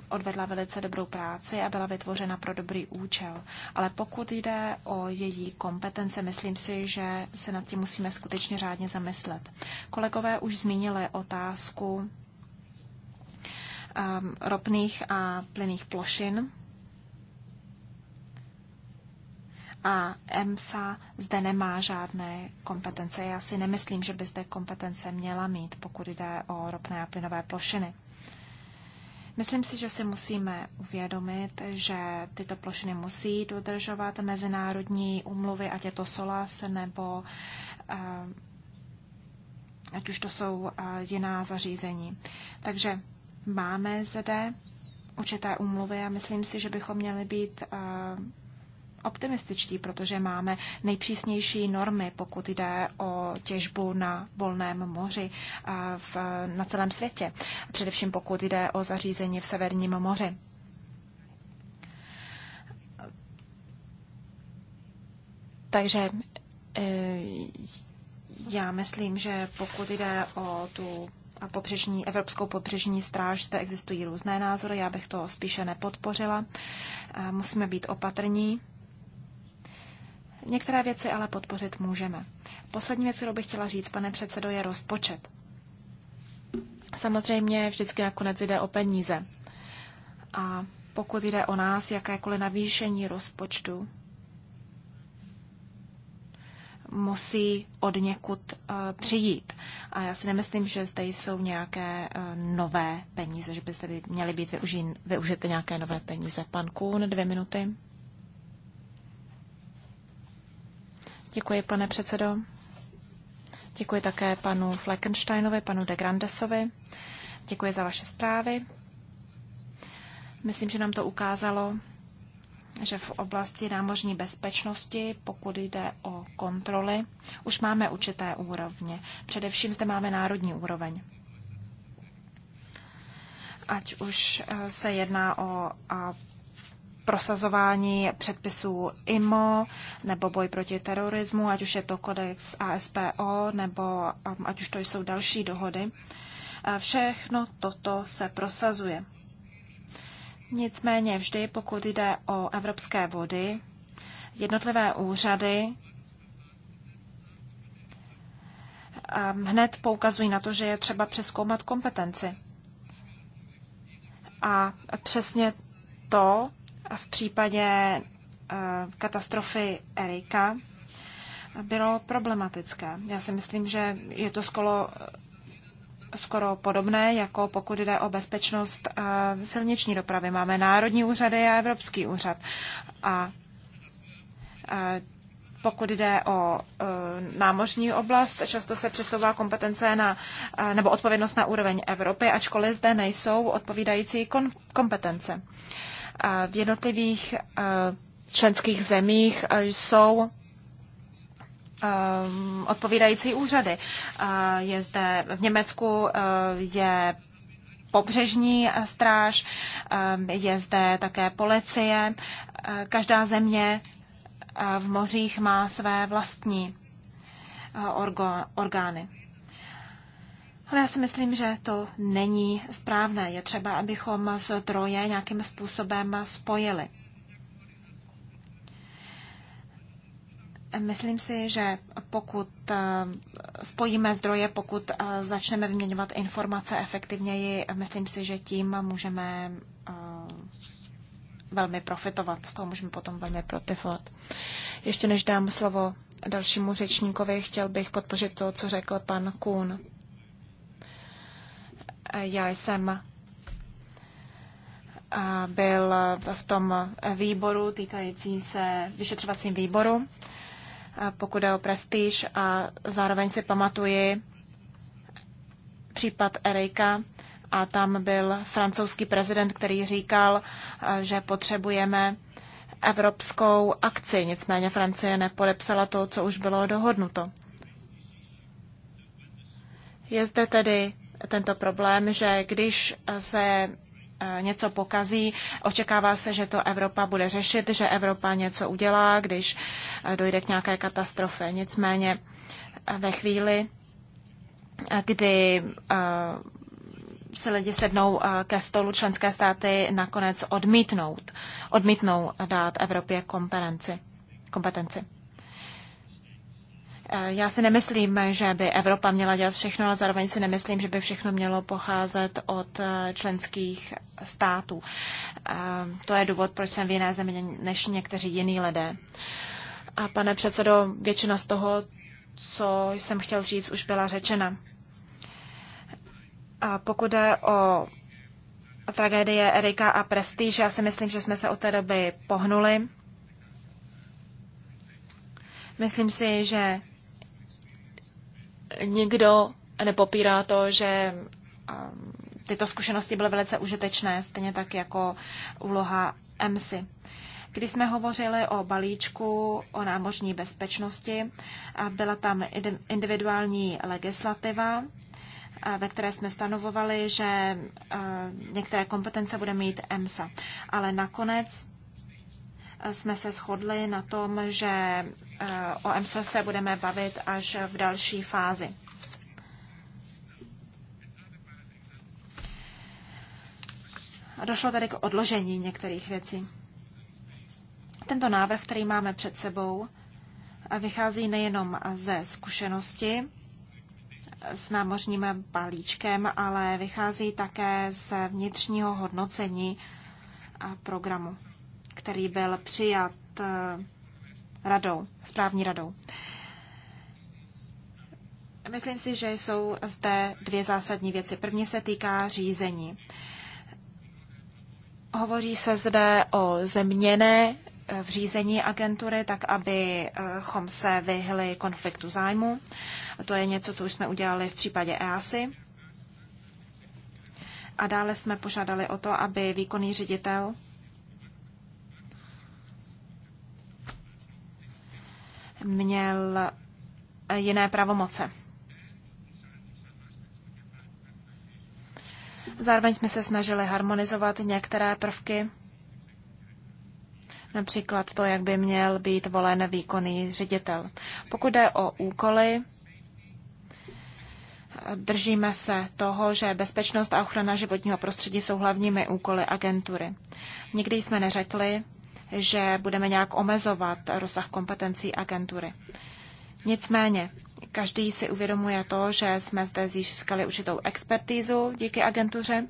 odvedla velice dobrou práci a byla vytvořena pro dobrý účel. Ale pokud jde o její kompetence, myslím si, že se nad tím musíme skutečně řádně zamyslet. Kolegové už zmínili otázku um, ropných a plynných plošin. a EMSA zde nemá žádné kompetence. Já si nemyslím, že by zde kompetence měla mít, pokud jde o ropné a plynové plošiny. Myslím si, že si musíme uvědomit, že tyto plošiny musí dodržovat mezinárodní úmluvy, ať je to SOLAS nebo eh, ať už to jsou eh, jiná zařízení. Takže máme zde určité úmluvy a myslím si, že bychom měli být eh, optimističtí, protože máme nejpřísnější normy, pokud jde o těžbu na volném moři v, na celém světě, především pokud jde o zařízení v Severním moři. Takže e, já myslím, že pokud jde o tu a pobřežní, Evropskou pobřežní stráž, zde existují různé názory, já bych to spíše nepodpořila. E, musíme být opatrní Některé věci ale podpořit můžeme. Poslední věc, kterou bych chtěla říct, pane předsedo, je rozpočet. Samozřejmě vždycky nakonec jde o peníze. A pokud jde o nás, jakékoliv navýšení rozpočtu musí od někud eh, přijít. A já si nemyslím, že zde jsou nějaké eh, nové peníze, že byste měli být využít, využity nějaké nové peníze. Pan Kuhn, dvě minuty. Děkuji, pane předsedo. Děkuji také panu Fleckensteinovi, panu de Grandesovi. Děkuji za vaše zprávy. Myslím, že nám to ukázalo, že v oblasti námořní bezpečnosti, pokud jde o kontroly, už máme určité úrovně. Především zde máme národní úroveň. Ať už eh, se jedná o prosazování předpisů IMO nebo boj proti terorismu, ať už je to kodex ASPO nebo um, ať už to jsou další dohody. Všechno toto se prosazuje. Nicméně vždy, pokud jde o evropské vody, jednotlivé úřady um, hned poukazují na to, že je třeba přeskoumat kompetenci. A přesně to v případě eh, katastrofy Erika bylo problematické. Já si myslím, že je to skoro, skoro podobné, jako pokud jde o bezpečnost eh, silniční dopravy. Máme národní úřady a evropský úřad. A, eh, pokud jde o námořní oblast, často se přesouvá kompetence na, nebo odpovědnost na úroveň Evropy, ačkoliv zde nejsou odpovídající kompetence. V jednotlivých eh, členských zemích eh, jsou eh, odpovídající úřady. Je zde v Německu je pobřežní stráž, je zde také policie. Každá země v mořích má své vlastní orgány. Ale já si myslím, že to není správné. Je třeba, abychom zdroje nějakým způsobem spojili. Myslím si, že pokud eh, spojíme zdroje, pokud eh, začneme vyměňovat informace efektivněji, myslím si, že tím můžeme eh, velmi profitovat. Z toho můžeme potom velmi profitovat. Ještě než dám slovo dalšímu řečníkovi, chtěl bych podpořit to, co řekl pan Kuhn. Já jsem eh, byl v tom výboru týkající se vyšetřovacím výboru, eh, pokud je o prestiž a zároveň si pamatuji případ Erika a tam byl francouzský prezident, který říkal, eh, že potřebujeme evropskou akci. Nicméně Francie nepodepsala to, co už bylo dohodnuto. Je zde tedy tento problém, že když se eh, něco pokazí, očekává se, že to Evropa bude řešit, že Evropa něco udělá, když eh, dojde k nějaké katastrofě. Nicméně eh, ve chvíli, kdy se lidi sednou ke stolu, členské státy nakonec odmítnout, odmítnou dát Evropě kompetenci. kompetenci. Eh, já si nemyslím, že by Evropa měla dělat všechno, ale zároveň si nemyslím, že by všechno mělo pocházet od eh, členských států. Eh, to je důvod, proč jsem v jiné zemi než někteří jiní lidé. A pane předsedo, většina z toho, co jsem chtěl říct, už byla řečena. A pokud je o tragédie Erika a Prestige, já si myslím, že jsme se od té doby pohnuli. Myslím si, že Nikdo nepopírá to, že um, tyto zkušenosti byly velice užitečné, stejně tak jako úloha EMSI. Když jsme hovořili o balíčku o námořní bezpečnosti, byla tam individuální legislativa, ve které jsme stanovovali, že některé kompetence bude mít EMSA. Ale nakonec jsme se shodli na tom, že eh, o MC se budeme bavit až v další fázi. Došlo tedy k odložení některých věcí. Tento návrh, který máme před sebou, vychází nejenom ze zkušenosti s námořním balíčkem, ale vychází také z vnitřního hodnocení programu který byl přijat eh, radou, správní radou. Myslím si, že jsou zde dvě zásadní věci. První se týká řízení. Hovoří se zde o změně eh, v řízení agentury, tak abychom se vyhli konfliktu zájmu. To je něco, co už jsme udělali v případě EASY. A dále jsme požádali o to, aby výkonný ředitel měl eh, jiné pravomoce. Zároveň jsme se snažili harmonizovat některé prvky, například to, jak by měl být volen výkonný ředitel. Pokud jde o úkoly, držíme se toho, že bezpečnost a ochrana životního prostředí jsou hlavními úkoly agentury. Nikdy jsme neřekli, že budeme nějak omezovat rozsah kompetencí agentury. Nicméně, každý si uvědomuje to, že jsme zde získali určitou expertízu díky agentuře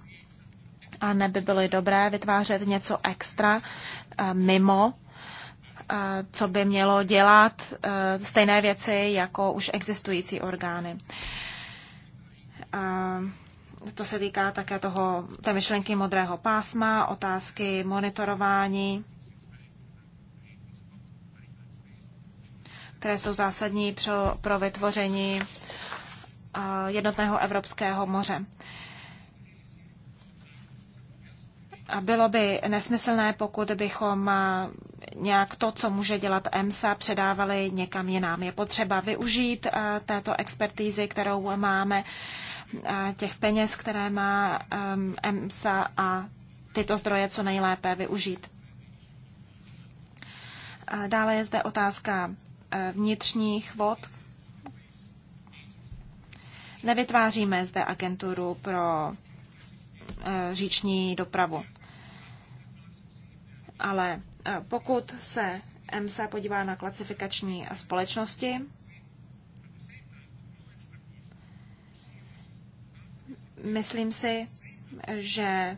a neby bylo dobré vytvářet něco extra eh, mimo, eh, co by mělo dělat eh, stejné věci jako už existující orgány. To se týká také toho, té myšlenky modrého pásma, otázky monitorování které jsou zásadní pro, pro vytvoření eh, jednotného evropského moře. A bylo by nesmyslné, pokud bychom eh, nějak to, co může dělat EMSA, předávali někam jinam. Je potřeba využít eh, této expertízy, kterou máme, těch peněz, které má EMSA a tyto zdroje co nejlépe využít. Dále je zde otázka Eh, vnitřních vod. Nevytváříme zde agenturu pro eh, říční dopravu. Ale eh, pokud se EMSA podívá na klasifikační společnosti, myslím si, že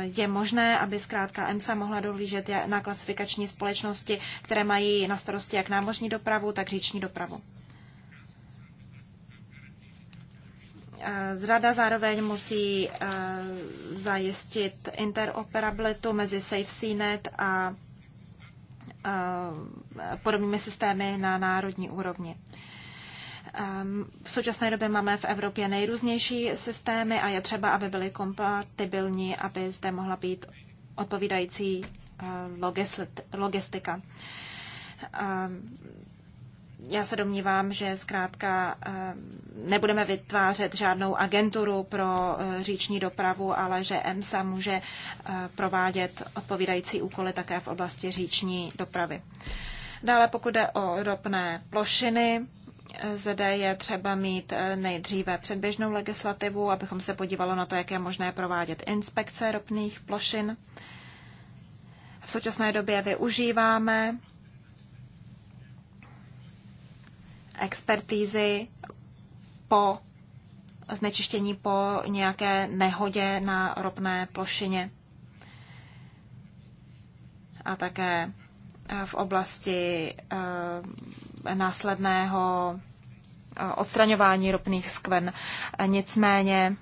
je možné, aby zkrátka EMSA mohla dohlížet na klasifikační společnosti, které mají na starosti jak námořní dopravu, tak říční dopravu. Zrada zároveň musí zajistit interoperabilitu mezi SafeCNet a podobnými systémy na národní úrovni. Ehm, v současné době máme v Evropě nejrůznější systémy a je třeba, aby byly kompatibilní, aby zde mohla být odpovídající ehm, logistika. Ehm, já se domnívám, že zkrátka nebudeme vytvářet žádnou agenturu pro eh, říční dopravu, ale že EMSA může eh, provádět odpovídající úkoly také v oblasti říční dopravy. Dále pokud jde o ropné plošiny, zde je třeba mít eh, nejdříve předběžnou legislativu, abychom se podívalo na to, jak je možné provádět inspekce ropných plošin. V současné době využíváme expertízy po znečištění po nějaké nehodě na ropné plošině a také v oblasti eh, následného eh, odstraňování ropných skven. Nicméně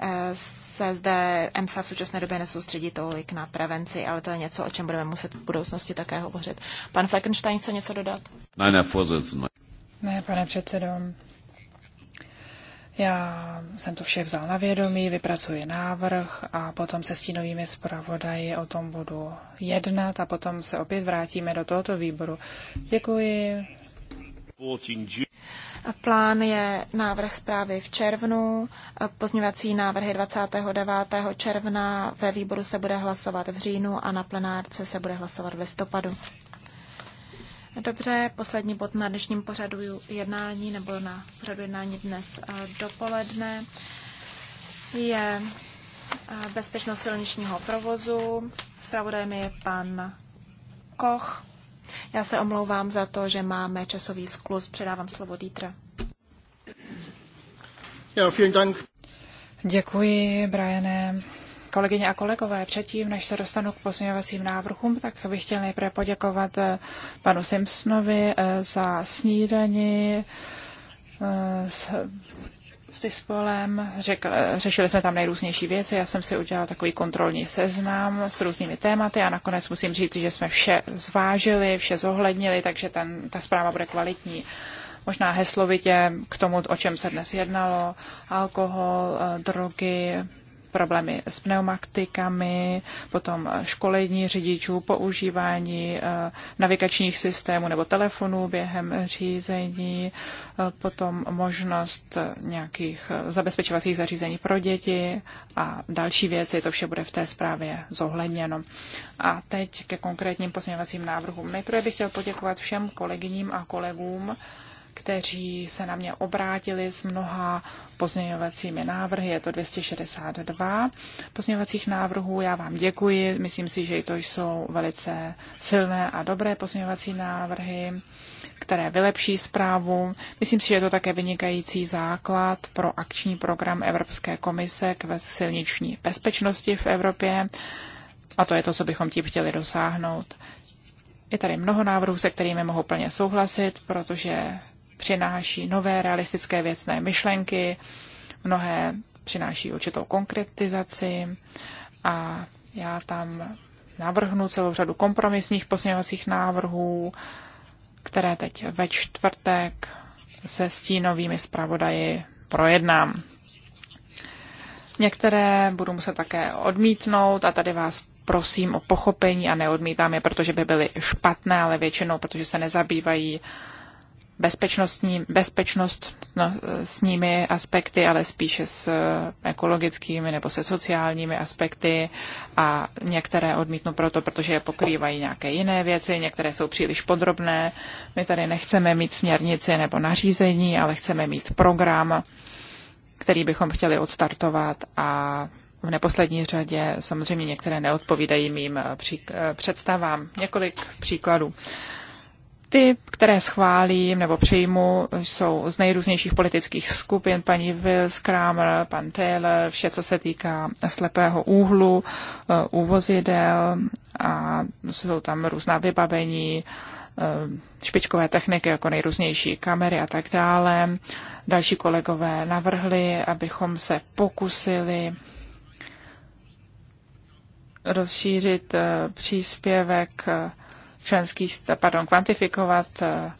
eh, se zde EMSA v současné době nesoustředí tolik na prevenci, ale to je něco, o čem budeme muset v budoucnosti také hovořit. Pan Fleckenstein chce něco dodat? Ne, ne, Ne, pane předsedo. Já jsem to vše vzal na vědomí, vypracuji návrh a potom se stínovými zpravodaji o tom budu jednat a potom se opět vrátíme do tohoto výboru. Děkuji. Plán je návrh zprávy v červnu, pozměňovací návrhy 29. června, ve výboru se bude hlasovat v říjnu a na plenárce se bude hlasovat v listopadu. Dobře, poslední bod na dnešním pořadu jednání nebo na pořadu jednání dnes eh, dopoledne je eh, bezpečnost silničního provozu. Spravodajem je pan Koch. Já se omlouvám za to, že máme časový sklus. Předávám slovo Dítra. Ja, vielen Dank. Děkuji, Brianem. Kolegyně a kolegové, předtím, než se dostanu k pozměňovacím návrhům, tak bych chtěl nejprve poděkovat eh, panu Simpsonovi eh, za snídani eh, s, s spolem. Řekl, řešili jsme tam nejrůznější věci. Já jsem si udělal takový kontrolní seznam s různými tématy a nakonec musím říct, že jsme vše zvážili, vše zohlednili, takže ten, ta zpráva bude kvalitní možná heslovitě k tomu, o čem se dnes jednalo, alkohol, drogy, problémy s pneumatikami, potom školení řidičů, používání eh, navigačních systémů nebo telefonů během řízení, eh, potom možnost nějakých eh, zabezpečovacích zařízení pro děti a další věci. To vše bude v té zprávě zohledněno. A teď ke konkrétním pozměňovacím návrhům. Nejprve bych chtěl poděkovat všem kolegyním a kolegům, kteří se na mě obrátili s mnoha pozměňovacími návrhy. Je to 262 pozměňovacích návrhů. Já vám děkuji. Myslím si, že to jsou velice silné a dobré pozměňovací návrhy, které vylepší zprávu. Myslím si, že je to také vynikající základ pro akční program Evropské komise k silniční bezpečnosti v Evropě. A to je to, co bychom tím chtěli dosáhnout. Je tady mnoho návrhů, se kterými mohu plně souhlasit, protože přináší nové realistické věcné myšlenky, mnohé přináší určitou konkretizaci a já tam navrhnu celou řadu kompromisních posměvacích návrhů, které teď ve čtvrtek se stínovými zpravodaji projednám. Některé budu muset také odmítnout a tady vás prosím o pochopení a neodmítám je, protože by byly špatné, ale většinou, protože se nezabývají uh, bezpečnostní, bezpečnost no, s nimi aspekty, ale spíše s eh, ekologickými nebo se sociálními aspekty a některé odmítnu proto, protože je pokrývají nějaké jiné věci, některé jsou příliš podrobné. My tady nechceme mít směrnici nebo nařízení, ale chceme mít program, který bychom chtěli odstartovat a v neposlední řadě samozřejmě některé neodpovídají mým eh, eh, představám. Několik příkladů. Ty, které schválím nebo přijmu, jsou z nejrůznějších politických skupin, paní Wills, Kramer, pan Taylor, vše, co se týká slepého úhlu, úvozidel eh, a jsou tam různá vybavení, eh, špičkové techniky, jako nejrůznější kamery a tak dále. Další kolegové navrhli, abychom se pokusili rozšířit eh, příspěvek členských, pardon, kvantifikovat eh,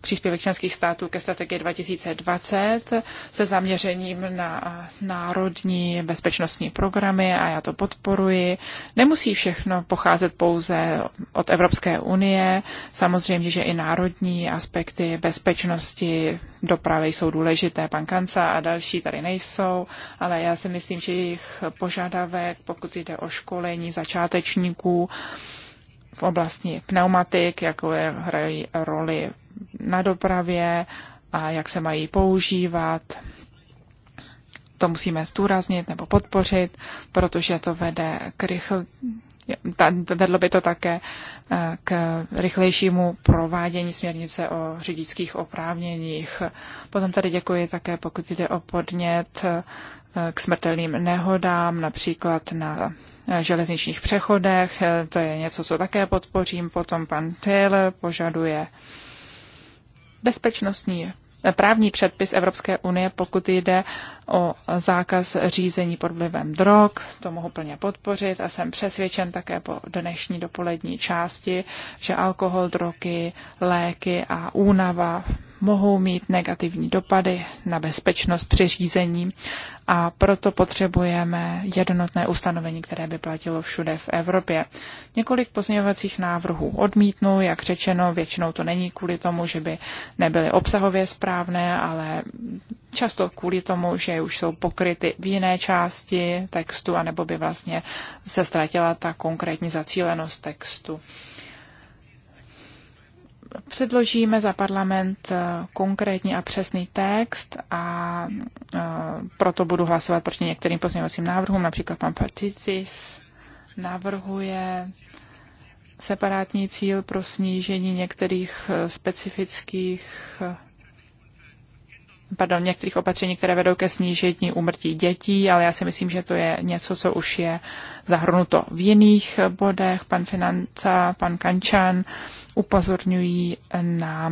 příspěvek členských států ke strategii 2020 se zaměřením na eh, národní bezpečnostní programy a já to podporuji. Nemusí všechno pocházet pouze od Evropské unie. Samozřejmě, že i národní aspekty bezpečnosti dopravy jsou důležité. Pan Kanca a další tady nejsou, ale já si myslím, že jejich požadavek, pokud jde o školení začátečníků, v oblasti pneumatik, jakou je, hrají roli na dopravě a jak se mají používat. To musíme zdůraznit nebo podpořit, protože to vede k rychl, ta, vedlo by to také eh, k rychlejšímu provádění směrnice o řidičských oprávněních. Potom tady děkuji také, pokud jde o podnět eh, k smrtelným nehodám, například na Eh, železničních přechodech, eh, to je něco, co také podpořím. Potom pan Taylor požaduje bezpečnostní eh, právní předpis Evropské unie, pokud jde o zákaz řízení pod vlivem drog, to mohu plně podpořit a jsem přesvědčen také po dnešní dopolední části, že alkohol, drogy, léky a únava mohou mít negativní dopady na bezpečnost při řízení a proto potřebujeme jednotné ustanovení, které by platilo všude v Evropě. Několik pozměňovacích návrhů odmítnu, jak řečeno, většinou to není kvůli tomu, že by nebyly obsahově správné, ale často kvůli tomu, že už jsou pokryty v jiné části textu, anebo by vlastně se ztratila ta konkrétní zacílenost textu. Předložíme za parlament eh, konkrétní a přesný text a eh, proto budu hlasovat proti některým pozměňovacím návrhům. Například pan Partitis navrhuje separátní cíl pro snížení některých eh, specifických pardon, některých opatření, které vedou ke snížení úmrtí dětí, ale já si myslím, že to je něco, co už je zahrnuto v jiných bodech. Pan Financa, pan Kančan upozorňují na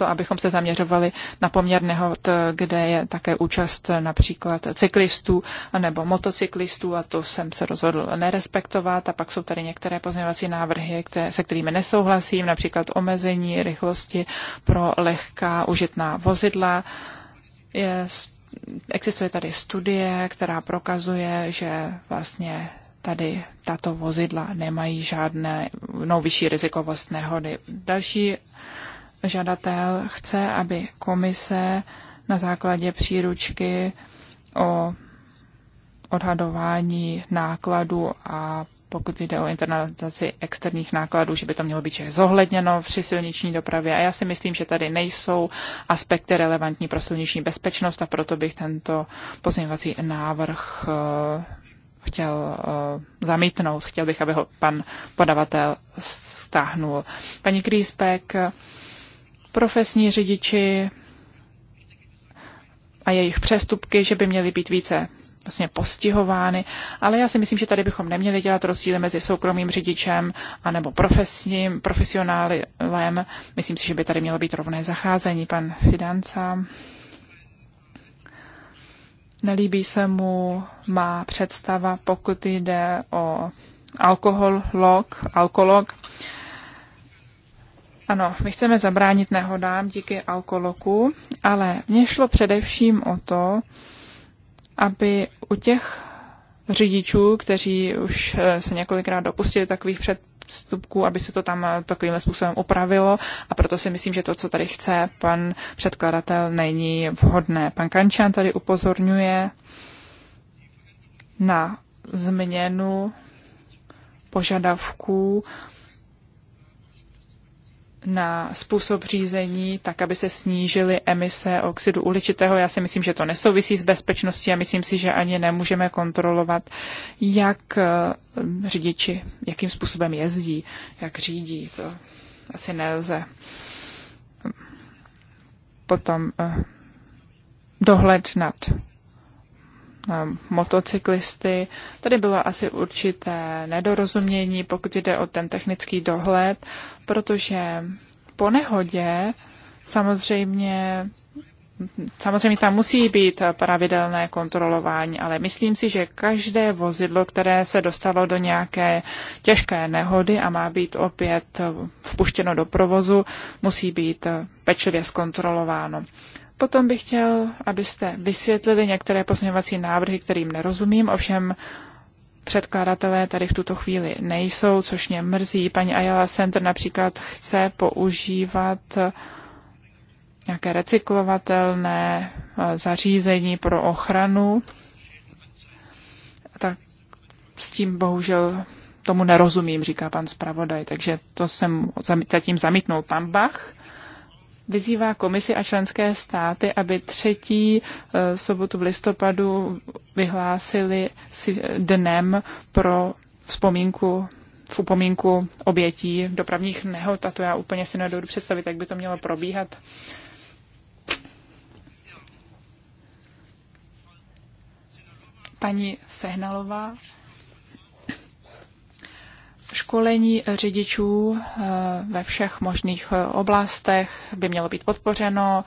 to, abychom se zaměřovali na poměr nehod, kde je také účast například cyklistů nebo motocyklistů a to jsem se rozhodl nerespektovat. A pak jsou tady některé pozměňovací návrhy, které, se kterými nesouhlasím, například omezení rychlosti pro lehká užitná vozidla. Je, existuje tady studie, která prokazuje, že vlastně tady tato vozidla nemají žádné no, vyšší rizikovost nehody. Další žadatel chce, aby komise na základě příručky o odhadování nákladů a pokud jde o internalizaci externích nákladů, že by to mělo být že zohledněno při silniční dopravě. A já si myslím, že tady nejsou aspekty relevantní pro silniční bezpečnost a proto bych tento pozměňovací návrh eh, chtěl eh, zamítnout. Chtěl bych, aby ho pan podavatel stáhnul. Paní Kríspek profesní řidiči a jejich přestupky, že by měly být více vlastně postihovány, ale já si myslím, že tady bychom neměli dělat rozdíly mezi soukromým řidičem a nebo profesním, profesionálem. Myslím si, že by tady mělo být rovné zacházení. Pan Fidanca nelíbí se mu má představa, pokud jde o alkohol, log, alkolog. alkolog ano, my chceme zabránit nehodám díky alkoloku, ale mně šlo především o to, aby u těch řidičů, kteří už eh, se několikrát dopustili takových předstupků, aby se to tam eh, takovým způsobem upravilo a proto si myslím, že to, co tady chce pan předkladatel, není vhodné. Pan Kančan tady upozorňuje na změnu požadavků na způsob řízení, tak aby se snížily emise oxidu uhličitého. Já si myslím, že to nesouvisí s bezpečností a myslím si, že ani nemůžeme kontrolovat, jak eh, řidiči, jakým způsobem jezdí, jak řídí. To asi nelze. Potom eh, dohled nad Eh, motocyklisty. Tady bylo asi určité nedorozumění, pokud jde o ten technický dohled, protože po nehodě samozřejmě Samozřejmě tam musí být pravidelné kontrolování, ale myslím si, že každé vozidlo, které se dostalo do nějaké těžké nehody a má být opět vpuštěno do provozu, musí být pečlivě zkontrolováno. Potom bych chtěl, abyste vysvětlili některé pozměňovací návrhy, kterým nerozumím, ovšem předkladatelé tady v tuto chvíli nejsou, což mě mrzí. Paní Ayala Center například chce používat nějaké recyklovatelné eh, zařízení pro ochranu, tak s tím bohužel tomu nerozumím, říká pan zpravodaj, takže to jsem zatím zamítnul pan Bach vyzývá komisi a členské státy, aby třetí eh, sobotu v listopadu vyhlásili dnem pro vzpomínku v upomínku obětí dopravních nehod a to já úplně si nedodu představit, jak by to mělo probíhat. Paní Sehnalová Školení řidičů eh, ve všech možných eh, oblastech by mělo být podpořeno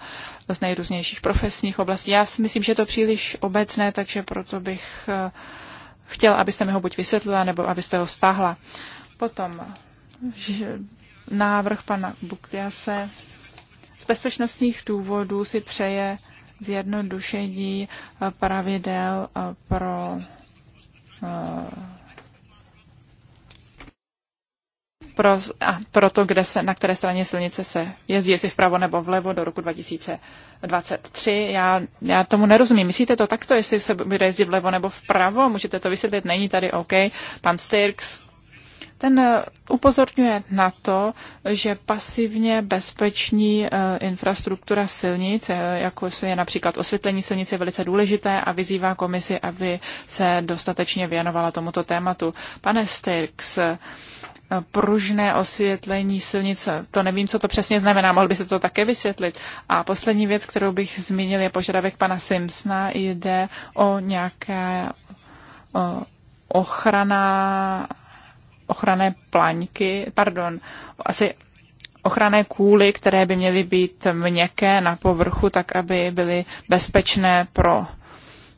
z nejrůznějších profesních oblastí. Já si myslím, že je to příliš obecné, takže proto bych eh, chtěl, abyste mi ho buď vysvětlila, nebo abyste ho stáhla. Potom návrh pana Buktiase z bezpečnostních důvodů si přeje zjednodušení pravidel pro pro, a pro to, kde se, na které straně silnice se jezdí, jestli vpravo nebo vlevo do roku 2023. Já, já tomu nerozumím. Myslíte to takto, jestli se bude jezdit vlevo nebo vpravo? Můžete to vysvětlit? Není tady OK. Pan Styrks, ten eh, upozorňuje na to, že pasivně bezpeční eh, infrastruktura silnic, eh, jako je například osvětlení silnic, je velice důležité a vyzývá komisi, aby se dostatečně věnovala tomuto tématu. Pane Styrks, Eh, pružné osvětlení silnice. To nevím, co to přesně znamená, mohl by se to také vysvětlit. A poslední věc, kterou bych zmínil, je požadavek pana Simpsona. Jde o nějaké ochrana, ochranné plaňky, pardon, asi ochranné kůly, které by měly být měkké na povrchu, tak aby byly bezpečné pro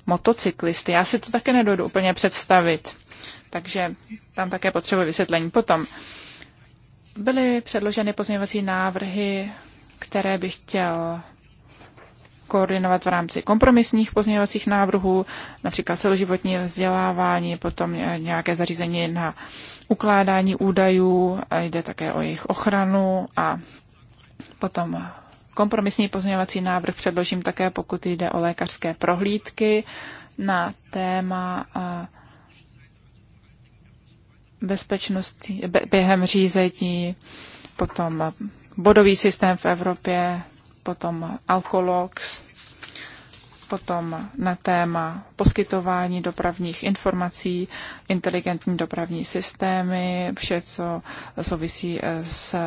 motocyklisty. Já si to také nedodu úplně představit takže tam také potřebuji vysvětlení. Potom byly předloženy pozměňovací návrhy, které bych chtěl koordinovat v rámci kompromisních pozměňovacích návrhů, například celoživotní vzdělávání, potom nějaké zařízení na ukládání údajů, jde také o jejich ochranu a potom kompromisní pozměňovací návrh předložím také, pokud jde o lékařské prohlídky na téma bezpečnosti během řízení, potom bodový systém v Evropě, potom Alkolox, potom na téma poskytování dopravních informací, inteligentní dopravní systémy, vše, co souvisí s,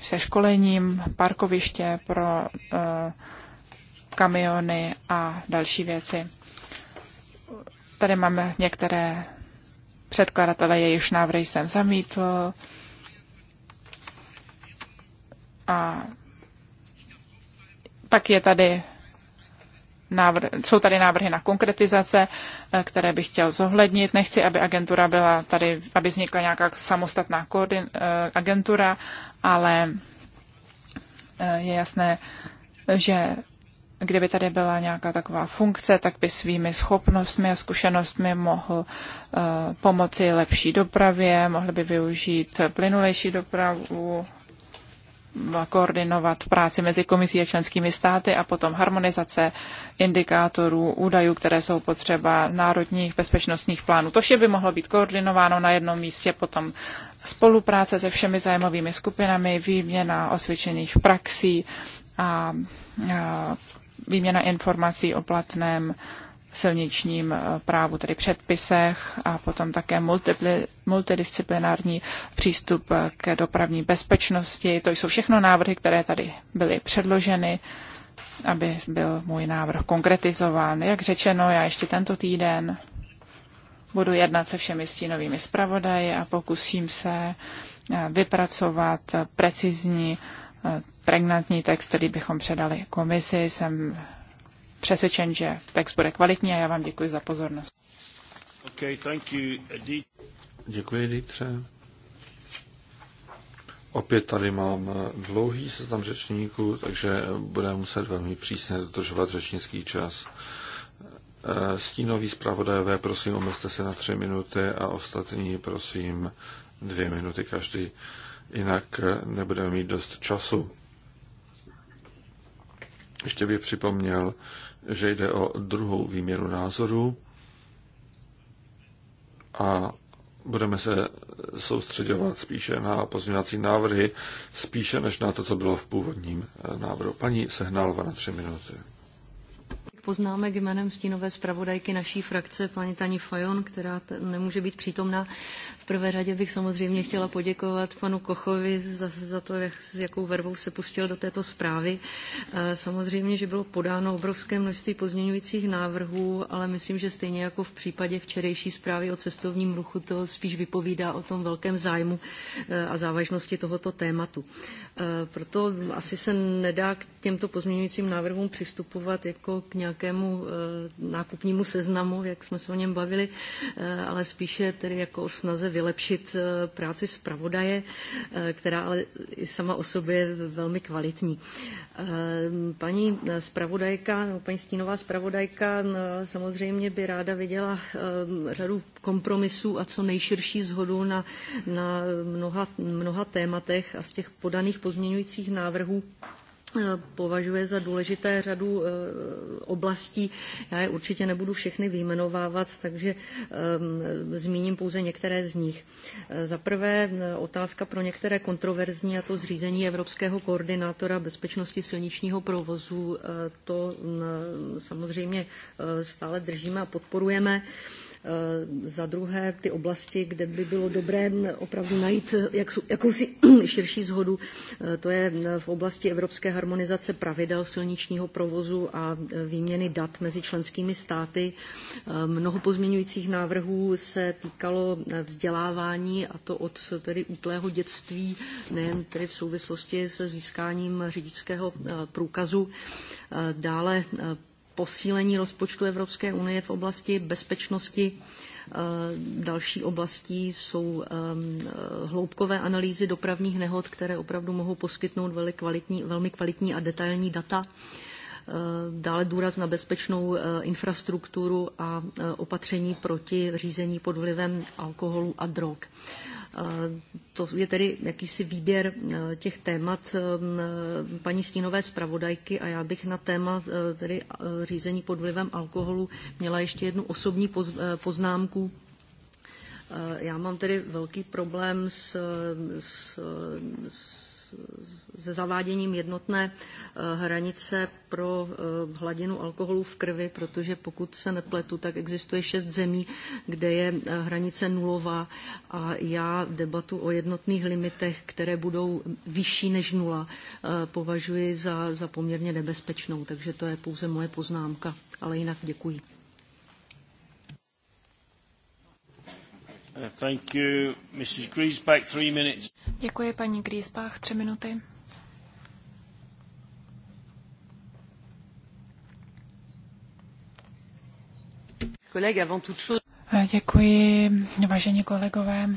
se školením, parkoviště pro eh, kamiony a další věci. Tady máme některé Předkladatele již návrh jsem zamítl. A pak je tady Návr- jsou tady návrhy na konkretizace, eh, které bych chtěl zohlednit. Nechci, aby agentura byla tady, aby vznikla nějaká samostatná koordin- eh, agentura, ale eh, je jasné, že kdyby tady byla nějaká taková funkce, tak by svými schopnostmi a zkušenostmi mohl uh, pomoci lepší dopravě, mohl by využít plynulejší dopravu, eh, koordinovat práci mezi komisí a členskými státy a potom harmonizace indikátorů, údajů, které jsou potřeba národních bezpečnostních plánů. To vše by mohlo být koordinováno na jednom místě, potom spolupráce se všemi zájmovými skupinami, výměna osvědčených praxí a výměna informací o platném silničním eh, právu, tedy předpisech a potom také multipli, multidisciplinární přístup eh, k dopravní bezpečnosti. To jsou všechno návrhy, které tady byly předloženy, aby byl můj návrh konkretizován. Jak řečeno, já ještě tento týden budu jednat se všemi stínovými zpravodaji a pokusím se eh, vypracovat precizní pregnantní text, který bychom předali komisi. Jsem přesvědčen, že text bude kvalitní a já vám děkuji za pozornost. Okay, thank you, Edith. Děkuji, Dítře. Opět tady mám dlouhý seznam řečníků, takže budeme muset velmi přísně dodržovat řečnický čas. Eh, Stínový zpravodajové, prosím, omezte se na tři minuty a ostatní, prosím, dvě minuty každý. Jinak eh, nebudeme mít dost času. Ještě bych připomněl, že jde o druhou výměru názorů a budeme se soustředovat spíše na pozměňovací návrhy, spíše než na to, co bylo v původním eh, návrhu. Paní Sehnálova na tři minuty. Poznáme jménem stínové zpravodajky naší frakce, paní Tani Fajon, která nemůže být přítomna prvé řadě bych samozřejmě chtěla poděkovat panu Kochovi za, za to, jak, s jakou vervou se pustil do této zprávy. Eh, samozřejmě, že bylo podáno obrovské množství pozměňujících návrhů, ale myslím, že stejně jako v případě včerejší zprávy o cestovním ruchu, to spíš vypovídá o tom velkém zájmu eh, a závažnosti tohoto tématu. Eh, proto asi se nedá k těmto pozměňujícím návrhům přistupovat jako k nějakému nákupnímu seznamu, jak jsme se o něm bavili, ale spíše tedy jako o snaze vylepšit eh, práci zpravodaje, eh, která ale i sama o sobě je velmi kvalitní. Eh, paní zpravodajka, no, paní Stínová zpravodajka no, samozřejmě by ráda viděla řadu kompromisů a co nejširší zhodu na, na mnoha, mnoha tématech a z těch podaných pozměňujících návrhů Eh, považuje za důležité řadu eh, oblastí. Já je určitě nebudu všechny vyjmenovávat, takže ehm, zmíním pouze některé z nich. Eh, za prvé otázka pro některé kontroverzní, a to zřízení Evropského koordinátora bezpečnosti silničního provozu. To mm, samozřejmě stále držíme a podporujeme. Eh, za druhé, ty oblasti, kde by bylo dobré opravdu najít eh, jak, jakousi širší zhodu, eh, to je v oblasti evropské harmonizace pravidel silničního provozu a výměny dat mezi členskými státy. Mnoho pozměňujících návrhů se týkalo vzdělávání, a to od tedy útlého dětství, nejen tedy v souvislosti se získáním řidičského průkazu. Dále posílení rozpočtu Evropské unie v oblasti bezpečnosti. Eh, další oblastí jsou ehm, eh, hloubkové analýzy dopravních nehod, které opravdu mohou poskytnout velmi kvalitní, velmi kvalitní a detailní data. Eh, dále důraz na bezpečnou infrastrukturu a opatření proti řízení pod vlivem alkoholu a drog. To je tedy jakýsi výběr eh, těch témat eh, paní Stínové zpravodajky a já bych na téma eh, tedy řízení pod vlivem alkoholu měla ještě jednu osobní poznámku. Já mám tedy velký problém s, s, s se zaváděním jednotné eh, hranice pro eh, hladinu alkoholu v krvi, protože pokud se nepletu, tak existuje šest zemí, kde je eh, hranice nulová a já debatu o jednotných limitech, které budou vyšší než nula, považuji za, za poměrně nebezpečnou, takže to je pouze moje poznámka, ale jinak děkuji. Thank you, Mrs. Griesbach, three minutes. Děkuji, paní Griesbach, tři minuty. Eh, děkuji, vážení kolegové.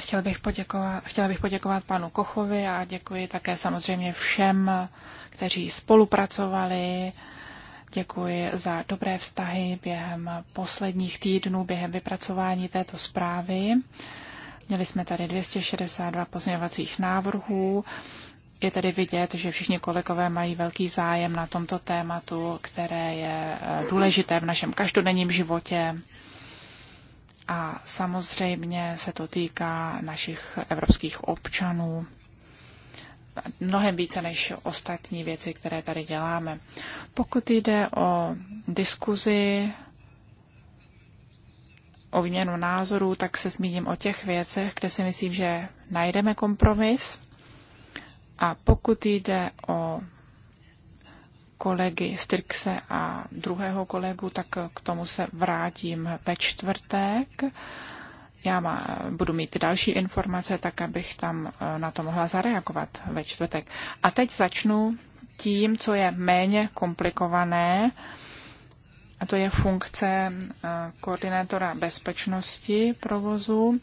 Chtěl bych poděkovat, chtěla bych poděkovat panu Kochovi a děkuji také samozřejmě všem, kteří spolupracovali Děkuji za dobré vztahy během posledních týdnů, během vypracování této zprávy. Měli jsme tady 262 pozměňovacích návrhů. Je tedy vidět, že všichni kolegové mají velký zájem na tomto tématu, které je eh, důležité v našem každodenním životě. A samozřejmě se to týká našich evropských občanů mnohem více než ostatní věci, které tady děláme. Pokud jde o diskuzi, o výměnu názorů, tak se zmíním o těch věcech, kde si myslím, že najdeme kompromis. A pokud jde o kolegy Styrkse a druhého kolegu, tak k tomu se vrátím ve čtvrtek. Já má, budu mít další informace, tak abych tam eh, na to mohla zareagovat ve čtvrtek. A teď začnu tím, co je méně komplikované, a to je funkce eh, koordinátora bezpečnosti provozu.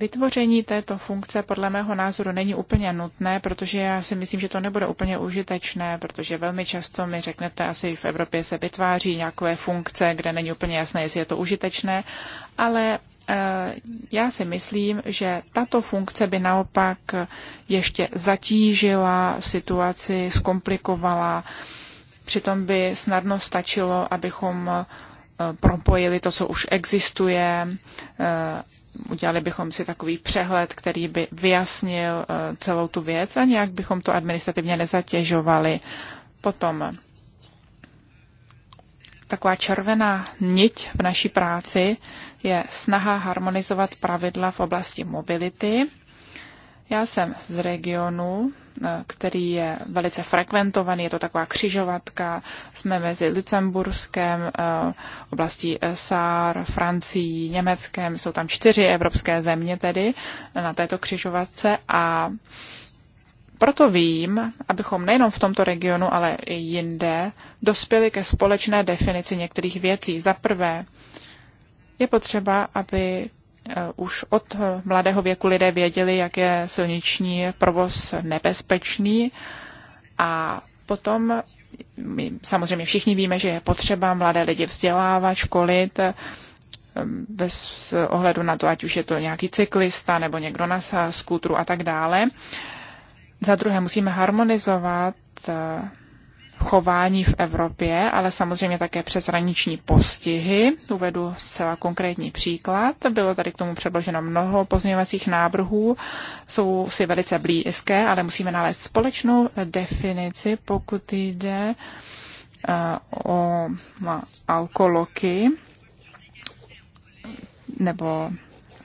Vytvoření této funkce podle mého názoru není úplně nutné, protože já si myslím, že to nebude úplně užitečné, protože velmi často mi řeknete, asi v Evropě se vytváří nějaké funkce, kde není úplně jasné, jestli je to užitečné, ale eh, já si myslím, že tato funkce by naopak ještě zatížila situaci, zkomplikovala. Přitom by snadno stačilo, abychom eh, propojili to, co už existuje eh, udělali bychom si takový přehled, který by vyjasnil eh, celou tu věc a nějak bychom to administrativně nezatěžovali. Potom taková červená niť v naší práci je snaha harmonizovat pravidla v oblasti mobility. Já jsem z regionu, který je velice frekventovaný, je to taková křižovatka, jsme mezi Lucemburskem, eh, oblastí eh, Sár, Francií, Německem, jsou tam čtyři evropské země tedy na této křižovatce a proto vím, abychom nejenom v tomto regionu, ale i jinde dospěli ke společné definici některých věcí. Za prvé, je potřeba, aby Eh, už od eh, mladého věku lidé věděli, jak je silniční provoz nebezpečný a potom my samozřejmě všichni víme, že je potřeba mladé lidi vzdělávat, školit, bez eh, ohledu na to, ať už je to nějaký cyklista nebo někdo na skútru a tak dále. Za druhé musíme harmonizovat chování v Evropě, ale samozřejmě také přeshraniční postihy. Uvedu zcela konkrétní příklad. Bylo tady k tomu předloženo mnoho pozměňovacích návrhů, jsou si velice blízké, ale musíme nalézt společnou definici, pokud jde eh, o alkoloky nebo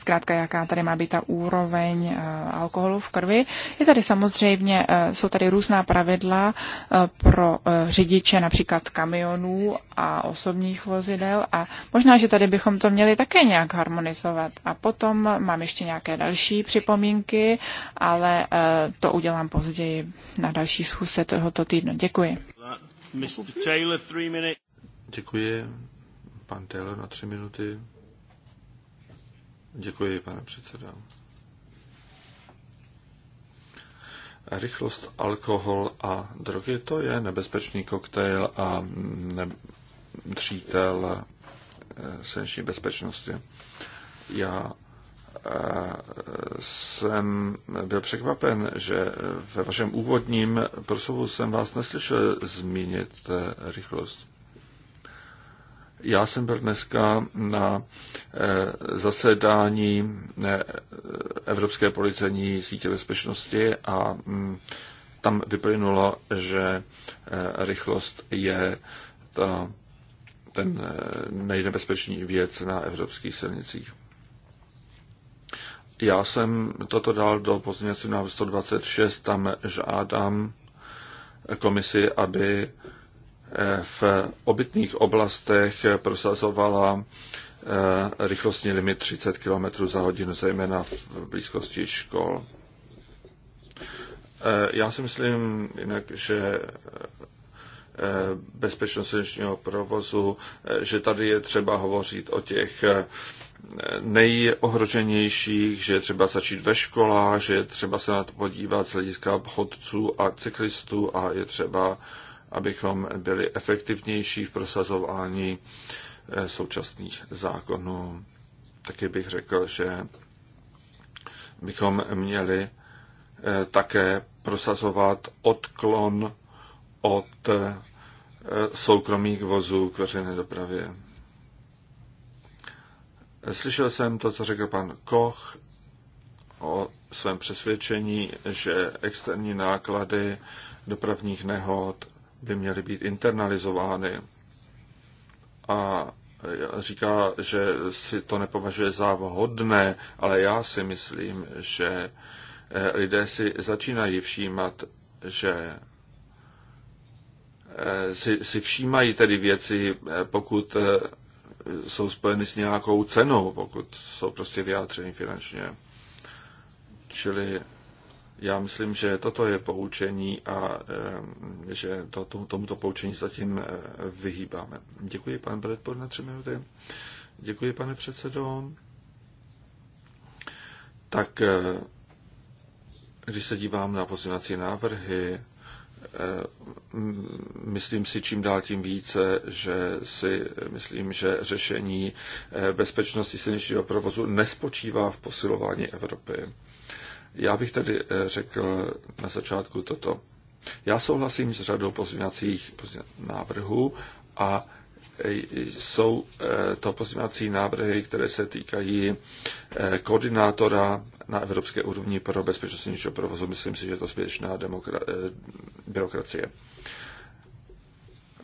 zkrátka jaká tady má být ta úroveň eh, alkoholu v krvi. Je tady samozřejmě, eh, jsou tady různá pravidla eh, pro řidiče například kamionů a osobních vozidel a možná, že tady bychom to měli také nějak harmonizovat. A potom mám ještě nějaké další připomínky, ale to udělám později na další schůzce tohoto týdnu. Děkuji. Mr. Taylor, three minutes. Děkuji. Pan Taylor na tři minuty. Děkuji, pane předsedo. Rychlost, alkohol a drogy, to je nebezpečný koktejl a přítel eh, silniční bezpečnosti. Já eh, jsem byl překvapen, že ve vašem úvodním proslovu jsem vás neslyšel zmínit eh, rychlost. Já jsem byl dneska na eh, zasedání eh, Evropské policení sítě bezpečnosti a mm, tam vyplynulo, že eh, rychlost je ta, ten nejnebezpečnější věc na evropských silnicích. Já jsem toto dal do pozměňovacího návrhu 126, tam žádám komisi, aby v obytných oblastech prosazovala eh, rychlostní limit 30 km za hodinu, zejména v blízkosti škol. Eh, já si myslím jinak, že eh, bezpečnost silničního provozu, že tady je třeba hovořit o těch nejohroženějších, že je třeba začít ve školách, že je třeba se na to podívat z hlediska chodců a cyklistů a je třeba abychom byli efektivnější v prosazování eh, současných zákonů. Taky bych řekl, že bychom měli eh, také prosazovat odklon od eh, soukromých vozů k veřejné dopravě. Slyšel jsem to, co řekl pan Koch o svém přesvědčení, že externí náklady dopravních nehod by měly být internalizovány. A říká, že si to nepovažuje za vhodné, ale já si myslím, že eh, lidé si začínají všímat, že eh, si, si všímají tedy věci, eh, pokud jsou spojeny s nějakou cenou, pokud jsou prostě vyjádřeny finančně. Čili já myslím, že toto je poučení a že to, tomuto poučení zatím vyhýbáme. Děkuji, pane Bradford, na tři minuty. Děkuji, pane předsedo. Tak eh, když se dívám na pozměňovací návrhy, eh, myslím si čím dál tím více, že si myslím, že řešení eh, bezpečnosti silničního provozu nespočívá v posilování Evropy. Já bych tedy eh, řekl na začátku toto. Já souhlasím s řadou pozměňovacích návrhů a eh, jsou eh, to pozměňovací návrhy, které se týkají koordinátora na evropské úrovni pro bezpečnost provozu. Myslím si, že je to zbytečná demokra- byrokracie.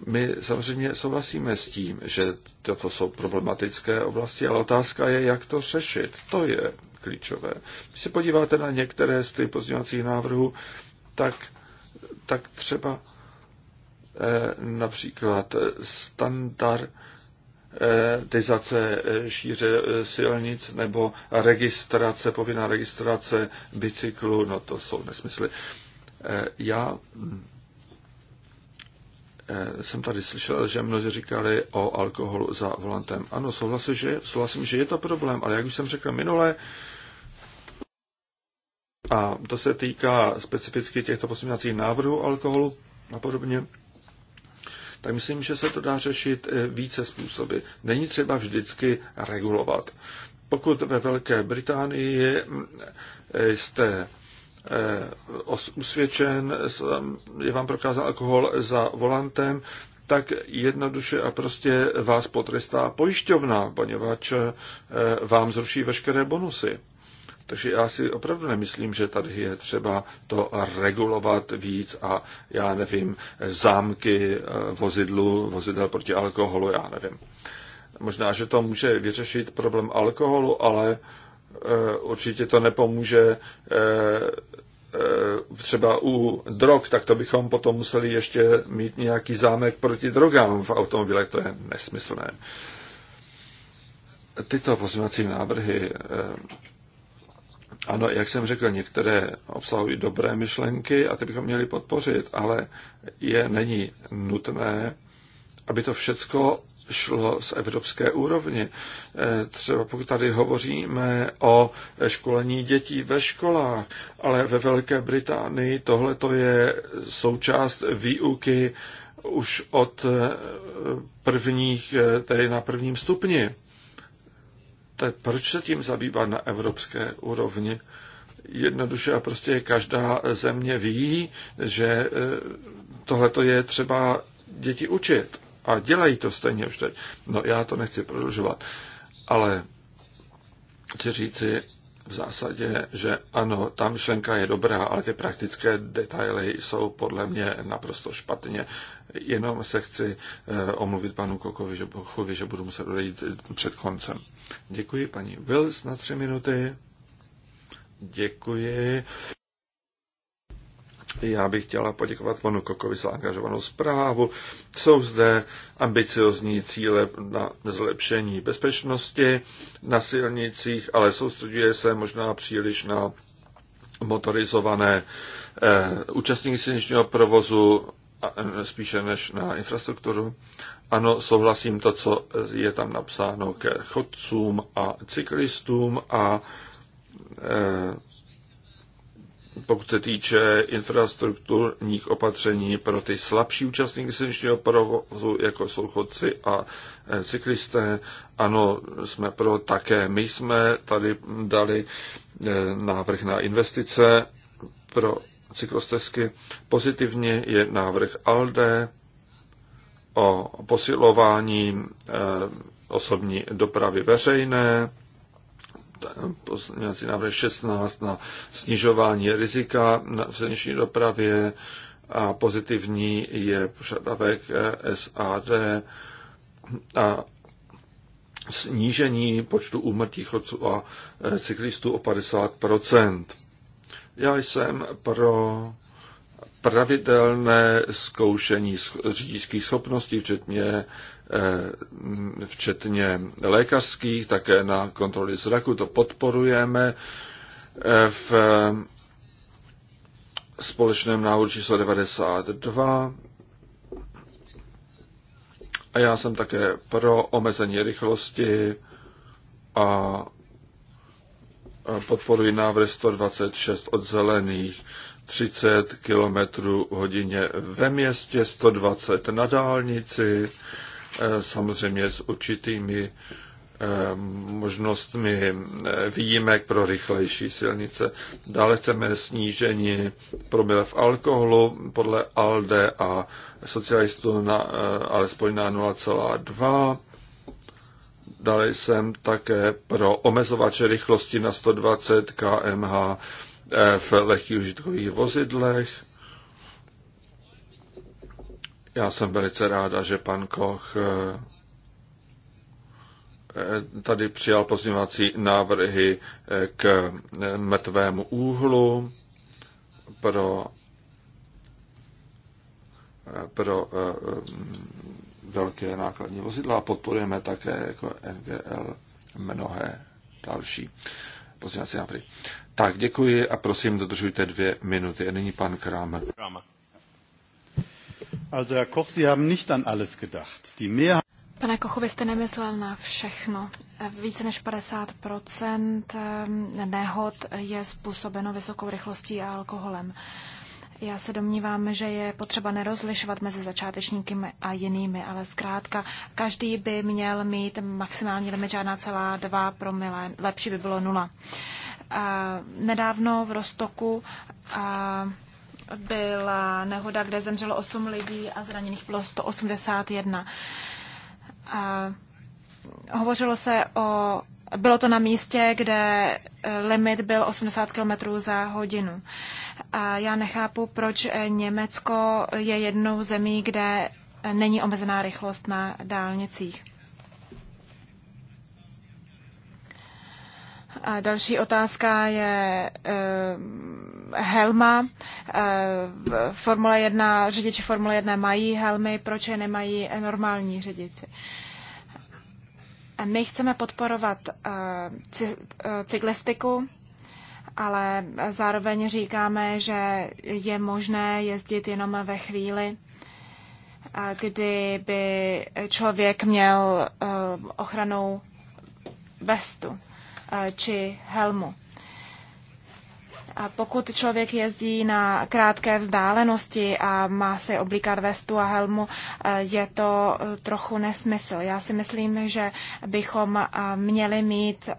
My samozřejmě souhlasíme s tím, že toto jsou problematické oblasti, ale otázka je, jak to řešit. To je klíčové. Když se podíváte na některé z těch pozdělacích návrhů, tak, tak třeba eh, například standardizace eh, šíře eh, silnic nebo registrace, povinná registrace bicyklu, no to jsou nesmysly. Já jsem tady slyšel, že mnozí říkali o alkoholu za volantem. Ano, souhlasím, že, souhlasím, že je to problém, ale jak už jsem řekl minule, a to se týká specificky těchto posměnacích návrhů alkoholu a podobně. Tak myslím, že se to dá řešit eh, více způsoby. Není třeba vždycky regulovat. Pokud ve Velké Británii eh, jste eh, usvědčen, je vám prokázán alkohol za volantem, tak jednoduše a prostě vás potrestá pojišťovna, poněvadž vám zruší veškeré bonusy. Takže já si opravdu nemyslím, že tady je třeba to regulovat víc a já nevím, zámky eh, vozidlu, vozidel proti alkoholu, já nevím. Možná, že to může vyřešit problém alkoholu, ale eh, určitě to nepomůže eh, třeba u drog, tak to bychom potom museli ještě mít nějaký zámek proti drogám v automobilech, to je nesmyslné. Tyto pozměňovací návrhy ano, jak jsem řekl, některé obsahují dobré myšlenky a ty bychom měli podpořit, ale je není nutné, aby to všecko šlo z evropské úrovni. Eh, třeba pokud tady hovoříme o školení dětí ve školách, ale ve Velké Británii tohle to je součást výuky už od eh, prvních, eh, tedy na prvním stupni je, proč se tím zabývat na evropské úrovni? Jednoduše a prostě každá země ví, že e, tohleto je třeba děti učit. A dělají to stejně už teď. No já to nechci prodlužovat. Ale chci říci v zásadě, že ano, ta myšlenka je dobrá, ale ty praktické detaily jsou podle mě naprosto špatně. Jenom se chci e, omluvit panu Kokovi, že, že budu muset odejít před koncem. Děkuji paní Wills na tři minuty. Děkuji. Já bych chtěla poděkovat panu Kokovi za angažovanou zprávu. Jsou zde ambiciozní cíle na zlepšení bezpečnosti na silnicích, ale soustředuje se možná příliš na motorizované eh, účastníky silničního provozu a, eh, spíše než na infrastrukturu. Ano, souhlasím to, co je tam napsáno ke chodcům a cyklistům a eh, pokud se týče infrastrukturních opatření pro ty slabší účastníky silničního provozu, jako jsou chodci a eh, cyklisté, ano, jsme pro také. My jsme tady dali eh, návrh na investice pro cyklostezky. Pozitivně je návrh ALDE, o posilování eh, osobní dopravy veřejné, pozměňovací návrh 16 na snižování rizika v silniční dopravě a pozitivní je požadavek eh, SAD a snížení počtu úmrtí chodců a eh, cyklistů o 50 Já jsem pro pravidelné zkoušení řidičských schopností, včetně, eh, včetně lékařských, také na kontroly zraku, to podporujeme. Eh, v eh, společném návodu číslo 92 a já jsem také pro omezení rychlosti a podporuji návrh 126 od zelených. 30 km hodině ve městě, 120 na dálnici, eh, samozřejmě s určitými eh, možnostmi eh, výjimek pro rychlejší silnice. Dále chceme snížení promile v alkoholu podle ALDE a socialistů na, alespoň na 0,2. Dále jsem také pro omezovače rychlosti na 120 kmh v lehkých užitkových vozidlech. Já jsem velice ráda, že pan Koch eh, eh, tady přijal pozměňovací návrhy eh, k metvému úhlu pro, pro velké nákladní vozidla a podporujeme také jako NGL mnohé další pozměňovací návrhy. Tak, děkuji a prosím, dodržujte dvě minuty. A nyní pan Kramer. Also, Herr Koch, Sie haben nicht an alles gedacht. Die Mehrheit... Pane Kochovi, jste nemyslel na všechno. Více než 50 ehm, nehod je způsobeno vysokou rychlostí a alkoholem. Já se domnívám, že je potřeba nerozlišovat mezi začátečníky a jinými, ale zkrátka každý by měl mít maximální limit žádná celá dva promile, lepší by bylo nula. Nedávno v Rostoku byla nehoda, kde zemřelo 8 lidí a zraněných bylo 181. A hovořilo se o bylo to na místě, kde eh, limit byl 80 km za hodinu. A já nechápu, proč eh, Německo je jednou zemí, kde eh, není omezená rychlost na dálnicích. A další otázka je uh, helma. Uh, Formule 1, řidiči Formule 1 mají helmy, proč je nemají normální řidiči? My chceme podporovat uh, cyklistiku, ale zároveň říkáme, že je možné jezdit jenom ve chvíli, kdy by člověk měl ochranou vestu. Eh, či helmu. A pokud člověk jezdí na krátké vzdálenosti a má se oblíkat vestu a helmu, eh, je to eh, trochu nesmysl. Já si myslím, že bychom měli mít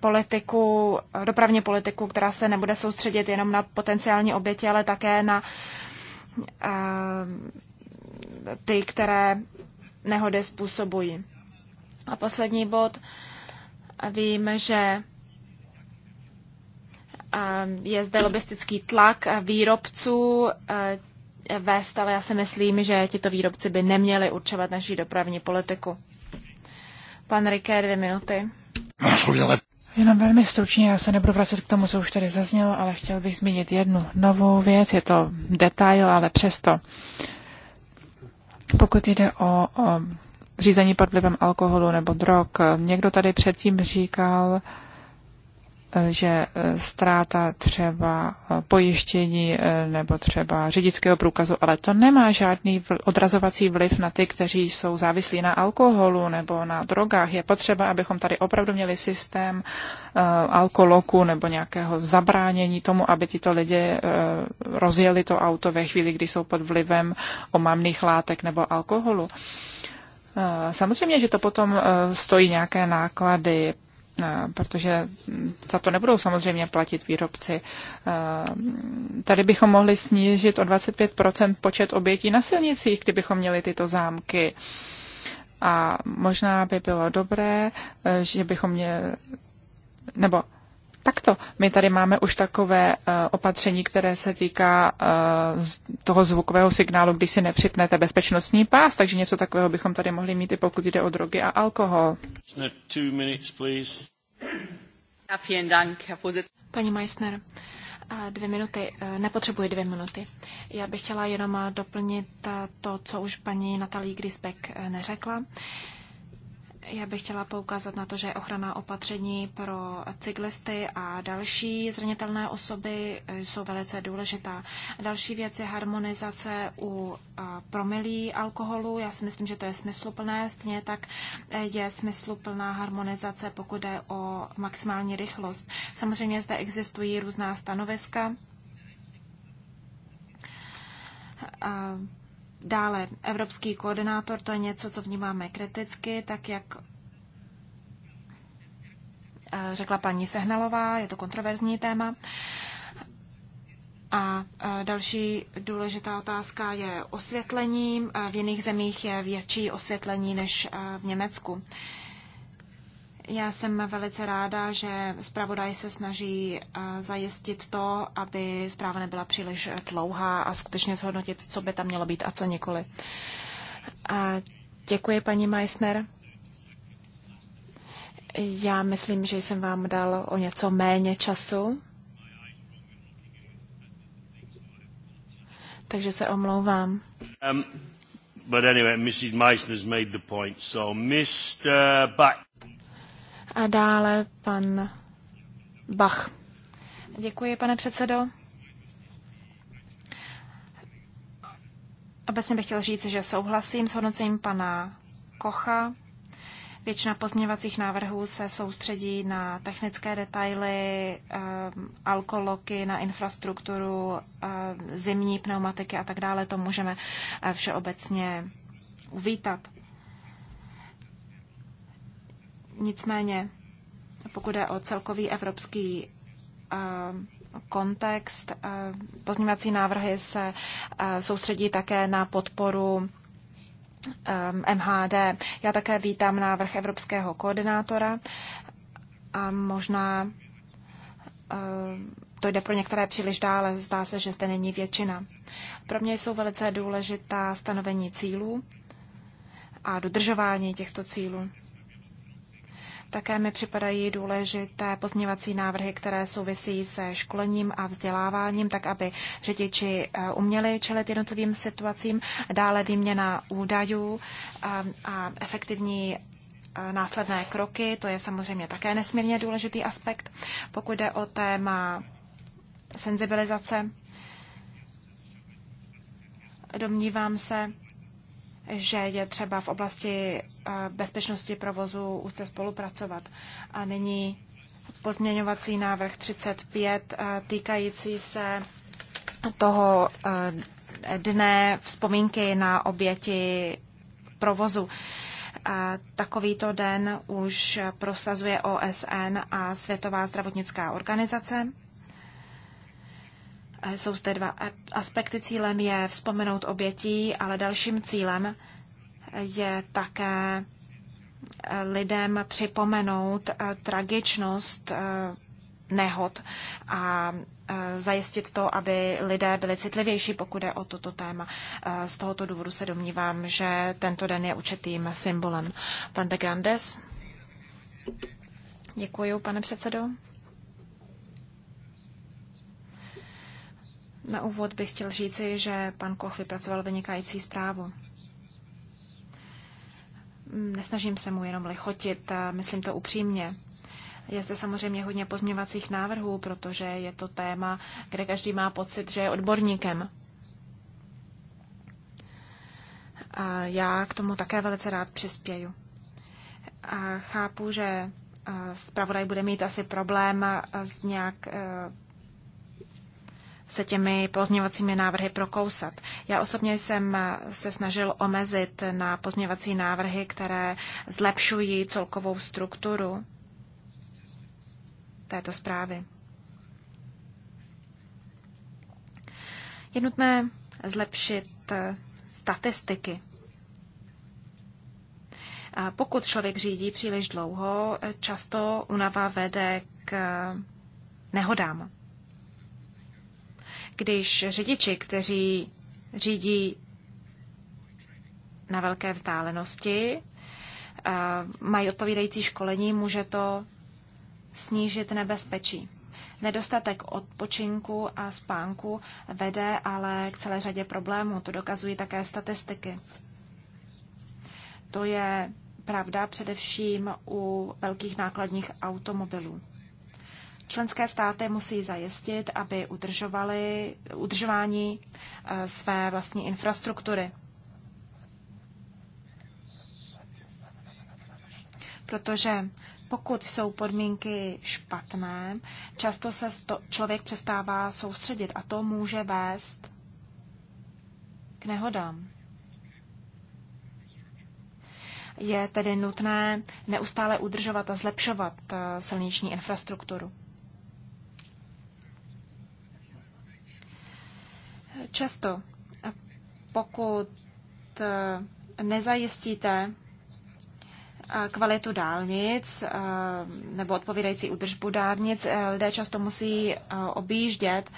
politiku, dopravně politiku, která se nebude soustředit jenom na potenciální oběti, ale také na ty, které nehody způsobují. A poslední bod Vím, že je zde lobistický tlak výrobců vést, ale já si myslím, že tito výrobci by neměli určovat naší dopravní politiku. Pan Riké, dvě minuty. Jenom velmi stručně, já se nebudu vracet k tomu, co už tady zaznělo, ale chtěl bych zmínit jednu novou věc. Je to detail, ale přesto. Pokud jde o, o řízení pod vlivem alkoholu nebo drog. Někdo tady předtím říkal, že e, ztráta třeba e, pojištění e, nebo třeba řidičského průkazu, ale to nemá žádný odrazovací vliv na ty, kteří jsou závislí na alkoholu nebo na drogách. Je potřeba, abychom tady opravdu měli systém alkoloku nebo nějakého zabránění tomu, aby tyto lidé rozjeli to auto ve chvíli, kdy jsou pod vlivem omamných látek nebo alkoholu. Eh, samozřejmě, že to potom eh, stojí nějaké náklady, eh, protože za to nebudou samozřejmě platit výrobci. Tady bychom mohli snížit o 25 počet obětí na silnicích, kdybychom měli tyto zámky. A možná by bylo dobré, že bychom měli, nebo takto. My tady máme už takové eh, opatření, které se týká eh, toho zvukového signálu, když si nepřipnete bezpečnostní pás, takže něco takového bychom tady mohli mít i pokud jde o drogy a alkohol. Paní Meissner, eh, dvě minuty, nepotřebuji dvě minuty. Já bych chtěla jenom doplnit to, co už paní Natalí Grisbeck neřekla. Já bych chtěla poukázat na to, že ochrana opatření pro cyklisty a další zranitelné osoby eh, jsou velice důležitá. Další věc je harmonizace u eh, promilí alkoholu. Já si myslím, že to je smysluplné. Stejně tak eh, je smysluplná harmonizace, pokud jde o maximální rychlost. Samozřejmě zde existují různá stanoviska. A Dále, evropský koordinátor, to je něco, co vnímáme kriticky, tak jak eh, řekla paní Sehnalová, je to kontroverzní téma. A eh, další důležitá otázka je osvětlení. Eh, v jiných zemích je větší osvětlení než v Německu. Já jsem velice ráda, že zpravodaj se snaží eh, zajistit to, aby zpráva nebyla příliš dlouhá a skutečně zhodnotit, co by tam mělo být a co nikoli. A děkuji, paní Meissner. Já myslím, že jsem vám dal o něco méně času. Takže se omlouvám. Um, but anyway, Mrs. Meissner's made the point. So, Mr. Back. A dále pan Bach. Děkuji, pane předsedo. Obecně bych chtěl říct, že souhlasím s hodnocením pana Kocha. Většina pozměňovacích návrhů se soustředí na technické detaily, ehm, alkoloky, na infrastrukturu, ehm, zimní pneumatiky a tak dále. To můžeme eh, všeobecně uvítat. Nicméně, pokud je o celkový evropský eh, kontext, eh, pozměňovací návrhy se eh, soustředí také na podporu MHD. Já také vítám návrh evropského koordinátora a možná to jde pro některé příliš dále, zdá se, že zde není většina. Pro mě jsou velice důležitá stanovení cílů a dodržování těchto cílů. Také mi připadají důležité pozměňovací návrhy, které souvisí se školením a vzděláváním, tak aby řidiči eh, uměli čelit jednotlivým situacím. Dále výměna údajů eh, a efektivní eh, následné kroky, to je samozřejmě také nesmírně důležitý aspekt. Pokud jde o téma senzibilizace, domnívám se, že je třeba v oblasti eh, bezpečnosti provozu úzce spolupracovat. A nyní pozměňovací návrh 35 eh, týkající se toho eh, dne vzpomínky na oběti provozu. Takovýto den už prosazuje OSN a Světová zdravotnická organizace. Jsou zde dva aspekty. Cílem je vzpomenout obětí, ale dalším cílem je také eh, lidem připomenout eh, tragičnost eh, nehod a zajistit to, aby lidé byli citlivější, pokud je o toto téma. Z tohoto důvodu se domnívám, že tento den je určitým symbolem. Pan de Grandes. Děkuji, pane předsedo. Na úvod bych chtěl říci, že pan Koch vypracoval vynikající zprávu. Nesnažím se mu jenom lichotit, myslím to upřímně. Je zde samozřejmě hodně pozměňovacích návrhů, protože je to téma, kde každý má pocit, že je odborníkem. A já k tomu také velice rád přispěju. A chápu, že zpravodaj bude mít asi problém s nějak e, se těmi pozměňovacími návrhy prokousat. Já osobně jsem se snažil omezit na pozměňovací návrhy, které zlepšují celkovou strukturu této zprávy. Je nutné zlepšit statistiky. pokud člověk řídí příliš dlouho, často unava vede k nehodám když řidiči, kteří řídí na velké vzdálenosti, eh, mají odpovídající školení, může to snížit nebezpečí. Nedostatek odpočinku a spánku vede ale k celé řadě problémů. To dokazují také statistiky. To je pravda především u velkých nákladních automobilů. Členské státy musí zajistit, aby udržovali udržování eh, své vlastní infrastruktury. Protože pokud jsou podmínky špatné, často se sto- člověk přestává soustředit a to může vést k nehodám. Je tedy nutné neustále udržovat a zlepšovat eh, silniční infrastrukturu. Často, pokud eh, nezajistíte eh, kvalitu dálnic eh, nebo odpovídající údržbu dálnic, lidé často musí objíždět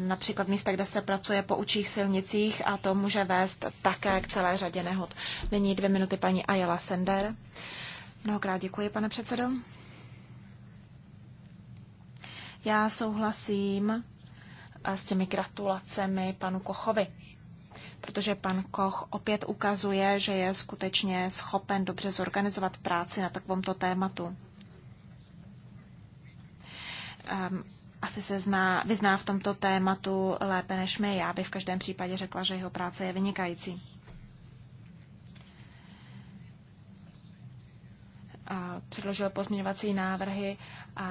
například místa, kde se pracuje po učích silnicích a to může vést také k celé řadě nehod. Nyní dvě minuty paní Ayala Sender. Mnohokrát děkuji, pane předsedo. Já souhlasím s těmi gratulacemi panu Kochovi, protože pan Koch opět ukazuje, že je skutečně schopen dobře zorganizovat práci na takovomto tématu. Um, asi se zná, vyzná v tomto tématu lépe než my. Já bych v každém případě řekla, že jeho práce je vynikající. A předložil pozměňovací návrhy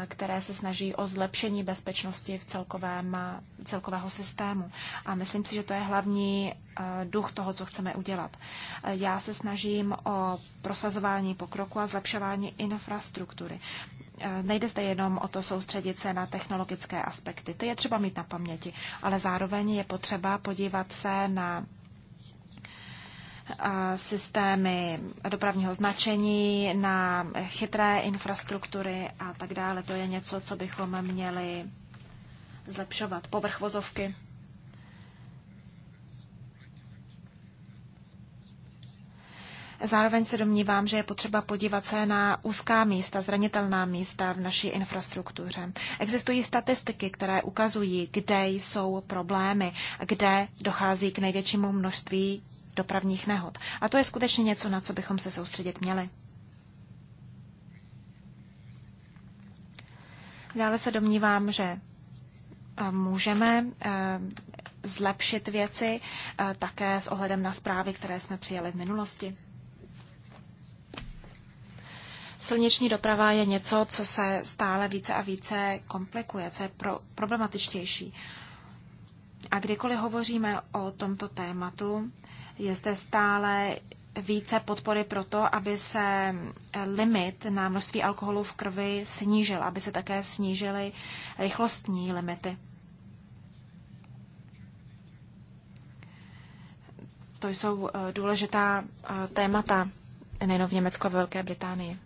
které se snaží o zlepšení bezpečnosti v celkovém, celkového systému. A myslím si, že to je hlavní eh, duch toho, co chceme udělat. Eh, já se snažím o prosazování pokroku a zlepšování infrastruktury. Eh, nejde zde jenom o to soustředit se na technologické aspekty. To je třeba mít na paměti, ale zároveň je potřeba podívat se na systémy dopravního značení, na chytré infrastruktury a tak dále. To je něco, co bychom měli zlepšovat. Povrch vozovky. Zároveň se domnívám, že je potřeba podívat se na úzká místa, zranitelná místa v naší infrastruktuře. Existují statistiky, které ukazují, kde jsou problémy, kde dochází k největšímu množství dopravních nehod. A to je skutečně něco, na co bychom se soustředit měli. Dále se domnívám, že eh, můžeme eh, zlepšit věci eh, také s ohledem na zprávy, které jsme přijali v minulosti. Silniční doprava je něco, co se stále více a více komplikuje, co je pro, problematičtější. A kdykoliv hovoříme o tomto tématu, je zde stále více podpory pro to, aby se limit na množství alkoholu v krvi snížil, aby se také snížily rychlostní limity. To jsou eh, důležitá eh, témata nejen v Německu a Velké Británii.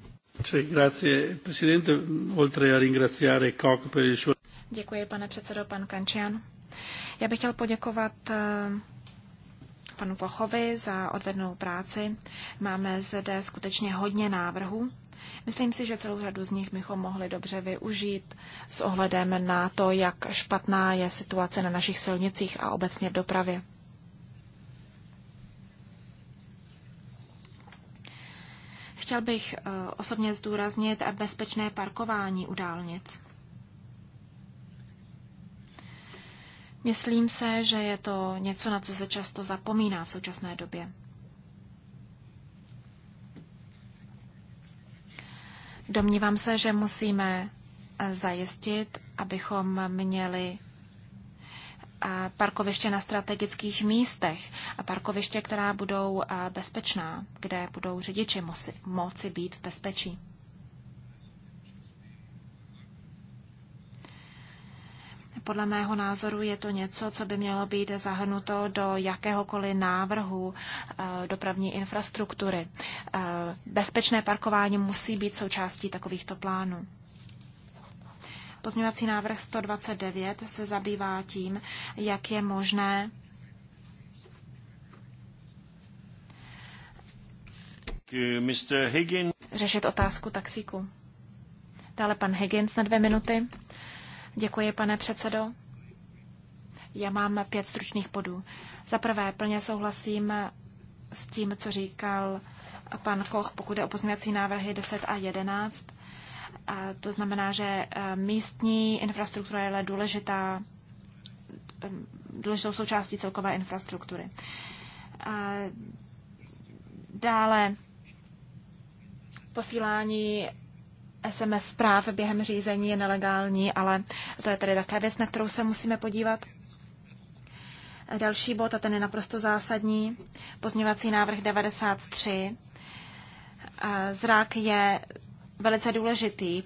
Děkuji, pane předsedo, pan Kančian. Já bych chtěl poděkovat eh, panu Kochovi za odvednou práci. Máme zde skutečně hodně návrhů. Myslím si, že celou řadu z nich bychom mohli dobře využít s ohledem na to, jak špatná je situace na našich silnicích a obecně v dopravě. Chtěl bych eh, osobně zdůraznit bezpečné parkování u dálnic. Myslím se, že je to něco, na co se často zapomíná v současné době. Domnívám se, že musíme eh, zajistit, abychom měli eh, parkoviště na strategických místech, a parkoviště, která budou eh, bezpečná, kde budou řidiči moci být v bezpečí. podle mého názoru je to něco, co by mělo být zahrnuto do jakéhokoliv návrhu eh, dopravní infrastruktury. Eh, bezpečné parkování musí být součástí takovýchto plánů. Pozměňovací návrh 129 se zabývá tím, jak je možné řešit otázku taxíku. Dále pan Higgins na dvě minuty. Děkuji, pane předsedo. Já mám pět stručných bodů. Za prvé, plně souhlasím s tím, co říkal pan Koch, pokud je o pozměňovací návrhy 10 a 11. A to znamená, že eh, místní infrastruktura je důležitá, eh, důležitou součástí celkové infrastruktury. A dále posílání SMS zpráv během řízení je nelegální, ale to je tedy také věc, na kterou se musíme podívat. Další bod, a ten je naprosto zásadní, pozměňovací návrh 93. Zrak je velice důležitý,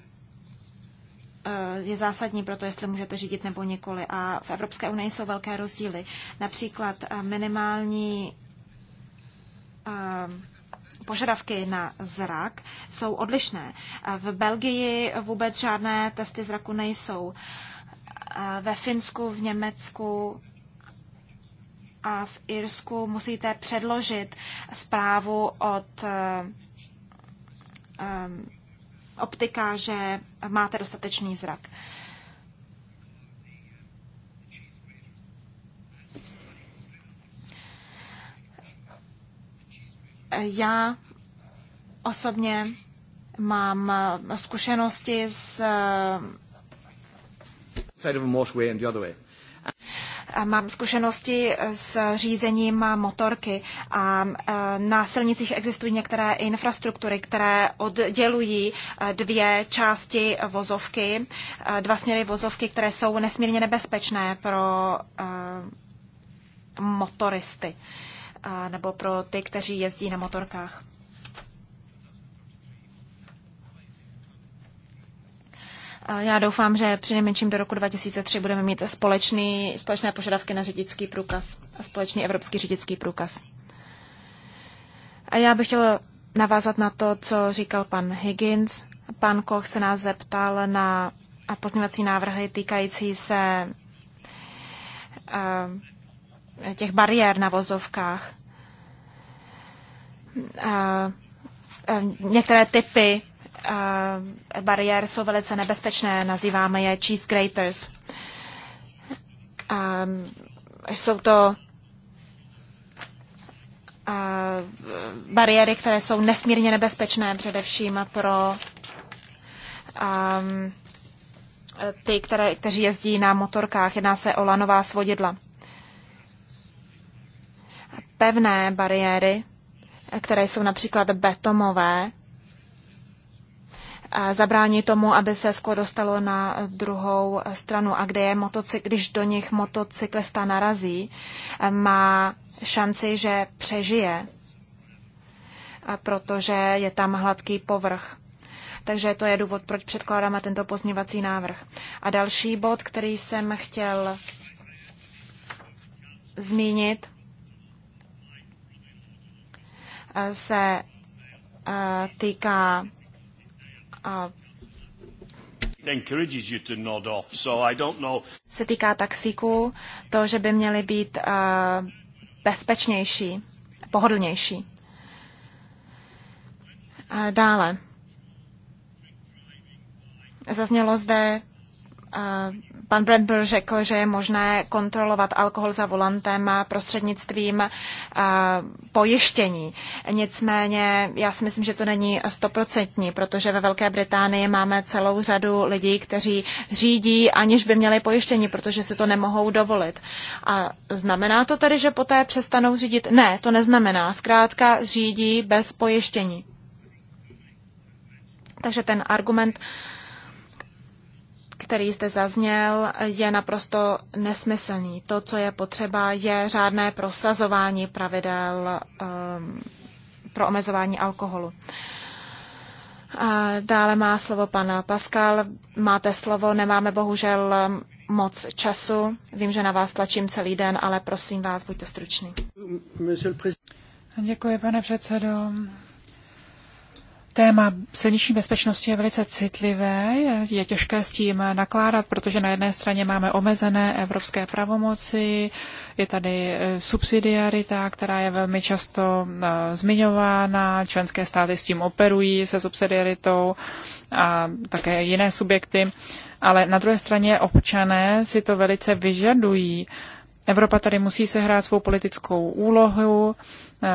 e, je zásadní pro to, jestli můžete řídit nebo nikoli. A v Evropské unii jsou velké rozdíly. Například minimální e, požadavky na zrak jsou odlišné. V Belgii vůbec žádné testy zraku nejsou. Ve Finsku, v Německu a v Irsku musíte předložit zprávu od eh, eh, optika, že máte dostatečný zrak. Já osobně mám eh, zkušenosti s eh, Mám zkušenosti s řízením motorky a eh, na silnicích existují některé infrastruktury, které oddělují dvě části vozovky, dva směry vozovky, které jsou nesmírně nebezpečné pro motoristy a, nebo pro ty, kteří jezdí na motorkách. Já doufám, že nejmenším do roku 2003 budeme mít společný, společné požadavky na řidičský průkaz a společný evropský řidičský průkaz. A já bych chtěla navázat na to, co říkal pan Higgins. Pan Koch se nás zeptal na pozměňovací návrhy týkající se uh, těch bariér na vozovkách. E, některé typy e, bariér jsou velice nebezpečné, nazýváme je cheese graters. Jsou to bariéry, které jsou nesmírně nebezpečné, především pro ty, které, kteří jezdí na motorkách. Jedná se o lanová svodidla pevné bariéry, které jsou například betomové, zabrání tomu, aby se sklo dostalo na druhou stranu a kde je motocykl, když do nich motocyklista narazí, má šanci, že přežije, protože je tam hladký povrch. Takže to je důvod, proč předkládáme tento pozměvací návrh. A další bod, který jsem chtěl zmínit, Eh, eh, se týká se týká taxíků, to, že by měly být uh, bezpečnější, pohodlnější. Uh, dále. Zaznělo zde uh, Pan Bradbury řekl, že je možné kontrolovat alkohol za volantem prostřednictvím pojištění. Nicméně já si myslím, že to není stoprocentní, protože ve Velké Británii máme celou řadu lidí, kteří řídí, aniž by měli pojištění, protože si to nemohou dovolit. A znamená to tedy, že poté přestanou řídit? Ne, to neznamená. Zkrátka řídí bez pojištění. Takže ten argument uh, který zde zazněl, je naprosto nesmyslný. To, co je potřeba, je řádné prosazování pravidel um, pro omezování alkoholu. A dále má slovo pan Pascal. Máte slovo, nemáme bohužel um, moc času. Vím, že na vás tlačím celý den, ale prosím vás, buďte stručný. Děkuji, pane předsedo. Téma silniční bezpečnosti je velice citlivé, je těžké s tím nakládat, protože na jedné straně máme omezené evropské pravomoci, je tady e, subsidiarita, která je velmi často e, zmiňována, členské státy s tím operují se subsidiaritou a také jiné subjekty, ale na druhé straně občané si to velice vyžadují Evropa tady musí sehrát svou politickou úlohu eh,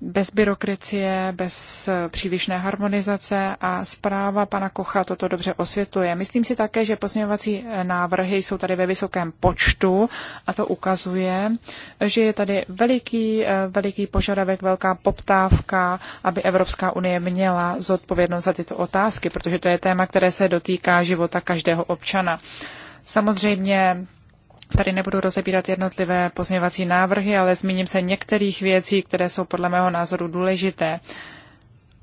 bez byrokracie, bez eh, přílišné harmonizace a zpráva pana Kocha toto dobře osvětluje. Myslím si také, že pozměňovací eh, návrhy jsou tady ve vysokém počtu a to ukazuje, že je tady veliký, veliký požadavek, velká poptávka, aby Evropská unie měla zodpovědnost za tyto otázky, protože to je téma, které se dotýká života každého občana. Samozřejmě tady nebudu rozebírat jednotlivé pozměvací návrhy, ale zmíním se některých věcí, které jsou podle mého názoru důležité.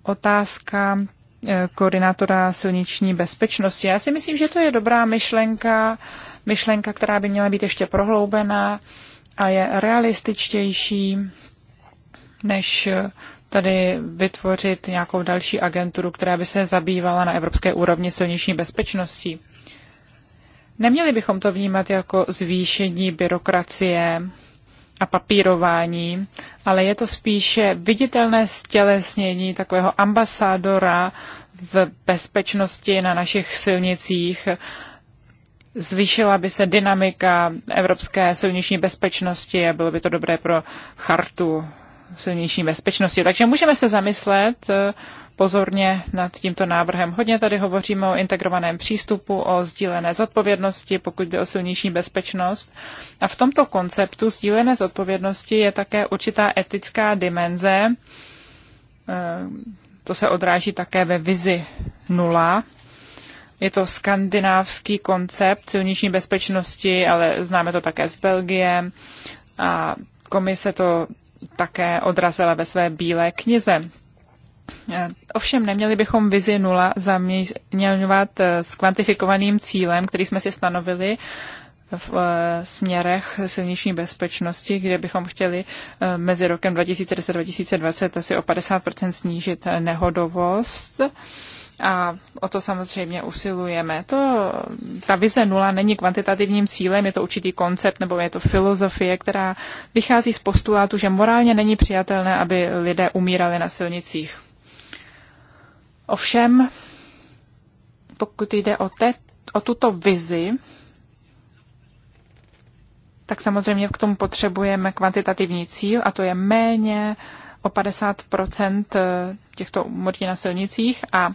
Otázka eh, koordinátora silniční bezpečnosti. Já si myslím, že to je dobrá myšlenka, myšlenka, která by měla být ještě prohloubená a je realističtější, než eh, tady vytvořit nějakou další agenturu, která by se zabývala na evropské úrovni silniční bezpečností. Neměli bychom to vnímat jako zvýšení byrokracie a papírování, ale je to spíše viditelné stělesnění takového ambasádora v bezpečnosti na našich silnicích. Zvýšila by se dynamika evropské silniční bezpečnosti a bylo by to dobré pro chartu silniční bezpečnosti. Takže můžeme se zamyslet pozorně nad tímto návrhem. Hodně tady hovoříme o integrovaném přístupu, o sdílené zodpovědnosti, pokud jde o silnější bezpečnost. A v tomto konceptu sdílené zodpovědnosti je také určitá etická dimenze. E, to se odráží také ve vizi nula. Je to skandinávský koncept silniční bezpečnosti, ale známe to také z Belgie. A komise to také odrazila ve své bílé knize. Eh, ovšem neměli bychom vizi nula zaměňovat eh, s kvantifikovaným cílem, který jsme si stanovili v eh, směrech silniční bezpečnosti, kde bychom chtěli mezi rokem 2010 a 2020 asi o 50 snížit nehodovost. A o to samozřejmě usilujeme. To, ta vize nula není kvantitativním cílem, je to určitý koncept nebo je to filozofie, která vychází z postulátu, že morálně není přijatelné, aby lidé umírali na silnicích. Ovšem, pokud jde o, te, o tuto vizi, tak samozřejmě k tomu potřebujeme kvantitativní cíl a to je méně o 50 eh, těchto umrtí na silnicích a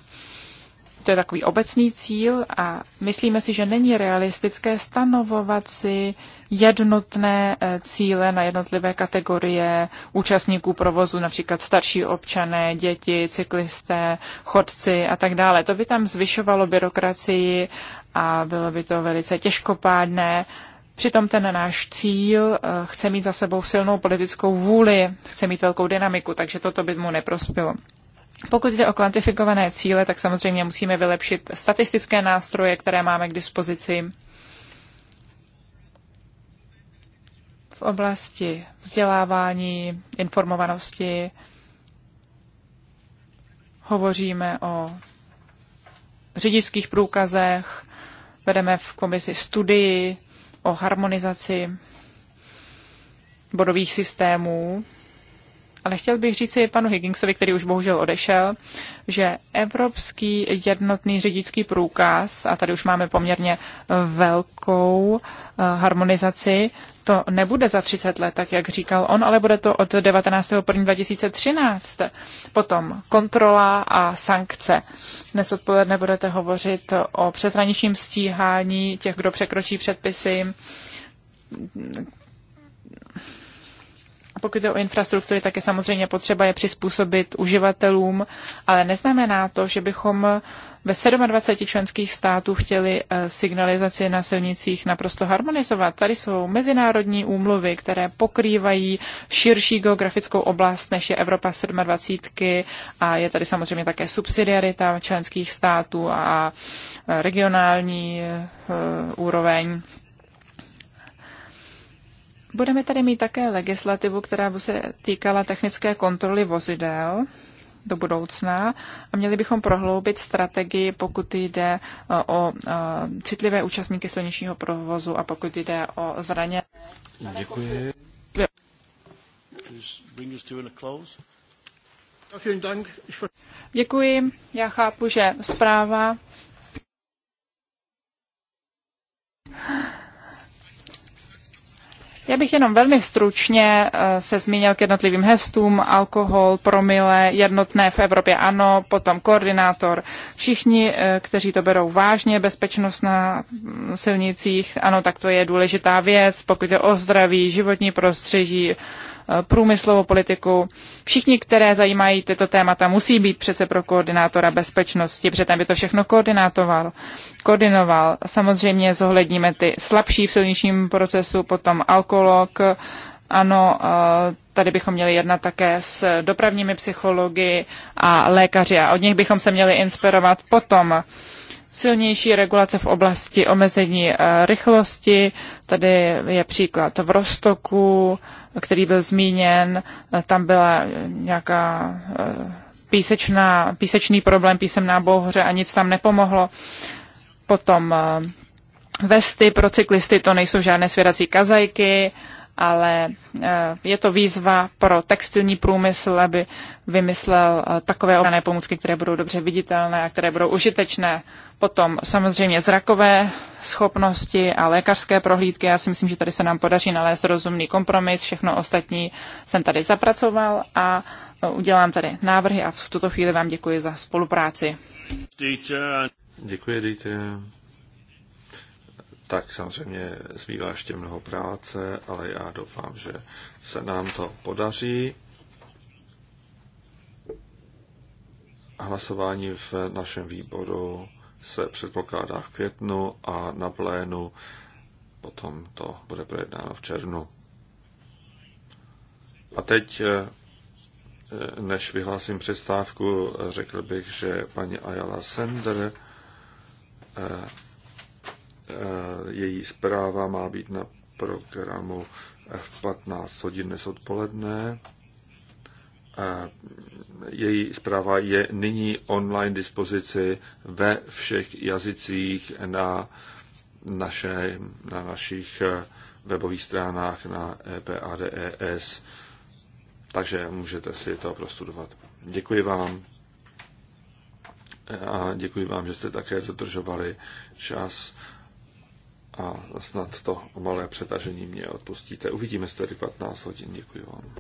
to je takový obecný cíl a myslíme si, že není realistické stanovovat si jednotné eh, cíle na jednotlivé kategorie účastníků provozu, například starší občané, děti, cyklisté, chodci a tak dále. To by tam zvyšovalo byrokracii a bylo by to velice těžkopádné. Přitom ten náš cíl eh, chce mít za sebou silnou politickou vůli, chce mít velkou dynamiku, takže toto by mu neprospělo. Pokud jde o kvantifikované cíle, tak samozřejmě musíme vylepšit statistické nástroje, které máme k dispozici. V oblasti vzdělávání, informovanosti hovoříme o řidičských průkazech, vedeme v komisi studii o harmonizaci bodových systémů ale chtěl bych říct, říci panu Higginsovi, který už bohužel odešel, že evropský jednotný řidičský průkaz, a tady už máme poměrně velkou eh, harmonizaci, to nebude za 30 let, tak jak říkal on, ale bude to od 19.1.2013. Potom kontrola a sankce. Dnes odpoledne budete hovořit o přeshraničním stíhání těch, kdo překročí předpisy, pokud jde o infrastruktury, tak je samozřejmě potřeba je přizpůsobit uživatelům, ale neznamená to, že bychom ve 27 členských států chtěli eh, signalizaci na silnicích naprosto harmonizovat. Tady jsou mezinárodní úmluvy, které pokrývají širší geografickou oblast, než je Evropa 27 a je tady samozřejmě také subsidiarita členských států a regionální eh, úroveň. Budeme tady mít také legislativu, která by se týkala technické kontroly vozidel do budoucna a měli bychom prohloubit strategii, pokud jde e, o e, citlivé účastníky silničního provozu a pokud jde o zraně. Děkuji. Děkuji. Já chápu, že zpráva já bych jenom velmi stručně eh, se zmínil k jednotlivým hestům, alkohol, promile, jednotné v Evropě ano, potom koordinátor. Všichni, eh, kteří to berou vážně, bezpečnost na silnicích, ano, tak to je důležitá věc, pokud je o zdraví, životní prostředí, průmyslovou politiku. Všichni, které zajímají tyto témata, musí být přece pro koordinátora bezpečnosti, protože ten by to všechno koordinátoval. koordinoval. Samozřejmě zohledníme ty slabší v silničním procesu, potom alkolog, ano, tady bychom měli jednat také s dopravními psychologi a lékaři a od nich bychom se měli inspirovat potom silnější regulace v oblasti omezení eh, rychlosti. Tady je příklad v Rostoku, který byl zmíněn, tam byla nějaká eh, písečná, písečný problém, písemná bouře a nic tam nepomohlo. Potom eh, vesty pro cyklisty, to nejsou žádné svěrací kazajky, ale eh, je to výzva pro textilní průmysl, aby vymyslel eh, takové obrané pomůcky, které budou dobře viditelné a které budou užitečné. Potom samozřejmě zrakové schopnosti a lékařské prohlídky. Já si myslím, že tady se nám podaří nalézt rozumný kompromis. Všechno ostatní jsem tady zapracoval a eh, udělám tady návrhy a v tuto chvíli vám děkuji za spolupráci. Děkuji, děkuji tak samozřejmě zbývá ještě mnoho práce, ale já doufám, že se nám to podaří. Hlasování v našem výboru se předpokládá v květnu a na plénu potom to bude projednáno v červnu. A teď, eh, než vyhlásím přestávku, řekl bych, že paní Ayala Sender eh, Eh, její zpráva má být na programu v 15 hodin dnes odpoledne. Eh, její zpráva je nyní online dispozici ve všech jazycích na, naše, na našich eh, webových stránách na EPADES, takže můžete si to prostudovat. Děkuji vám a děkuji vám, že jste také dodržovali čas a snad to malé přetažení mě odpustíte. Uvidíme se tady 15 hodin. Děkuji vám.